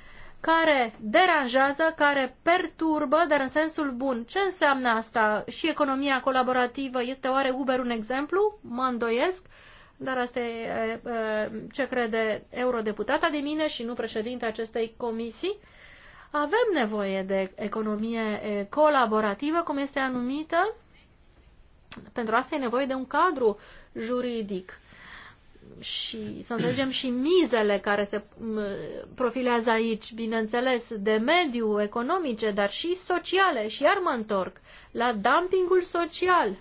care deranjează, care perturbă, dar în sensul bun. Ce înseamnă asta? Și economia colaborativă este oare Uber un exemplu? Mă îndoiesc, dar asta e ce crede eurodeputata de mine și nu președinte acestei comisii. Avem nevoie de economie colaborativă, cum este anumită. Pentru asta e nevoie de un cadru juridic și să înțelegem și mizele care se profilează aici, bineînțeles, de mediu, economice, dar și sociale. Și iar mă întorc la dumpingul social.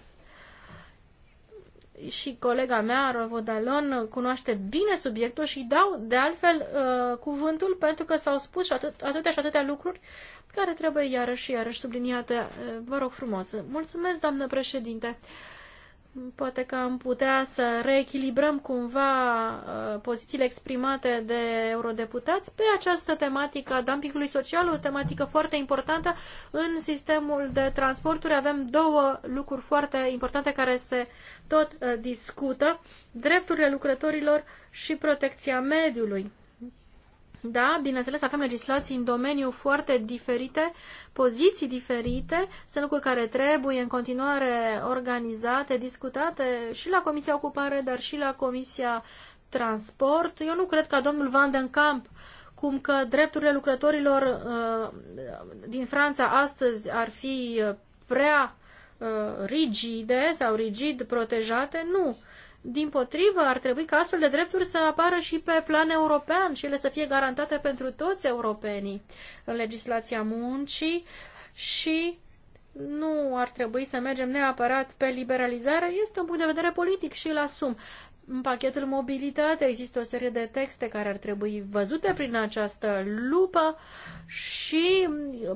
Și colega mea, Rovodalon, cunoaște bine subiectul și dau, de altfel, uh, cuvântul pentru că s-au spus și atât, atâtea și atâtea lucruri care trebuie iarăși și iarăși subliniate. Uh, vă rog frumos. Mulțumesc, doamnă președinte. Uh, Poate că am putea să reechilibrăm cumva uh, pozițiile exprimate de eurodeputați pe această tematică a dumpingului social, o tematică foarte importantă în sistemul de transporturi. Avem două lucruri foarte importante care se tot uh, discută, drepturile lucrătorilor și protecția mediului. Da, bineînțeles, avem legislații în domeniu foarte diferite, poziții diferite, sunt lucruri care trebuie în continuare organizate, discutate și la Comisia Ocupare, dar și la Comisia Transport. Eu nu cred că domnul Van den Camp cum că drepturile lucrătorilor uh, din Franța astăzi ar fi uh, prea uh, rigide sau rigid protejate. Nu. Din potrivă, ar trebui ca astfel de drepturi să apară și pe plan european și ele să fie garantate pentru toți europenii în legislația muncii și nu ar trebui să mergem neapărat pe liberalizare, este un punct de vedere politic și îl asum. În pachetul mobilitate există o serie de texte care ar trebui văzute prin această lupă și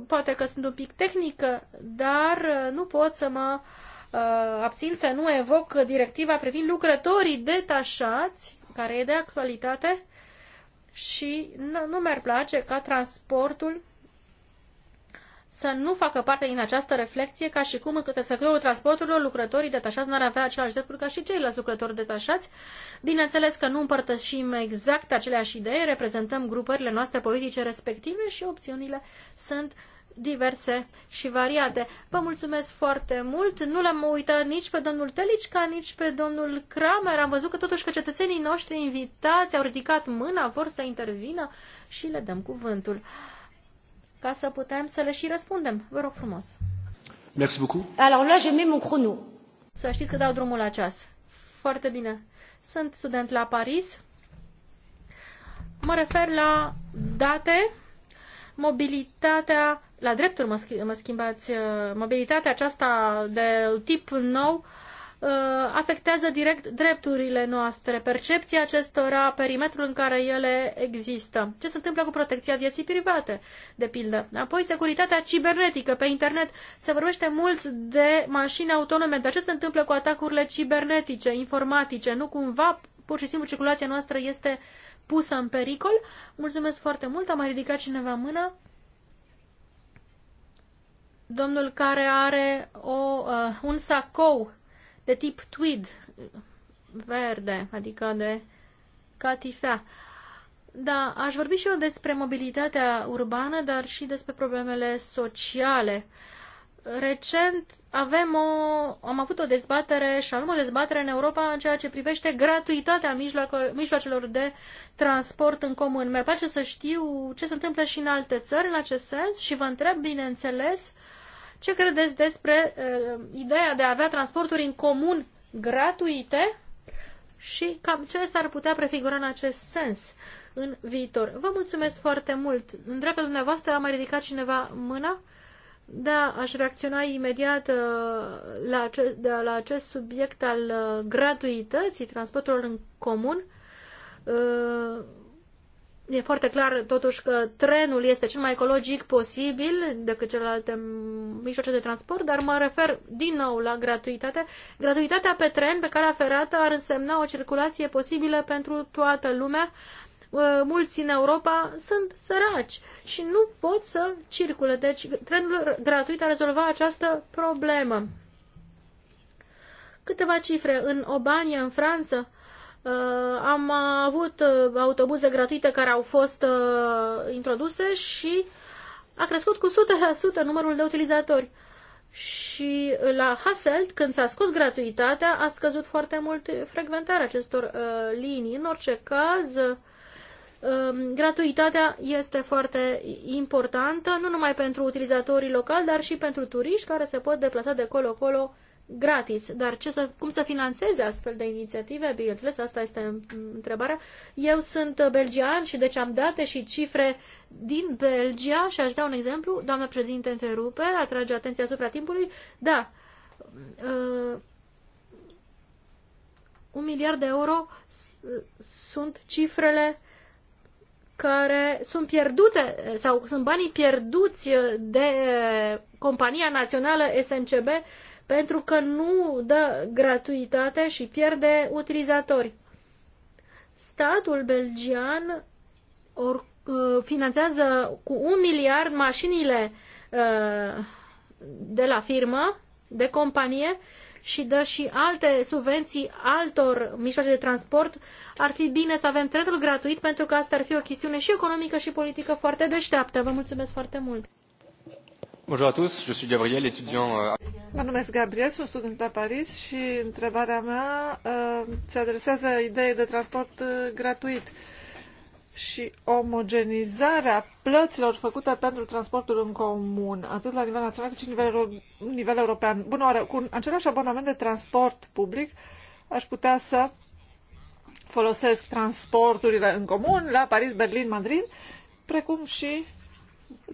poate că sunt un pic tehnică, dar nu pot să mă uh, Uh, abțin să nu evoc directiva privind lucrătorii detașați, care e de actualitate, și nu, mi-ar place ca transportul să nu facă parte din această reflexie ca și cum în câte sectorul transporturilor lucrătorii detașați nu ar avea același drepturi ca și ceilalți lucrători detașați. Bineînțeles că nu împărtășim exact aceleași idei, reprezentăm grupările noastre politice respective și opțiunile sunt uh, diverse și variate. Vă mulțumesc foarte mult. Nu l-am uitat nici pe domnul Telicca, nici pe domnul Kramer. Am văzut că totuși că cetățenii noștri invitați au ridicat mâna, vor să intervină și le dăm cuvântul ca să putem să le și răspundem. Vă rog frumos. Merci beaucoup. Alors là, je mon chrono. Să știți că dau drumul la ceas. Foarte bine. Sunt student la Paris. Mă refer la date mobilitatea la drepturi mă, schi- mă schimbați, uh, mobilitatea aceasta de tip nou uh, afectează direct drepturile noastre, percepția acestora, perimetrul în care ele există. Ce se întâmplă cu protecția vieții private, de pildă. Apoi, securitatea cibernetică. Pe internet se vorbește mult de mașini autonome, dar ce se întâmplă cu atacurile cibernetice, informatice? Nu cumva, pur și simplu, circulația noastră este pusă în pericol? Mulțumesc foarte mult, am ridicat cineva mâna domnul care are o, uh, un sacou de tip tweed verde, adică de catifea. Da, aș vorbi și eu despre mobilitatea urbană, dar și despre problemele sociale. Recent avem o, am avut o dezbatere și avem o dezbatere în Europa în ceea ce privește gratuitatea mijloacelor de transport în comun. Mi-ar place să știu ce se întâmplă și în alte țări în acest sens și vă întreb, bineînțeles, uh, ce credeți despre uh, ideea de a avea transporturi în comun gratuite și cam ce s-ar putea prefigura în acest sens în viitor? Vă mulțumesc foarte mult. În dreapta dumneavoastră a mai ridicat cineva mâna? Da, aș reacționa imediat uh, la, acest, de, da, la acest subiect al uh, gratuității transporturilor în comun. Uh, E foarte clar, totuși, că trenul este cel mai ecologic posibil decât celelalte mijloace de transport, dar mă refer din nou la gratuitate. Gratuitatea pe tren, pe calea ferată, ar însemna o circulație posibilă pentru toată lumea. Uh, mulți în Europa sunt săraci și nu pot să circule. Deci, trenul gratuit ar rezolva această problemă. Câteva cifre. În Obania, în Franță, Uh, am avut uh, autobuze gratuite care au fost uh, introduse și a crescut cu 100% numărul de utilizatori. Și la Hasselt, când s-a scos gratuitatea, a scăzut foarte mult frecventarea acestor uh, linii. În orice caz, uh, gratuitatea este foarte importantă, nu numai pentru utilizatorii locali, dar și pentru turiști care se pot deplasa de colo-colo gratis. Dar ce să, cum să financeze astfel de inițiative? Bineînțeles, asta este întrebarea. Eu sunt belgian și deci am date și cifre din Belgia și aș da un exemplu. Doamna președinte întrerupe, atrage atenția asupra timpului. Da, uh, un miliard de euro sunt cifrele care sunt pierdute sau sunt banii pierduți de compania națională SNCB uh, pentru că nu dă gratuitate și pierde utilizatori. Statul belgian or, uh, finanțează cu un miliard mașinile uh, de la firmă, de companie și dă și alte subvenții altor mijloace de transport, ar fi bine să avem trenul gratuit pentru că asta ar fi o chestiune și economică și politică foarte deșteaptă. Vă mulțumesc foarte mult! Bonjour à tous, je suis Gabriel, étudiant... Euh, mă numesc Gabriel, sunt student la Paris și întrebarea mea uh, se adresează ideii de transport uh, gratuit și omogenizarea plăților făcute pentru transportul în comun, atât la nivel național cât și la nivel, nivel european. Bună oară, cu același abonament de transport public aș putea să folosesc transporturile în comun la Paris, Berlin, Madrid, precum și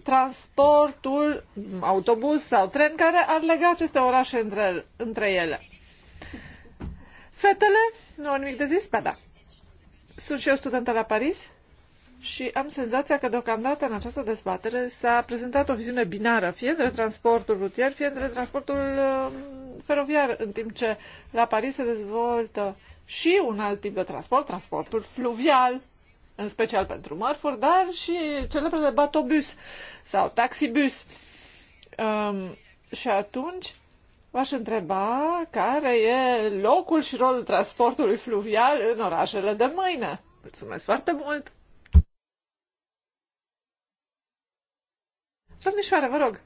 transportul, autobuz sau tren, care ar lega aceste orașe între, între ele. Fetele, nu au nimic de zis? Ba da. Sunt și eu studentă la Paris și am senzația că deocamdată în această dezbatere s-a prezentat o viziune binară, fie între transportul rutier, fie între transportul um, feroviar, în timp ce la Paris se dezvoltă și un alt tip de transport, transportul fluvial, în special pentru mărfuri, dar și celebrele batobus sau taxibus. Um, și atunci v-aș întreba care e locul și rolul transportului fluvial în orașele de mâine. Mulțumesc foarte mult! Domnișoare, vă rog!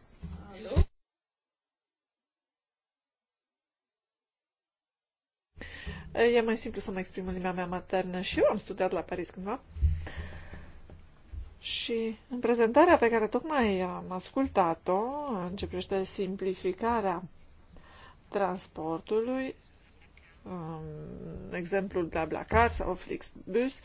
E mai simplu să mă exprim în limba mea maternă și eu am studiat la Paris cândva. Și în prezentarea pe care tocmai am ascultat-o, în ce privește simplificarea transportului, um, exemplul BlaBlaCar sau Flixbus,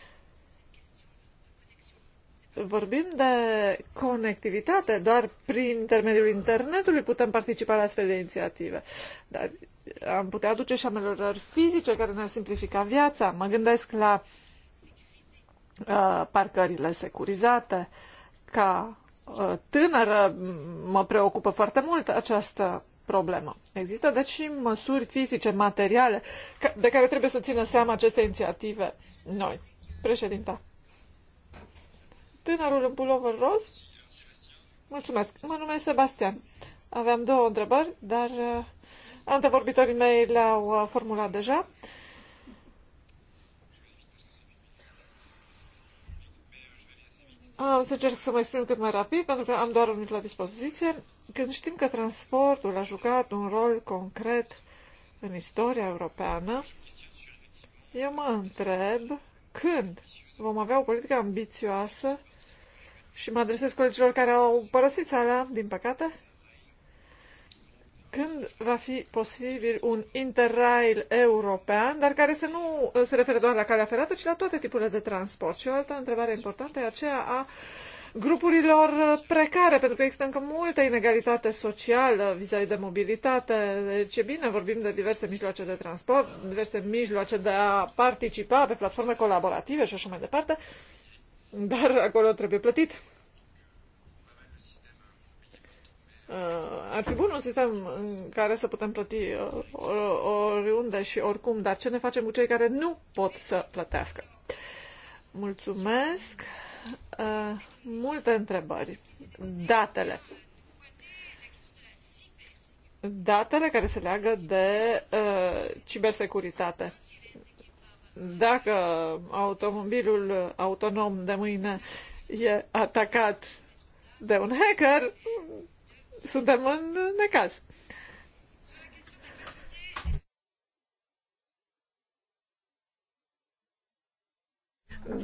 vorbim de conectivitate, doar prin intermediul internetului putem participa la astfel de inițiative. Dar am putea aduce și ameliorări fizice care ne-ar simplifica viața. Mă gândesc la uh, parcările securizate. Ca uh, tânără mă preocupă foarte mult această problemă. Există deci și măsuri fizice, materiale, de care trebuie să țină seama aceste inițiative noi. Președinta. Tânărul în pulover roz? Mulțumesc. Mă numesc Sebastian. Aveam două întrebări, dar uh, Antevorbitorii mei le-au uh, formulat deja. Am să încerc să mă exprim cât mai rapid, pentru că am doar un minut la dispoziție. Când știm că transportul a jucat un rol concret în istoria europeană, eu mă întreb când vom avea o politică ambițioasă și mă adresez colegilor care au părăsit țara, din păcate, când va fi posibil un interrail european, dar care să nu uh, se refere doar la calea ferată, ci la toate tipurile de transport. Și o altă întrebare importantă e aceea a grupurilor uh, precare, pentru că există încă multă inegalitate socială vis-a-vis -vis de mobilitate. Deci e bine, vorbim de diverse mijloace de transport, diverse mijloace de a participa pe platforme colaborative și așa mai departe, dar acolo trebuie plătit Uh, ar fi bun un sistem în care să putem plăti uh, oriunde și oricum, dar ce ne facem cu cei care nu pot să plătească? Mulțumesc. Uh, multe întrebări. Datele. Datele care se leagă de uh, cibersecuritate dacă automobilul autonom de mâine e atacat de un hacker, suntem în necaz.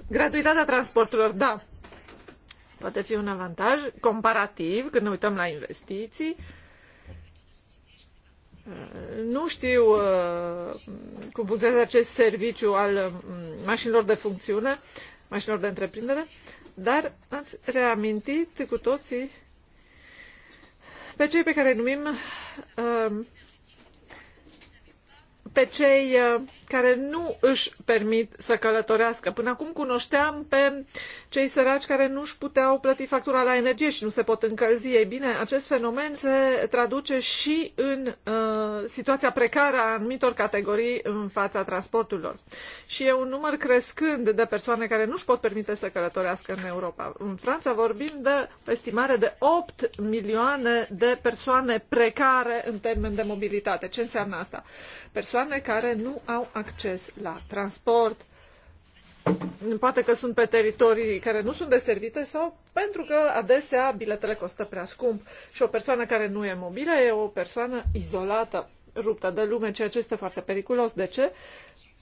Gratuitatea transporturilor, da, poate fi un avantaj comparativ când ne uităm la investiții. Nu știu uh, cum funcționează acest serviciu al um, mașinilor de funcțiune, mașinilor de întreprindere, dar ați reamintit cu toții pe cei pe care numim uh, pe cei uh, care nu își permit să călătorească. Până acum cunoșteam pe cei săraci care nu își puteau plăti factura la energie și nu se pot încălzi. Ei bine, acest fenomen se traduce și în uh, situația precară a anumitor categorii în fața transporturilor. Și e un număr crescând de persoane care nu își pot permite să călătorească în Europa. În Franța vorbim de estimare de 8 milioane de persoane precare în termen de mobilitate. Ce înseamnă asta? Persoane care nu au acces la transport. Poate că sunt pe teritorii care nu sunt deservite sau pentru că adesea biletele costă prea scump și o persoană care nu e mobilă e o persoană izolată, ruptă de lume, ceea ce este foarte periculos. De ce?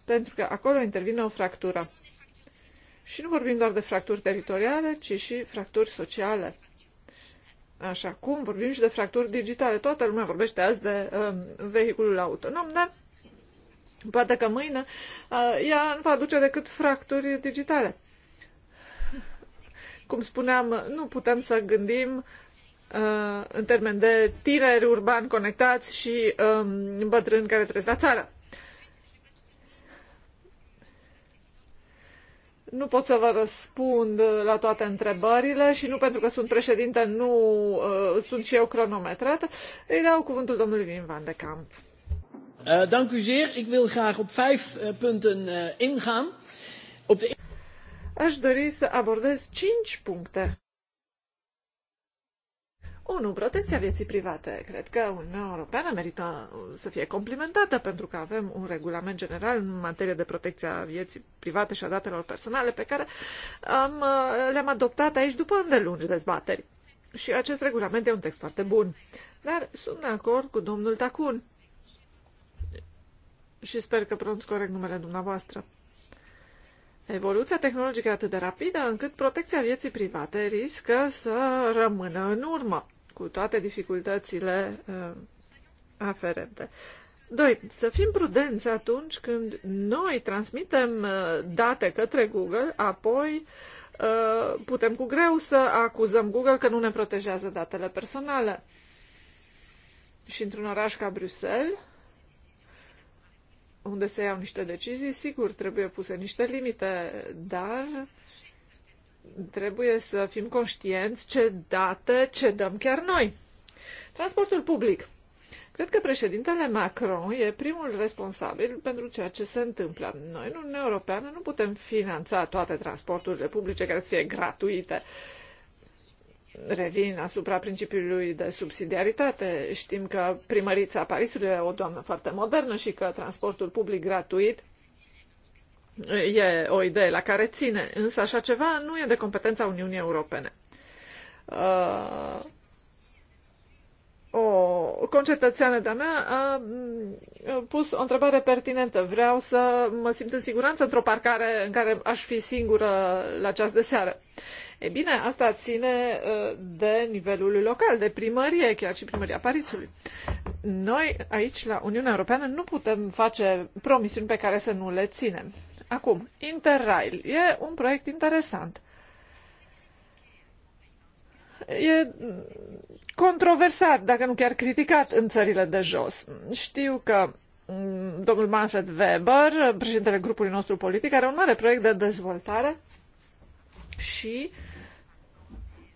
Pentru că acolo intervine o fractură. Și nu vorbim doar de fracturi teritoriale, ci și fracturi sociale. Așa cum vorbim și de fracturi digitale. Toată lumea vorbește azi de um, vehiculul autonom, dar Poate că mâine uh, ea nu va aduce decât fracturi digitale. Cum spuneam, nu putem să gândim uh, în termen de tineri urbani conectați și um, bătrâni care trăiesc la țară. Nu pot să vă răspund la toate întrebările și nu pentru că sunt președinte, nu uh, sunt și eu cronometrat. Îi dau cuvântul domnului Vin Van de Camp. Uh, dank u zeer. Ik wil graag op vijf uh, punten uh, ingaan. Op de... Aș dori să abordez cinci puncte. 1. Protecția vieții private. Cred că Uniunea Europeană merită uh, să fie complimentată pentru că avem un regulament general în materie de protecția vieții private și a datelor personale pe care am, uh, le-am adoptat aici după îndelungi dezbateri. Și acest regulament e un text foarte bun. Dar sunt de acord cu domnul Tacun și sper că pronunț corect numele dumneavoastră. Evoluția tehnologică e atât de rapidă încât protecția vieții private riscă să rămână în urmă, cu toate dificultățile uh, aferente. 2. Să fim prudenți atunci când noi transmitem uh, date către Google, apoi uh, putem cu greu să acuzăm Google că nu ne protejează datele personale. Și într-un oraș ca Bruxelles, unde se iau niște decizii, sigur, trebuie puse niște limite, dar trebuie să fim conștienți ce date cedăm chiar noi. Transportul public. Cred că președintele Macron e primul responsabil pentru ceea ce se întâmplă. Noi, în Uniunea Europeană, nu putem finanța toate transporturile publice care să fie gratuite. Uh, revin asupra principiului de subsidiaritate. Știm că primărița Parisului e o doamnă foarte modernă și că transportul public gratuit e o idee la care ține, însă așa ceva nu e de competența Uniunii Europene. Uh, o concetățeană de-a mea a pus o întrebare pertinentă. Vreau să mă simt în siguranță într-o parcare în care aș fi singură la ceas de seară. E bine, asta ține ă, de nivelul local, de primărie, chiar și primăria Parisului. Noi aici, la Uniunea Europeană, nu putem face promisiuni pe care să nu le ținem. Acum, Interrail e un proiect interesant e controversat, dacă nu chiar criticat în țările de jos. Știu că mm, domnul Manfred Weber, președintele grupului nostru politic, are un mare proiect de dezvoltare și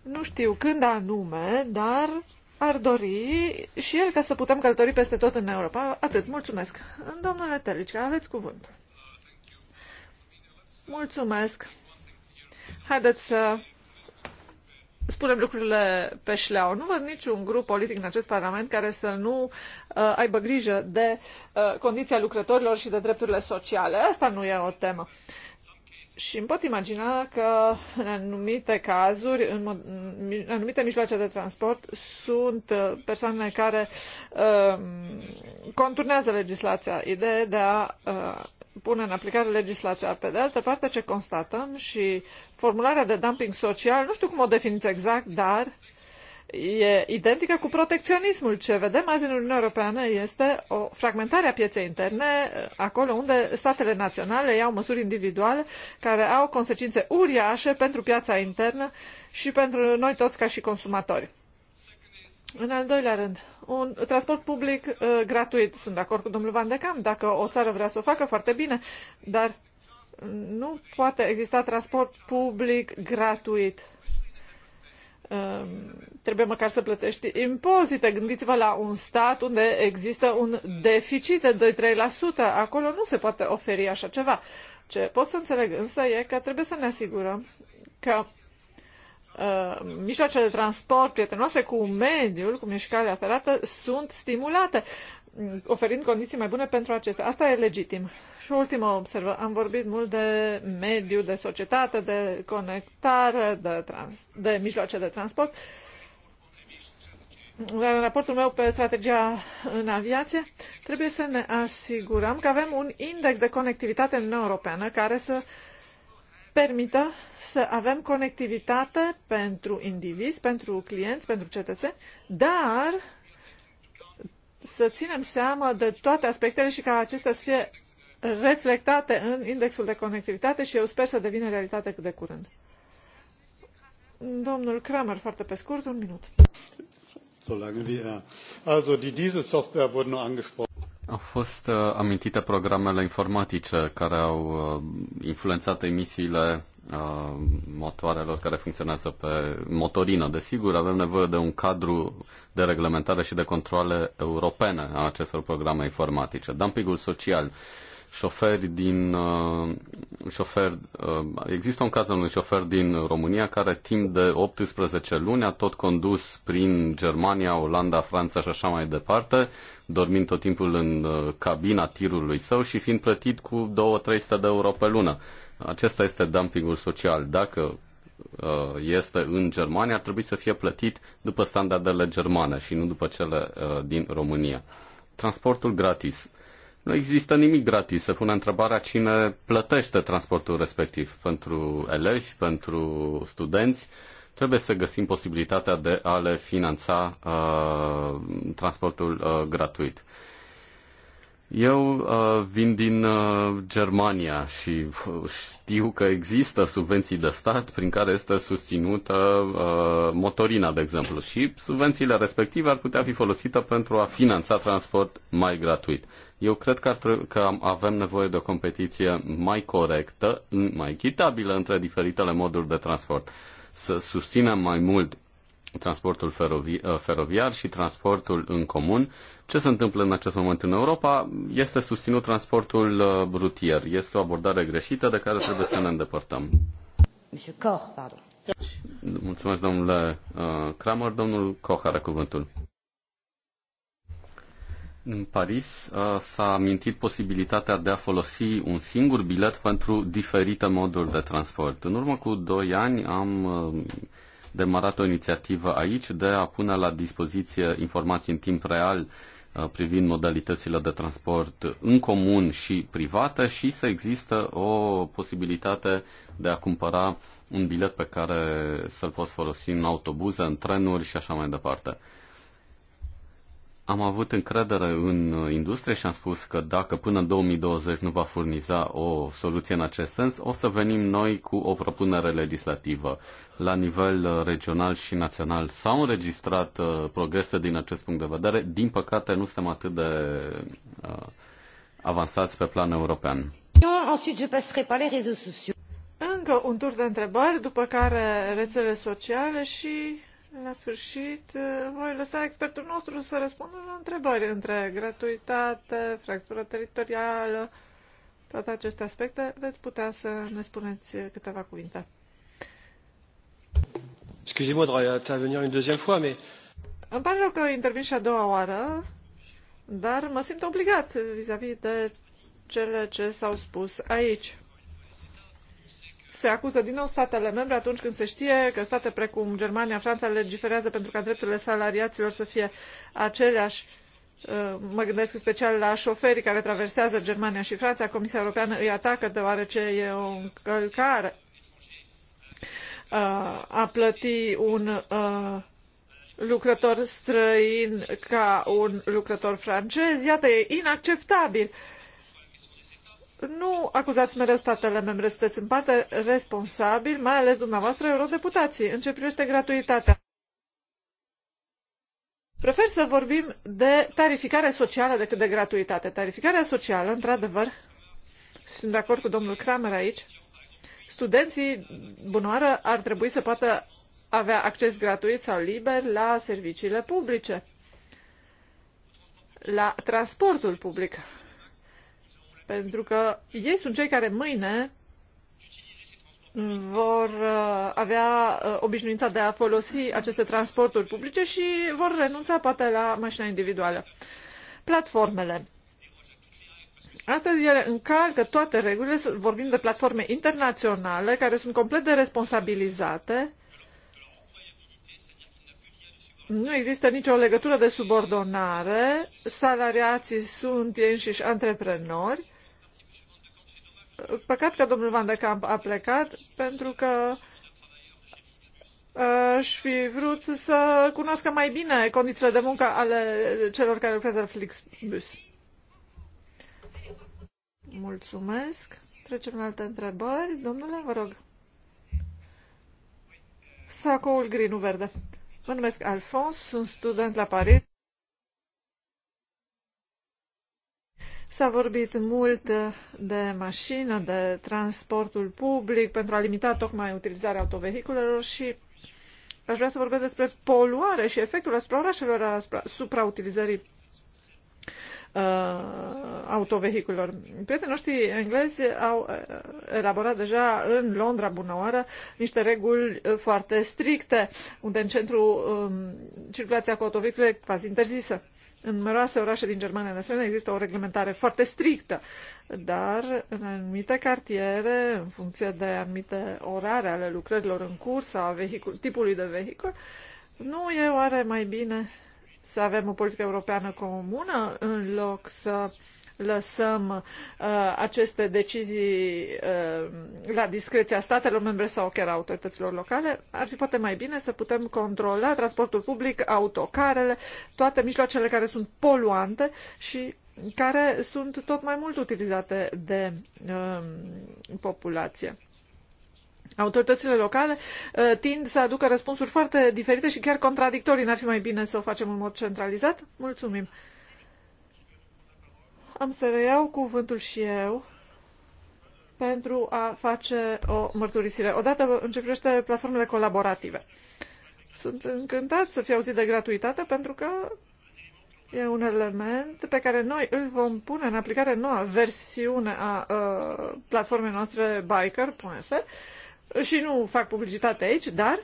nu știu când anume, dar ar dori și el ca să putem călători peste tot în Europa. Atât, mulțumesc. Domnule Telicca, aveți cuvântul. Mulțumesc. Haideți să spunem lucrurile pe șleau. Nu văd niciun grup politic în acest Parlament care să nu uh, aibă grijă de uh, condiția lucrătorilor și de drepturile sociale. Asta nu e o temă. Și îmi pot imagina că în anumite cazuri, în, mod, în anumite mijloace de transport, sunt uh, persoane care uh, conturnează legislația. Ideea de a uh, pune în aplicare legislația. Pe de altă parte, ce constatăm și formularea de dumping social, nu știu cum o definiți exact, dar e identică cu protecționismul. Ce vedem azi în Uniunea Europeană este o fragmentare a pieței interne, acolo unde statele naționale iau măsuri individuale care au consecințe uriașe pentru piața internă și pentru noi toți ca și consumatori. În al doilea rând, un transport public uh, gratuit. Sunt de acord cu domnul Van de Cam. Dacă o țară vrea să o facă, foarte bine. Dar nu poate exista transport public gratuit. Uh, trebuie măcar să plătești impozite. Gândiți-vă la un stat unde există un deficit de 2-3%. Acolo nu se poate oferi așa ceva. Ce pot să înțeleg însă e că trebuie să ne asigurăm că Uh, mijloacele de transport prietenoase cu mediul, cum e și calea ferată, sunt stimulate mm, oferind condiții mai bune pentru acestea. Asta e legitim. Și ultima observă. Am vorbit mult de mediu, de societate, de conectare, de, trans, de mijloace de transport. Dar în raportul meu pe strategia în aviație, trebuie să ne asigurăm că avem un index de conectivitate în Uniunea Europeană care să uh, permită să avem conectivitate pentru indivizi, pentru clienți, pentru cetățeni, dar să ținem seama de toate aspectele și ca acestea să fie reflectate în indexul de conectivitate și eu sper să devină realitate cât de curând. Domnul Kramer, foarte pe scurt, un minut. So lange wie er. Also, die wurde nur angesprochen. Au fost uh, amintite programele informatice care au uh, influențat emisiile uh, motoarelor care funcționează pe motorină. Desigur, avem nevoie de un cadru de reglementare și de controle europene a acestor programe informatice. Dumpingul social, șoferi din uh, șofer, uh, există un caz al unui șofer din România care timp de 18 luni a tot condus prin Germania, Olanda, Franța și așa mai departe dormind tot timpul în uh, cabina tirului său și fiind plătit cu 2-300 de euro pe lună. Acesta este dumpingul social. Dacă uh, este în Germania, ar trebui să fie plătit după standardele germane și nu după cele uh, din România. Transportul gratis. Nu există nimic gratis. Se pune întrebarea cine plătește transportul respectiv pentru elevi, pentru studenți. Uh, trebuie să găsim posibilitatea de a le finanța uh, transportul uh, gratuit. Eu uh, vin din uh, Germania și uh, știu că există subvenții de stat prin care este susținută uh, motorina, de exemplu, și subvențiile respective ar putea fi folosite pentru a finanța transport mai gratuit. Eu cred că, ar că avem nevoie de o competiție mai corectă, mai echitabilă între diferitele moduri de transport. Uh, să susțină mai mult transportul ferovi- uh, feroviar și transportul în comun. Ce se întâmplă în acest moment în Europa? Este susținut transportul uh, rutier. Este o abordare greșită de care trebuie să ne îndepărtăm. Mulțumesc, domnule uh, Kramer. Domnul Koch are cuvântul. În Paris uh, s-a amintit posibilitatea de a folosi un singur bilet pentru diferite moduri de transport. În urmă cu doi ani am uh, demarat o inițiativă aici de a pune la dispoziție informații în timp real uh, privind modalitățile de transport în comun și private și să există o posibilitate de a cumpăra un bilet pe care să-l poți folosi în autobuze, în trenuri și așa mai departe. Am avut încredere în uh, industrie și am spus că dacă până în 2020 nu va furniza o soluție în acest sens, o să venim noi cu o propunere legislativă. La nivel uh, regional și național s-au înregistrat uh, progrese din acest punct de vedere. Din păcate, nu suntem atât de avansați pe plan european. Încă un tur de întrebări, după care rețele sociale și la sfârșit, uh, voi lăsa expertul nostru să răspundă la întrebări între gratuitate, fractură teritorială, toate aceste aspecte. Veți putea să ne spuneți câteva cuvinte. Excusez-moi de intervenir une deuxième fois, mais... Îmi pare rău că intervin și a doua oară, dar mă simt obligat vis-a-vis -vis de cele ce s-au spus aici se acuză din nou statele membre atunci când se știe că state precum Germania, Franța legiferează pentru ca drepturile salariaților să fie aceleași. Uh, mă gândesc în special la șoferii care traversează Germania și Franța. Comisia Europeană îi atacă deoarece e o încălcare uh, a plăti un uh, lucrător străin ca un lucrător francez. Iată, e inacceptabil. Uh, nu acuzați mereu statele membre, sunteți în parte responsabili, mai ales dumneavoastră, eurodeputații, în ce privește gratuitatea. Prefer să vorbim de tarificare socială decât de gratuitate. Tarificarea socială, într-adevăr, sunt de acord cu domnul Kramer aici, studenții bunoară ar trebui să poată avea acces gratuit sau liber la serviciile publice, la transportul public pentru că ei sunt cei care mâine vor uh, avea uh, obișnuința de a folosi aceste transporturi publice și vor renunța poate la mașina individuală. Platformele. Astăzi ele încalcă toate regulile, vorbim de platforme internaționale care sunt complet de responsabilizate. Nu există nicio legătură de subordonare, salariații sunt ei și antreprenori Păcat că domnul Van de Camp a plecat, pentru că uh, aș fi vrut să cunoască mai bine condițiile de muncă ale celor care lucrează la Flixbus. Mulțumesc. Trecem la alte întrebări. Domnule, vă rog. Sacoul green verde. Mă numesc Alfons, sunt student la Paris S-a vorbit mult uh, de mașină, de transportul public pentru a limita tocmai utilizarea autovehiculelor și aș vrea să vorbesc despre poluare și efectul asupra orașelor, asupra suprautilizării uh, autovehiculelor. Prietenii noștri englezi au uh, elaborat deja în Londra, bună oară, niște reguli uh, foarte stricte, unde în centru um, circulația cu autovehicule e quasi interzisă. În numeroase orașe din Germania, de asemenea, există o reglementare foarte strictă, dar în anumite cartiere, în funcție de anumite orare ale lucrărilor în curs sau a vehicul, tipului de vehicul, nu e oare mai bine să avem o politică europeană comună în loc să uh, lăsăm uh, aceste decizii uh, la discreția statelor membre sau chiar a autorităților locale, ar fi poate mai bine să putem controla transportul public, autocarele, toate mijloacele care sunt poluante și care sunt tot mai mult utilizate de uh, populație. Autoritățile locale uh, tind să aducă răspunsuri foarte diferite și chiar contradictorii. N-ar fi mai bine să o facem în mod centralizat? Mulțumim! Am să reiau cuvântul și eu pentru a face o mărturisire. Odată începește platformele colaborative. Sunt încântat să fiu auzit de gratuitate pentru că e un element pe care noi îl vom pune în aplicare noua versiune a uh, platformei noastre biker.fr și nu fac publicitate aici, dar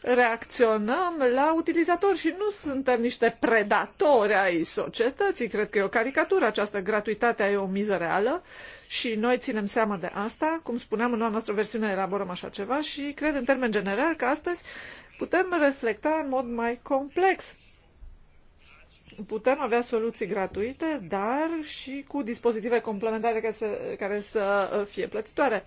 reacționăm la utilizatori și nu suntem niște predatori ai societății. Cred că e o caricatură această. gratuitate e o miză reală și noi ținem seama de asta. Cum spuneam, în noua noastră versiune elaborăm așa ceva și cred în termen general că astăzi putem reflecta în mod mai complex. Putem avea soluții gratuite, dar și cu dispozitive complementare care să, care să fie plătitoare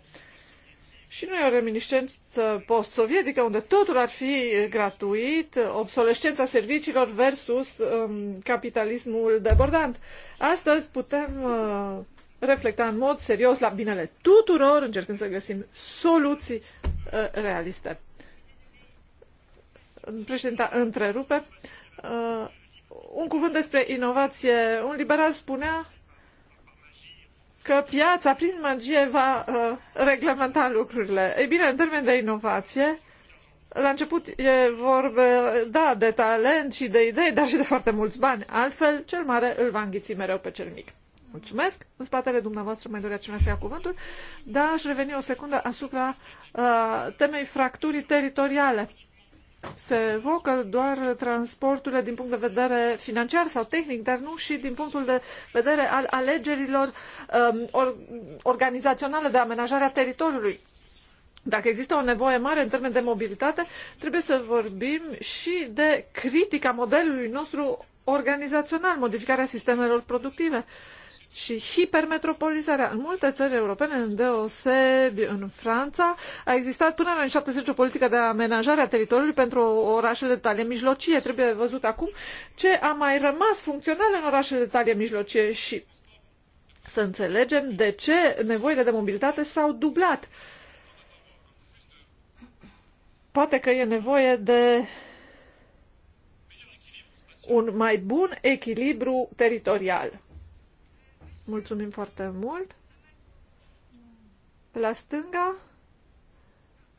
și nu e o reminiscență post-sovietică unde totul ar fi gratuit, obsolescența serviciilor versus um, capitalismul debordant. Astăzi putem uh, reflecta în mod serios la binele tuturor, încercând să găsim soluții uh, realiste. Președinta întrerupe. Uh, un cuvânt despre inovație. Un liberal spunea că piața prin magie va uh, reglementa lucrurile. Ei bine, în termen de inovație, la început e vorbe, da, de talent și de idei, dar și de foarte mulți bani. Altfel, cel mare îl va înghiți mereu pe cel mic. Mulțumesc. În spatele dumneavoastră mai dorea cineva să ia cuvântul, dar aș reveni o secundă asupra uh, temei fracturii teritoriale se evocă doar transporturile din punct de vedere financiar sau tehnic, dar nu și din punctul de vedere al alegerilor um, or, organizaționale de amenajare a teritoriului. Dacă există o nevoie mare în termen de mobilitate, trebuie să vorbim și de critica modelului nostru organizațional, modificarea sistemelor productive. Uh, și hipermetropolizarea. În multe țări europene, în deosebi în Franța, a existat până în 70 o politică de amenajare a teritoriului pentru orașele de talie mijlocie. Trebuie văzut acum ce a mai rămas funcțional în orașele de talie mijlocie și să înțelegem de ce nevoile de mobilitate s-au dublat. Poate că e nevoie de un mai bun echilibru teritorial. Mulțumim foarte mult. La stânga?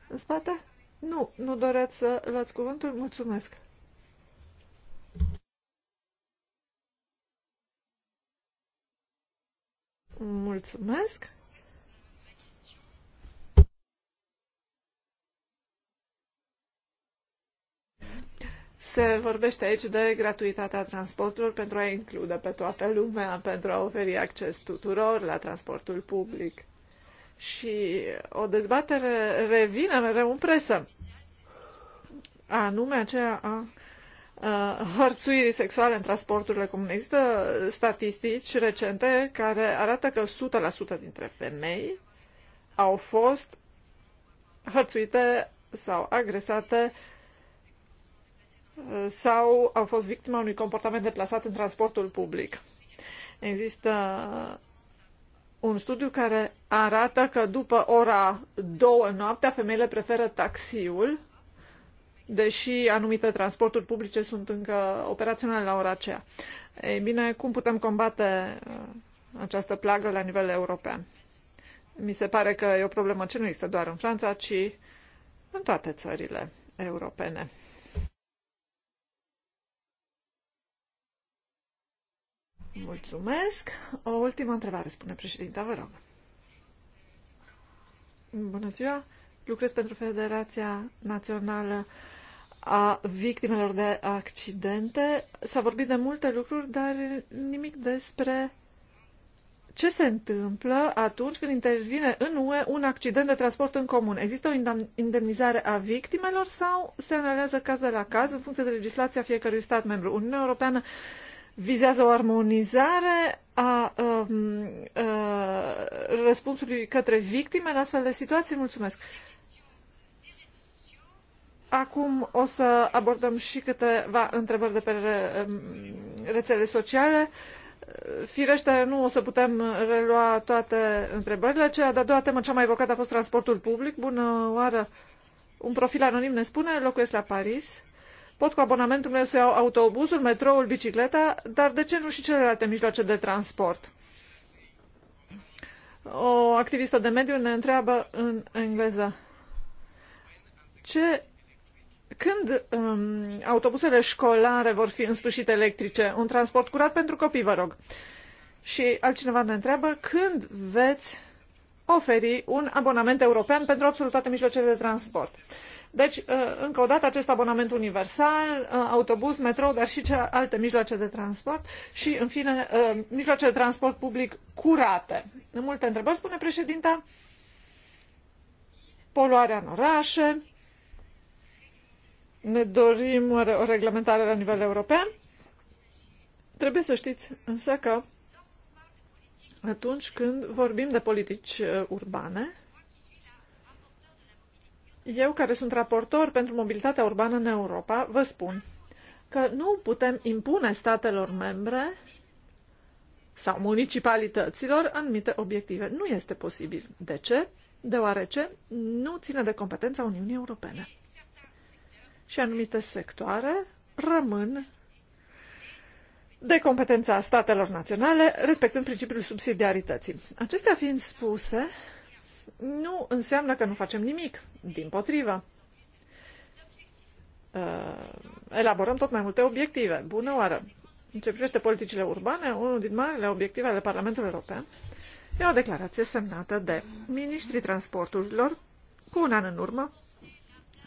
În spate? Nu, nu doreți să luați cuvântul? Mulțumesc. Mulțumesc. Se vorbește aici de gratuitatea transporturilor pentru a include pe toată lumea, pentru a oferi acces tuturor la transportul public. Și o dezbatere revine mereu în presă, anume aceea a hărțuirii sexuale în transporturile comune. Există statistici recente care arată că 100% dintre femei au fost hărțuite sau agresate sau au fost victima unui comportament deplasat în transportul public. Există un studiu care arată că după ora 2 noaptea femeile preferă taxiul, deși anumite transporturi publice sunt încă operaționale la ora aceea. Ei bine, cum putem combate uh, această plagă la nivel european? Mi se pare că e o problemă ce nu există doar în Franța, ci în toate țările europene. Mulțumesc. O ultimă întrebare, spune președinta, vă rog. Bună ziua. Lucrez pentru Federația Națională a Victimelor de Accidente. S-a vorbit de multe lucruri, dar nimic despre ce se întâmplă atunci când intervine în UE un accident de transport în comun? Există o indemnizare a victimelor sau se analizează caz de la caz în funcție de legislația fiecărui stat membru? Uniunea Europeană vizează o armonizare a a, um, a răspunsului către victime în astfel de situații. Mulțumesc! Acum o să abordăm și câteva întrebări de pe re, um, rețele sociale. Firește, nu o să putem relua toate întrebările. Cea de-a doua temă, cea mai evocată, a fost transportul public. Bună oară! Un profil anonim ne spune, locuiesc la Paris Pot cu abonamentul meu să iau autobuzul, metroul, bicicleta, dar de ce nu și celelalte mijloace de transport? O activistă de mediu ne întreabă în engleză. Ce când um, autobuzele școlare vor fi în sfârșit electrice? Un transport curat pentru copii, vă rog. Și altcineva ne întreabă când veți oferi un abonament european pentru absolut toate mijloacele de transport. Deci, uh, încă o dată, acest abonament universal, uh, autobuz, metrou, dar și alte mijloace de transport și, în fine, uh, mijloace de transport public curate. În multe întrebări, spune președinta, poluarea în orașe, ne dorim o reglementare la nivel european. Trebuie să știți însă că atunci când vorbim de politici urbane, eu, care sunt raportor pentru mobilitatea urbană în Europa, vă spun că nu putem impune statelor membre sau municipalităților anumite obiective. Nu este posibil. De ce? Deoarece nu ține de competența Uniunii Europene. Și anumite sectoare rămân de competența statelor naționale, respectând principiul subsidiarității. Acestea fiind spuse, nu înseamnă că nu facem nimic. Din potrivă. Uh, elaborăm tot mai multe obiective. Bună oară! În ce privește politicile urbane, unul din marile obiective ale Parlamentului European e o declarație semnată de ministrii transporturilor cu un an în urmă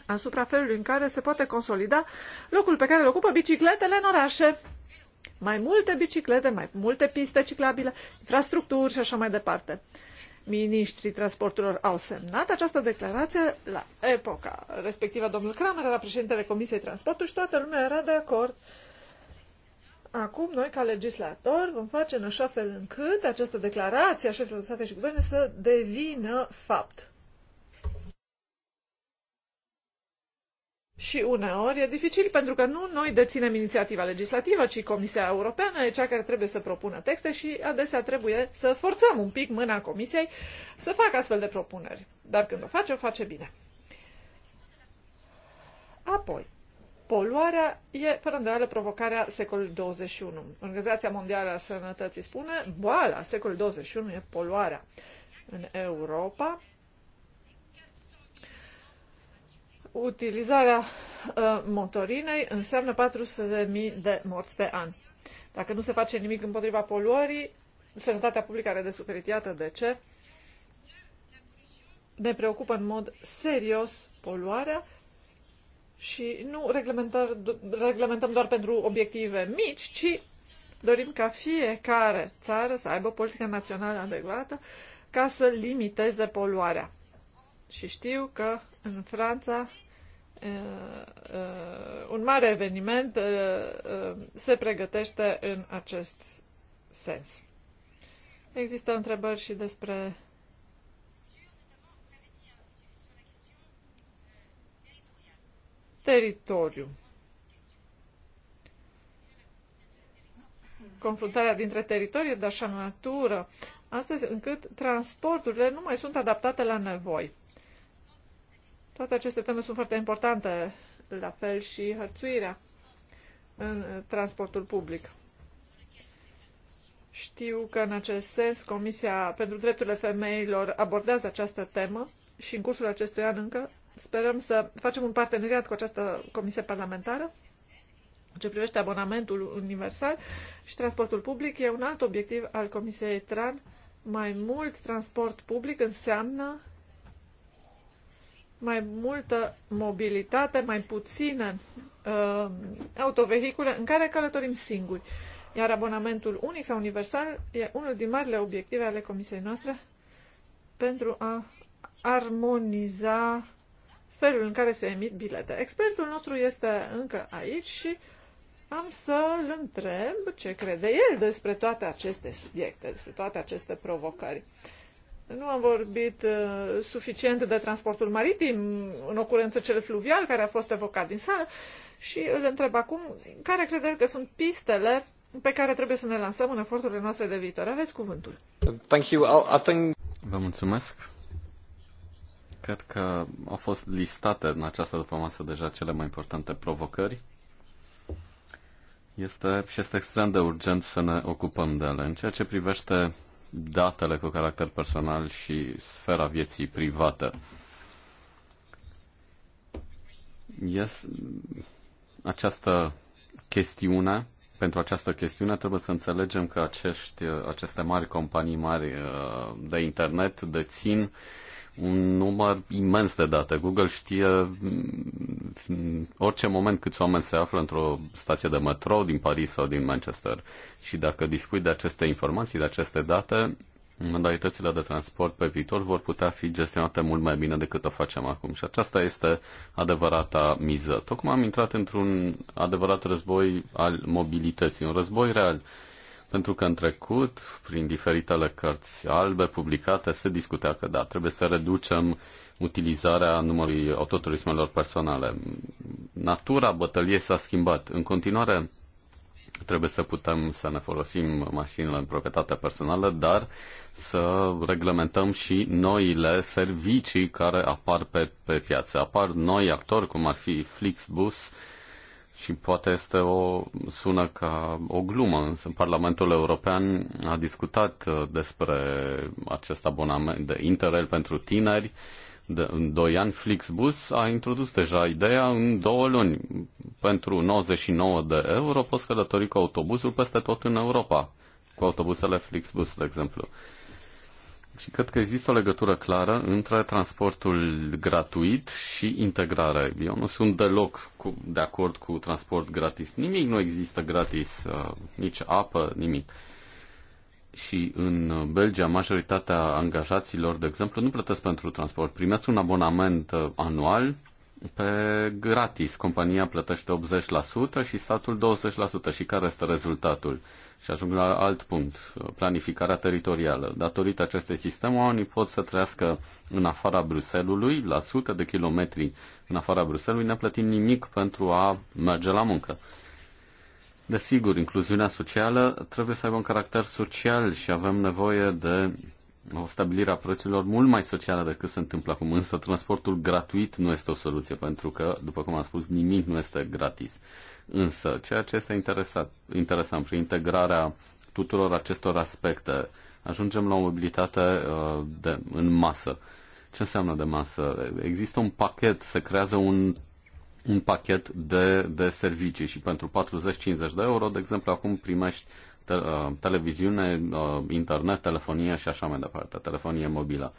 asupra felului în care se poate consolida locul pe care îl ocupă bicicletele în orașe. Mai multe biciclete, mai multe piste ciclabile, infrastructuri și așa mai departe. Uh, miniștrii transporturilor au semnat această declarație la epoca respectivă. Domnul Kramer era președintele Comisiei Transportului și toată lumea era de acord. Acum, noi, ca legislator, vom face în așa fel încât această declarație a șefilor de state și guverne să devină fapt. Și uneori e dificil pentru că nu noi deținem inițiativa legislativă, ci Comisia Europeană e cea care trebuie să propună texte și adesea trebuie să forțăm un pic mâna Comisiei să facă astfel de propuneri. Dar când o face, o face bine. Apoi, poluarea e fără îndoială provocarea secolului 21. Organizația Mondială a Sănătății spune, boala secolului 21 e poluarea. În Europa, utilizarea uh, motorinei înseamnă 400.000 de morți pe an. Dacă nu se face nimic împotriva poluării, sănătatea publică are de suferit. Iată de ce ne preocupă în mod serios poluarea și nu reglementăm doar pentru obiective mici, ci dorim ca fiecare țară să aibă o politică națională adecvată ca să limiteze poluarea. Și știu că în Franța Uh, uh, un mare eveniment uh, se pregătește în acest sens. Există întrebări și despre teritoriu. Confruntarea dintre teritorii de așa natură, astăzi încât transporturile nu mai sunt adaptate la nevoi. Toate aceste teme sunt foarte importante, la fel și hărțuirea în eh, transportul public. Știu că în acest sens Comisia pentru Drepturile Femeilor abordează această temă și în cursul acestui an încă sperăm să facem un parteneriat cu această comisie parlamentară ce privește abonamentul universal și transportul public e un alt obiectiv al Comisiei TRAN. Mai mult transport public înseamnă mai multă mobilitate, mai puține uh, autovehicule în care călătorim singuri. Iar abonamentul unic sau universal e unul din marile obiective ale comisiei noastre pentru a armoniza felul în care se emit bilete. Expertul nostru este încă aici și am să-l întreb ce crede el despre toate aceste subiecte, despre toate aceste provocări. Nu am vorbit uh, suficient de transportul maritim, în ocurență cel fluvial care a fost evocat din sală și îl întreb acum care crede că sunt pistele pe care trebuie să ne lansăm în eforturile noastre de viitor. Aveți cuvântul. Thank you. I think... Vă mulțumesc. Cred că au fost listate în această după masă deja cele mai importante provocări este și este extrem de urgent să ne ocupăm de ele. În ceea ce privește datele cu caracter personal și sfera vieții private. Yes. Această chestiune, pentru această chestiune trebuie să înțelegem că acești, aceste mari companii mari uh, de internet dețin uh, un număr imens de date. Google știe în mm, orice moment câți oameni se află într-o stație de metrou din Paris sau din Manchester. Și dacă dispui de aceste informații, de aceste date, modalitățile de transport pe viitor vor putea fi gestionate mult mai bine decât o facem acum. Și aceasta este adevărata miză. Tocmai am intrat într-un adevărat război al mobilității, un război real pentru că în trecut, prin diferitele cărți albe publicate, se discutea că da, trebuie să reducem utilizarea numărului autoturismelor personale. Natura bătăliei s-a schimbat. În continuare, trebuie să putem să ne folosim mașinile în proprietate personală, dar să reglementăm și noile servicii care apar pe, pe piață. Apar noi actori, cum ar fi Flixbus, și poate este o, sună ca o glumă, însă Parlamentul European a discutat uh, despre acest abonament de Interrail pentru tineri. De, în doi ani, Flixbus a introdus deja ideea în două luni. Pentru 99 de euro poți călători cu autobuzul peste tot în Europa, cu autobuzele Flixbus, de exemplu. Uh, și cred că există o legătură clară între transportul gratuit și integrare. Eu nu sunt deloc cu, de acord cu transport gratis. Nimic nu există gratis, uh, nici apă, nimic. Și în Belgia, majoritatea angajaților, de exemplu, nu plătesc pentru transport. Primesc un abonament uh, anual pe gratis. Compania plătește 80% și statul 20%. Și care este rezultatul? Uh, și ajung la alt punct, planificarea teritorială. Datorită acestui sistem, oamenii pot să trăiască în afara Bruselului, la sute de kilometri în afara Bruselului, ne plătim nimic pentru a merge la muncă. Desigur, incluziunea socială trebuie să aibă un caracter social și avem nevoie de o stabilire a prețurilor mult mai socială decât se întâmplă acum. Însă transportul gratuit nu este o soluție, pentru că, după cum am spus, nimic nu este gratis. Însă, ceea ce este interesat, interesant și integrarea tuturor acestor aspecte, ajungem la o mobilitate uh, de, în masă. Ce înseamnă de masă? Există un pachet, se creează un un pachet de, de servicii și pentru 40-50 de euro, de exemplu, acum primești te, uh, televiziune, uh, internet, telefonie și așa mai departe, telefonie mobilă.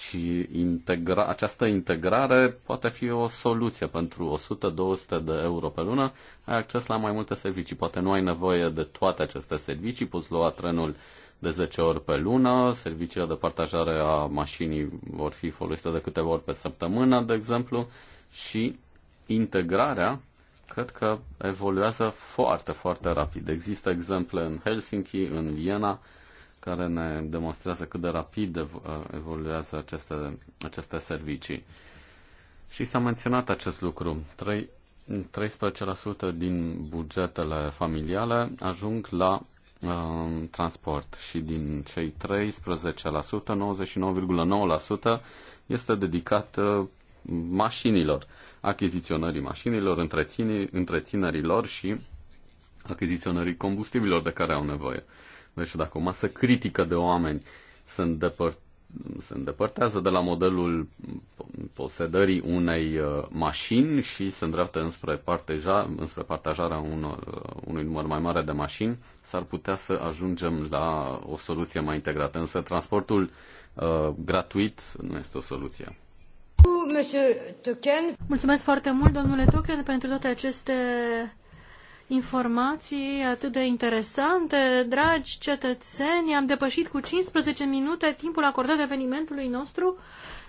Și integra- această integrare poate fi o soluție pentru 100-200 de euro pe lună. Ai acces la mai multe servicii. Poate nu ai nevoie de toate aceste servicii, poți lua trenul de 10 ori pe lună, serviciile de partajare a mașinii vor fi folosite de câteva ori pe săptămână, de exemplu, și integrarea cred că evoluează foarte, foarte rapid. Există exemple în Helsinki, în Viena, care ne demonstrează cât de rapid evoluează aceste, aceste servicii. Și s-a menționat acest lucru. 13% din bugetele familiale ajung la uh, transport și din cei 13%, 99,9% este dedicat uh, mașinilor, achiziționării mașinilor, întreținerii lor și achiziționării combustibilor de care au nevoie știu dacă o masă critică de oameni se, îndepăr- se îndepărtează de la modelul posedării unei uh, mașini și se îndreaptă înspre, parteja, înspre partajarea unor, uh, unui număr mai mare de mașini, s-ar putea să ajungem la o soluție mai integrată. Însă transportul uh, gratuit nu este o soluție. Mulțumesc foarte mult, domnule Token, pentru toate aceste informații atât de interesante. Dragi cetățeni, am depășit cu 15 minute timpul acordat evenimentului nostru.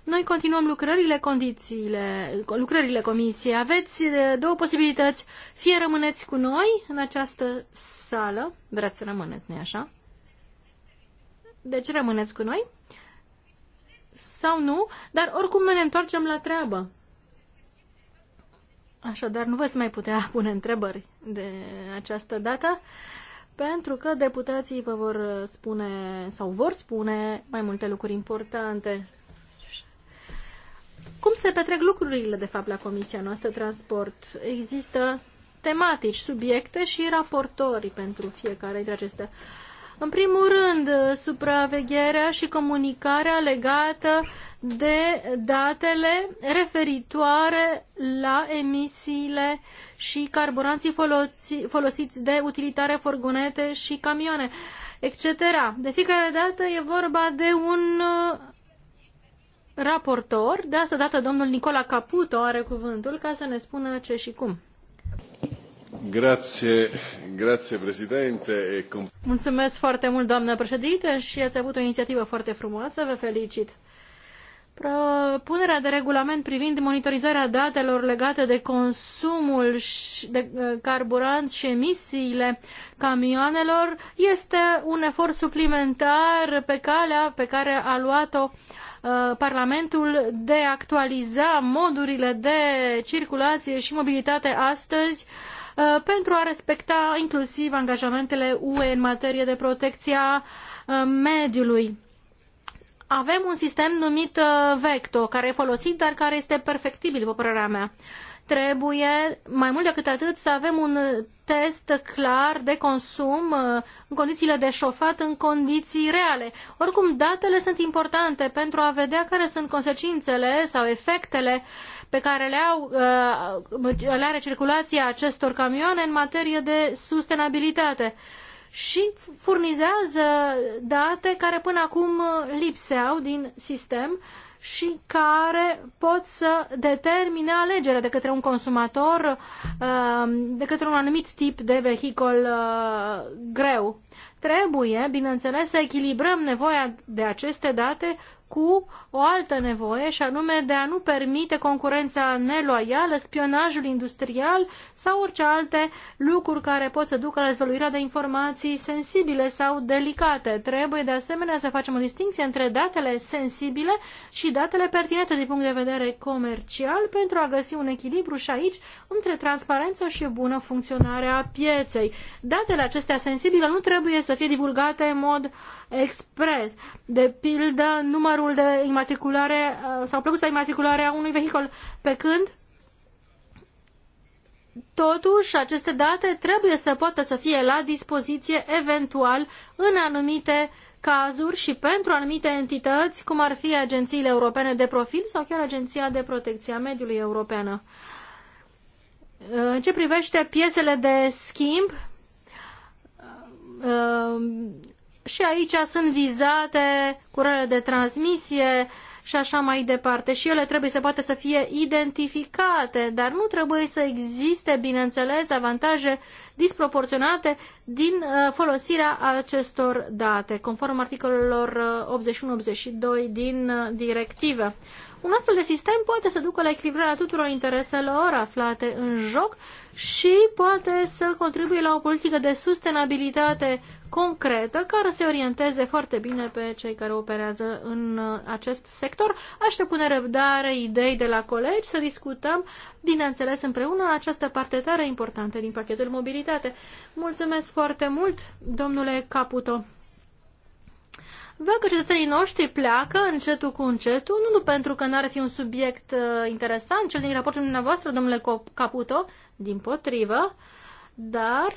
Noi continuăm lucrările, condițiile, lucrările comisiei. Aveți eh, două posibilități. Fie rămâneți cu noi în această sală. Vreți să rămâneți, nu așa? Deci rămâneți cu noi. Sau nu, dar oricum noi ne întoarcem la treabă. Așadar, nu veți mai putea pune întrebări de această dată, pentru că deputații vă vor spune sau vor spune mai multe lucruri importante. Cum se petrec lucrurile, de fapt, la Comisia noastră Transport? Există tematici, subiecte și raportori pentru fiecare dintre acestea. Uh, în primul rând, supravegherea și comunicarea legată de datele referitoare la emisiile și carburanții folosi, folosiți de utilitare, furgonete și camioane, etc. De fiecare dată e vorba de un raportor, de asta dată domnul Nicola Caputo are cuvântul ca să ne spună ce și cum. Grazie, grazie Mulțumesc foarte mult, doamnă președinte, și ați avut o inițiativă foarte frumoasă. Vă felicit. Propunerea de regulament privind monitorizarea datelor legate de consumul de uh, carburanți și emisiile camioanelor este un efort suplimentar pe calea pe care a luat-o uh, Parlamentul de a actualiza modurile de circulație și mobilitate astăzi uh, Uh, pentru a respecta inclusiv angajamentele UE în materie de protecția uh, mediului. Avem un sistem numit uh, Vecto, care e folosit, dar care este perfectibil, după părerea mea trebuie, mai mult decât atât, să avem un test clar de consum în condițiile de șofat, în condiții reale. Oricum, datele sunt importante pentru a vedea care sunt consecințele sau efectele uh, pe care le, au, uh, le are circulația acestor camioane în materie de sustenabilitate și furnizează date care până acum lipseau din sistem și care pot să determine alegerea de către un consumator uh, de către un anumit tip de vehicol uh, greu. Trebuie, bineînțeles, să echilibrăm nevoia de aceste date cu o altă nevoie și anume de a nu permite concurența neloială, spionajul industrial sau orice alte lucruri care pot să ducă la dezvăluirea de informații sensibile sau delicate. Trebuie de asemenea să facem o distinție între datele sensibile și datele pertinente din punct de vedere comercial pentru a găsi un echilibru și aici între transparență și bună funcționare a pieței. Datele acestea sensibile nu trebuie să fie divulgate în mod uh, expres. De pildă, numărul de imatriculare uh, sau plăcuța imatriculare a unui vehicul, pe când Totuși, aceste date trebuie să poată să fie la dispoziție eventual în anumite cazuri și pentru anumite entități, cum ar fi agențiile europene de profil sau chiar Agenția de Protecție a Mediului Europeană. În ce privește piesele de schimb, uh, și aici sunt vizate curele de transmisie și așa mai departe. Și ele trebuie să poată să fie identificate, dar nu trebuie să existe, bineînțeles, avantaje disproporționate din uh, folosirea acestor date, conform articolelor 81-82 uh, din uh, directivă. Un astfel de sistem poate să ducă la echilibrarea tuturor intereselor aflate în joc și poate să contribuie la o politică de sustenabilitate concretă care se orienteze foarte bine pe cei care operează în uh, acest sector. Aștept cu nerăbdare idei de la colegi să discutăm, bineînțeles, împreună această parte tare importantă din pachetul mobilitate. Mulțumesc foarte mult, domnule Caputo. Văd că cetățenii noștri pleacă încetul cu încetul, nu pentru că n-ar fi un subiect uh, interesant, cel din raportul dumneavoastră, domnule Caputo, din potrivă, dar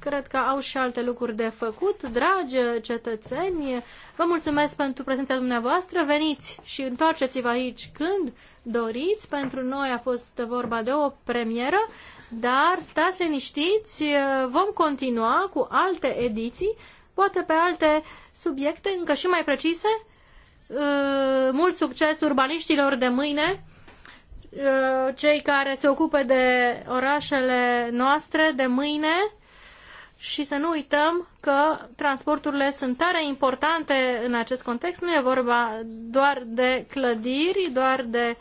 cred că au și alte lucruri de făcut. Dragi cetățeni, vă mulțumesc pentru prezența dumneavoastră, veniți și întoarceți-vă aici când doriți. Pentru noi a fost vorba de o premieră, dar stați liniștiți, uh, vom continua cu alte ediții poate pe alte subiecte încă și mai precise. Uh, mult succes urbaniștilor de mâine, uh, cei care se ocupe de orașele noastre de mâine și să nu uităm că transporturile sunt tare importante în acest context. Nu e vorba doar de clădiri, doar de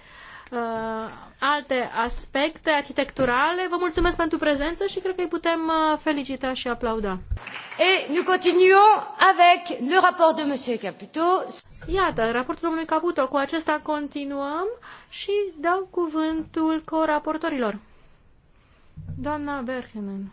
uh, alte aspecte arhitecturale. Vă mulțumesc pentru prezență și cred că îi putem uh, felicita și aplauda. Et nous continuons avec le rapport de monsieur Caputo. Iată, raportul domnului Caputo. Cu acesta continuăm și dau cuvântul co-raportorilor. Doamna Berhenen.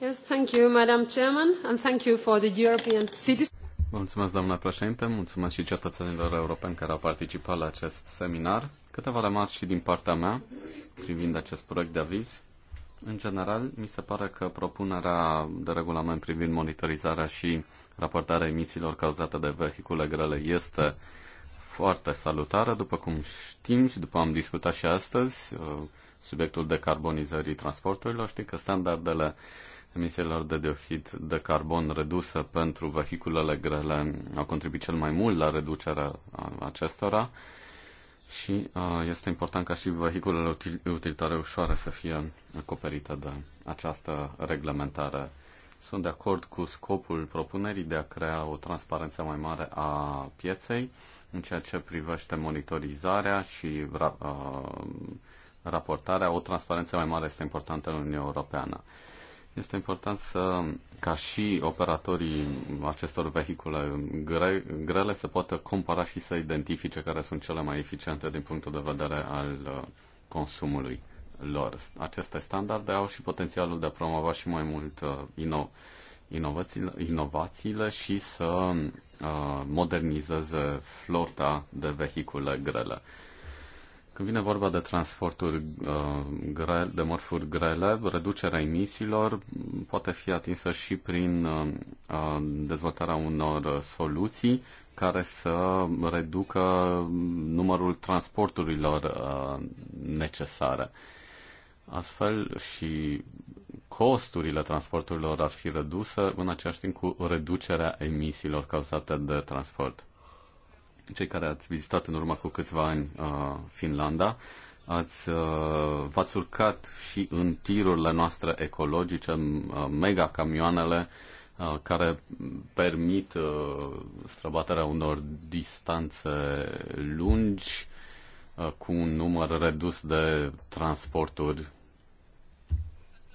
Yes, thank you, Madam Chairman, and thank you for the European Citizens. Mulțumesc, doamna președinte, mulțumesc și cetățenilor europeni care au participat la acest seminar. Câteva remarci și din partea mea privind acest proiect de aviz. În general, mi se pare că propunerea de regulament privind monitorizarea și raportarea emisiilor cauzate de vehicule grele este foarte salutară. După cum știm și după am discutat și astăzi, uh, subiectul decarbonizării transporturilor, știi că standardele emisiilor de dioxid de carbon redusă pentru vehiculele grele au contribuit cel mai mult la reducerea acestora și este important ca și vehiculele utilitare ușoare să fie acoperite de această reglementare. Sunt de acord cu scopul propunerii de a crea o transparență mai mare a pieței în ceea ce privește monitorizarea și raportarea. O transparență mai mare este importantă în Uniunea Europeană. Este important să, ca și operatorii acestor vehicule gre, grele să poată compara și să identifice care sunt cele mai eficiente din punctul de vedere al uh, consumului lor. Aceste standarde au și potențialul de a promova și mai mult uh, ino, inovațiile, inovațiile și să uh, modernizeze flota de vehicule grele. Când vine vorba de transporturi uh, grele, de mărfuri grele, reducerea emisiilor poate fi atinsă și prin uh, uh, dezvoltarea unor soluții care să reducă numărul transporturilor uh, necesare. Astfel și costurile transporturilor ar fi reduse în același timp cu reducerea emisiilor cauzate de transport cei care ați vizitat în urmă cu câțiva ani uh, Finlanda, ați, uh, v-ați urcat și în tirurile noastre ecologice, uh, mega camioanele uh, care permit uh, străbaterea unor distanțe lungi uh, cu un număr redus de transporturi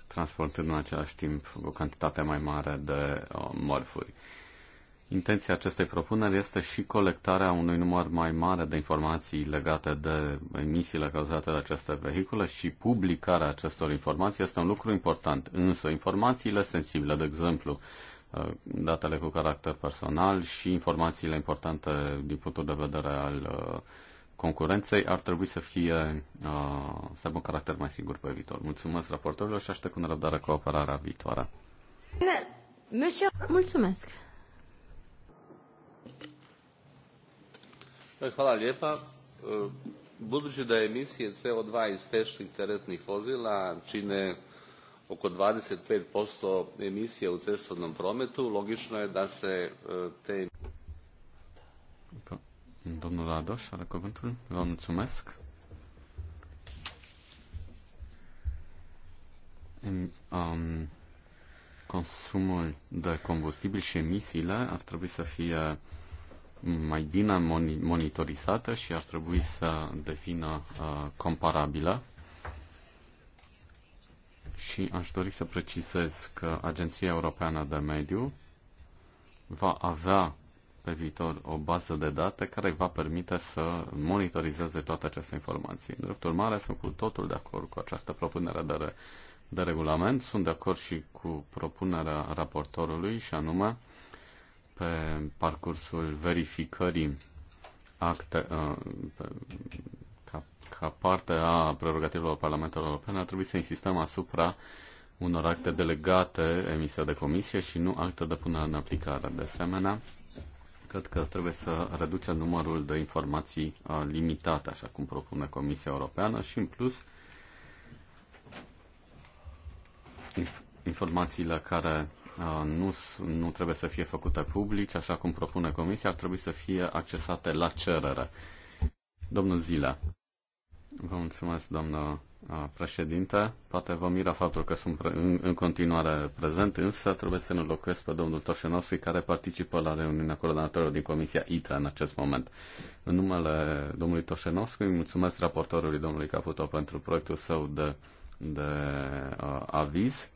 transportând în același timp o cantitate mai mare de uh, mărfuri. Uh, Intenția acestei propuneri este și colectarea unui număr mai mare de informații legate de emisiile cauzate de aceste vehicule și publicarea acestor informații este un lucru important. Însă informațiile sensibile, de exemplu, uh, datele cu caracter personal și informațiile importante din punctul de vedere al uh, concurenței ar trebui să fie uh, să aibă un caracter mai sigur pe viitor. Mulțumesc raportorilor și aștept cu nerăbdare cooperarea viitoare. Mulțumesc! Hvala lijepa. Budući da emisije CO2 iz teških teretnih vozila čine oko 25% emisija u cestovnom prometu, logično je da se te... Domnul Adoș are cuvântul. Vă mulțumesc. Um, consumul de combustibil și emisiile ar trebui să fie mai bine monitorizată și ar trebui să devină uh, comparabilă. Și aș dori să precizez că Agenția Europeană de Mediu va avea pe viitor o bază de date care va permite să monitorizeze toate aceste informații. În dreptul mare, sunt cu totul de acord cu această propunere de, re- de regulament. Sunt de acord și cu propunerea raportorului și anume pe parcursul verificării acte, uh, pe, ca, ca parte a prerogativelor Parlamentului European, ar trebui să insistăm asupra unor acte delegate emise de comisie și nu acte de punere în aplicare. De asemenea, cred că trebuie să reducem numărul de informații uh, limitate, așa cum propune Comisia Europeană, și în plus informațiile care Uh, nu, nu trebuie să fie făcute publice, așa cum propune Comisia, ar trebui să fie accesate la cerere. Domnul Zila. Vă mulțumesc, doamnă uh, președinte. Poate vă mira faptul că sunt în, în continuare prezent, însă trebuie să ne locuiesc pe domnul Toșenovski, care participă la reuniunea coordonatorilor din Comisia ITRA în acest moment. În numele domnului Toșenovski, mulțumesc raportorului domnului Caputo pentru proiectul său de, de uh, aviz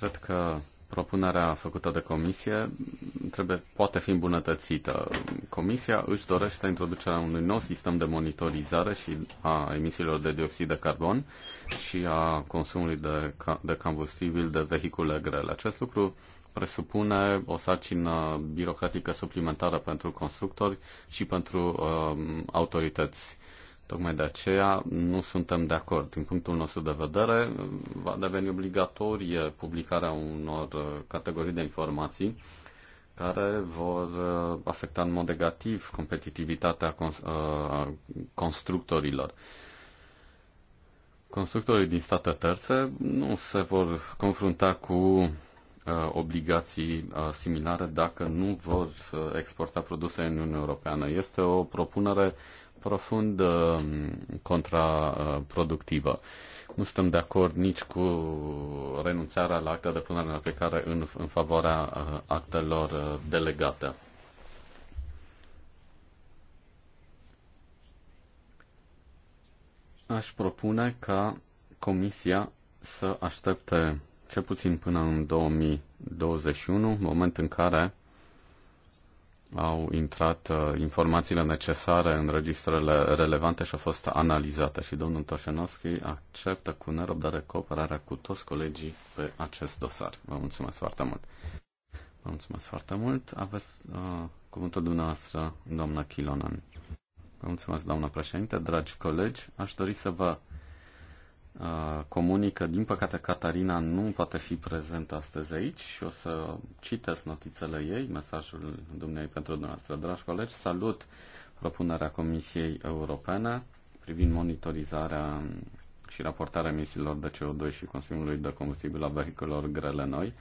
Cred că propunerea făcută de comisie trebuie, poate fi îmbunătățită. Comisia își dorește introducerea unui nou sistem de monitorizare și a emisiilor de dioxid de carbon și a consumului de, de combustibil de vehicule grele. Acest lucru presupune o sarcină birocratică suplimentară pentru constructori și pentru um, autorități Tocmai de aceea nu suntem de acord. Din punctul nostru de vedere, va deveni obligatorie publicarea unor uh, categorii de informații care vor uh, afecta în mod negativ competitivitatea uh, constructorilor. Constructorii din state terțe nu se vor confrunta cu obligații similare dacă nu vor exporta produse în Uniunea Europeană. Este o propunere uh, profund uh, contraproductivă. Nu suntem de acord nici cu renunțarea la acta de punere în aplicare în, în favoarea uh, actelor uh, delegate. Aș propune ca Comisia să aștepte cel puțin până în 2021, moment în care au intrat uh, informațiile necesare în registrele relevante și au fost analizate. Și domnul Toșenovski acceptă cu nerăbdare cooperarea cu toți colegii pe acest dosar. Vă mulțumesc foarte mult. Vă mulțumesc foarte mult. Aveți uh, cuvântul dumneavoastră, doamna Chilonan. Vă mulțumesc, doamna președinte, dragi colegi. Aș dori să vă Uh, comunică, din păcate Catarina nu poate fi prezentă astăzi aici și o să citesc notițele ei, mesajul dumnei pentru dumneavoastră. Dragi colegi, salut propunerea Comisiei Europene privind monitorizarea și raportarea emisiilor de CO2 și consumului de combustibil la vehiculelor grele noi.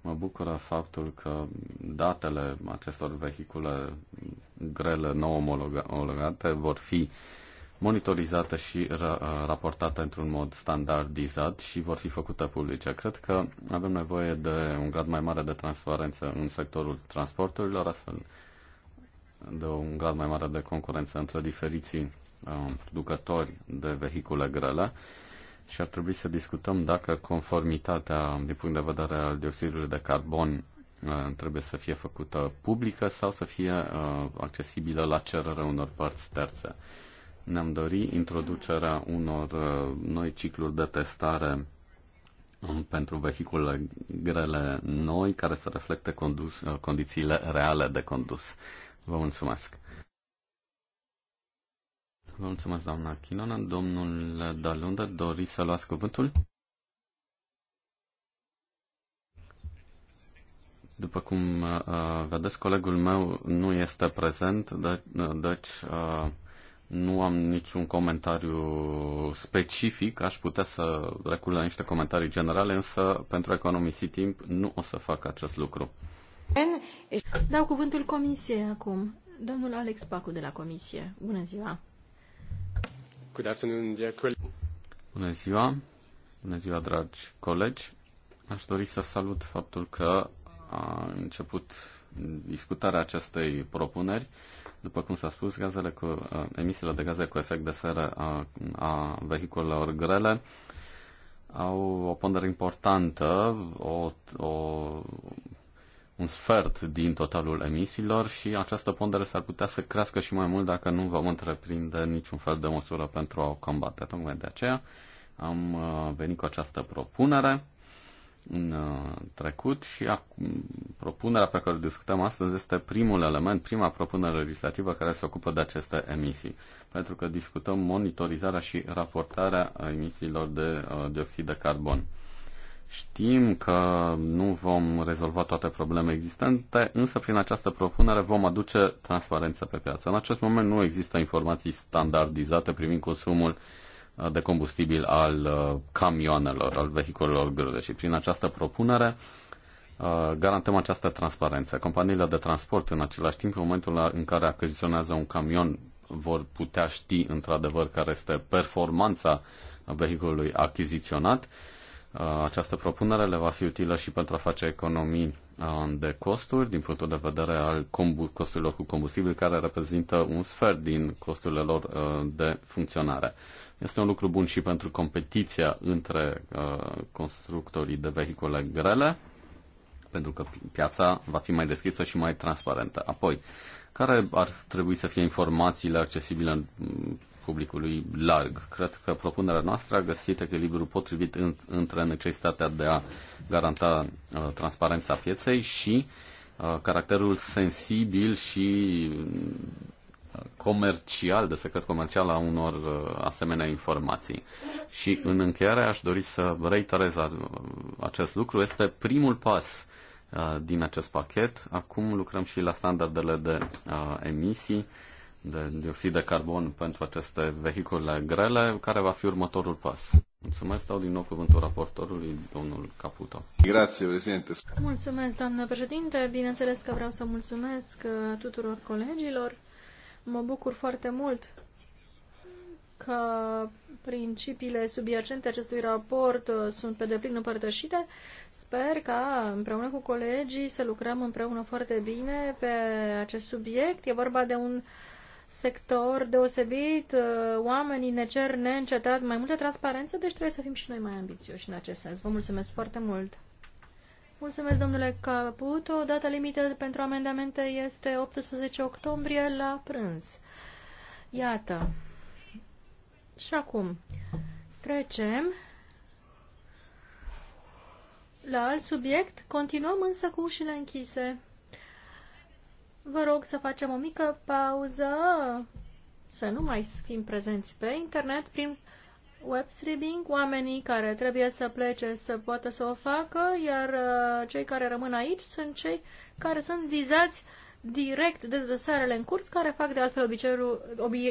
Mă bucură faptul că datele acestor vehicule grele nou omologate vor fi uh, monitorizată și ra- raportată într-un mod standardizat și vor fi făcute publice. Cred că avem nevoie de un grad mai mare de transparență în sectorul transporturilor, astfel de un grad mai mare de concurență între diferiții producători de vehicule grele și ar trebui să discutăm dacă conformitatea din punct de vedere al dioxidului de carbon trebuie să fie făcută publică sau să fie accesibilă la cerere unor părți terțe. Ne-am dori introducerea unor uh, noi cicluri de testare um, pentru vehiculele grele noi care să reflecte condus, uh, condițiile reale de condus. Vă mulțumesc. Vă mulțumesc, doamna Chinona. Domnul Dalunde, doriți să luați cuvântul? După cum uh, vedeți, colegul meu nu este prezent, de, uh, deci uh, nu am niciun comentariu specific, aș putea să recurg la niște comentarii generale, însă pentru a economisi timp nu o să fac acest lucru. Dau cuvântul comisiei acum. Domnul Alex Pacu de la comisie. Bună ziua! Good afternoon, dear Bună ziua! Bună ziua, dragi colegi! Aș dori să salut faptul că a început discutarea acestei propuneri după cum s-a spus, gazele cu, uh, emisiile de gaze cu efect de seră a, uh, a vehiculelor grele au o pondere importantă, o, o, un sfert din totalul emisiilor și această pondere s-ar putea să crească și mai mult dacă nu vom întreprinde niciun fel de măsură pentru a o combate. Tocmai de aceea am uh, venit cu această propunere în uh, trecut și acum, propunerea pe care o discutăm astăzi este primul element, prima propunere legislativă care se ocupă de aceste emisii, pentru că discutăm monitorizarea și raportarea emisiilor de uh, dioxid de carbon. Știm că nu vom rezolva toate problemele existente, însă prin această propunere vom aduce transparență pe piață. În acest moment nu există informații standardizate privind consumul uh, de combustibil al uh, camioanelor, al vehiculelor grele. Și prin această propunere uh, garantăm această transparență. Companiile de transport, în același timp, în momentul în care achiziționează un camion, vor putea ști într-adevăr care este performanța vehiculului achiziționat. Uh, această propunere le va fi utilă și pentru a face economii de costuri din punctul de vedere al costurilor cu combustibil, care reprezintă un sfert din costurile lor de funcționare. Este un lucru bun și pentru competiția între uh, constructorii de vehicule grele, pentru că piața va fi mai deschisă și mai transparentă. Apoi, care ar trebui să fie informațiile accesibile mm, publicului larg? Cred că propunerea noastră a găsit echilibru potrivit în, între necesitatea de a garanta uh, transparența pieței și uh, caracterul sensibil și comercial, de secret comercial a unor uh, asemenea informații. Și în încheiere aș dori să reiterez acest lucru. Este primul pas uh, din acest pachet. Acum lucrăm și la standardele de uh, emisii de dioxid de carbon pentru aceste vehicule grele, care va fi următorul pas. Mulțumesc, dau din nou cuvântul raportorului, domnul Caputo. Grație, președinte. Mulțumesc, doamnă președinte. Bineînțeles că vreau să mulțumesc tuturor colegilor Mă bucur foarte mult că principiile subiacente acestui raport uh, sunt pe deplin împărtășite. Sper ca împreună cu colegii să lucrăm împreună foarte bine pe acest subiect. E vorba de un sector deosebit, uh, oamenii ne cer neîncetat mai multă transparență, deci trebuie să fim și noi mai ambițioși în acest sens. Vă mulțumesc foarte mult! Mulțumesc, domnule Caputo. Data limită pentru amendamente este 18 octombrie la prânz. Iată. Și acum trecem la alt subiect. Continuăm însă cu ușile închise. Vă rog să facem o mică pauză, să nu mai fim prezenți pe internet prin web streaming, oamenii care trebuie să plece să poată să o facă, iar uh, cei care rămân aici sunt cei care sunt vizați direct de dosarele în curs, care fac de altfel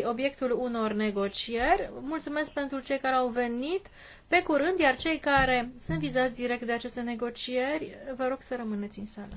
obiectul unor negocieri. Mulțumesc pentru cei care au venit pe curând, iar cei care sunt vizați direct de aceste negocieri, vă rog să rămâneți în sală.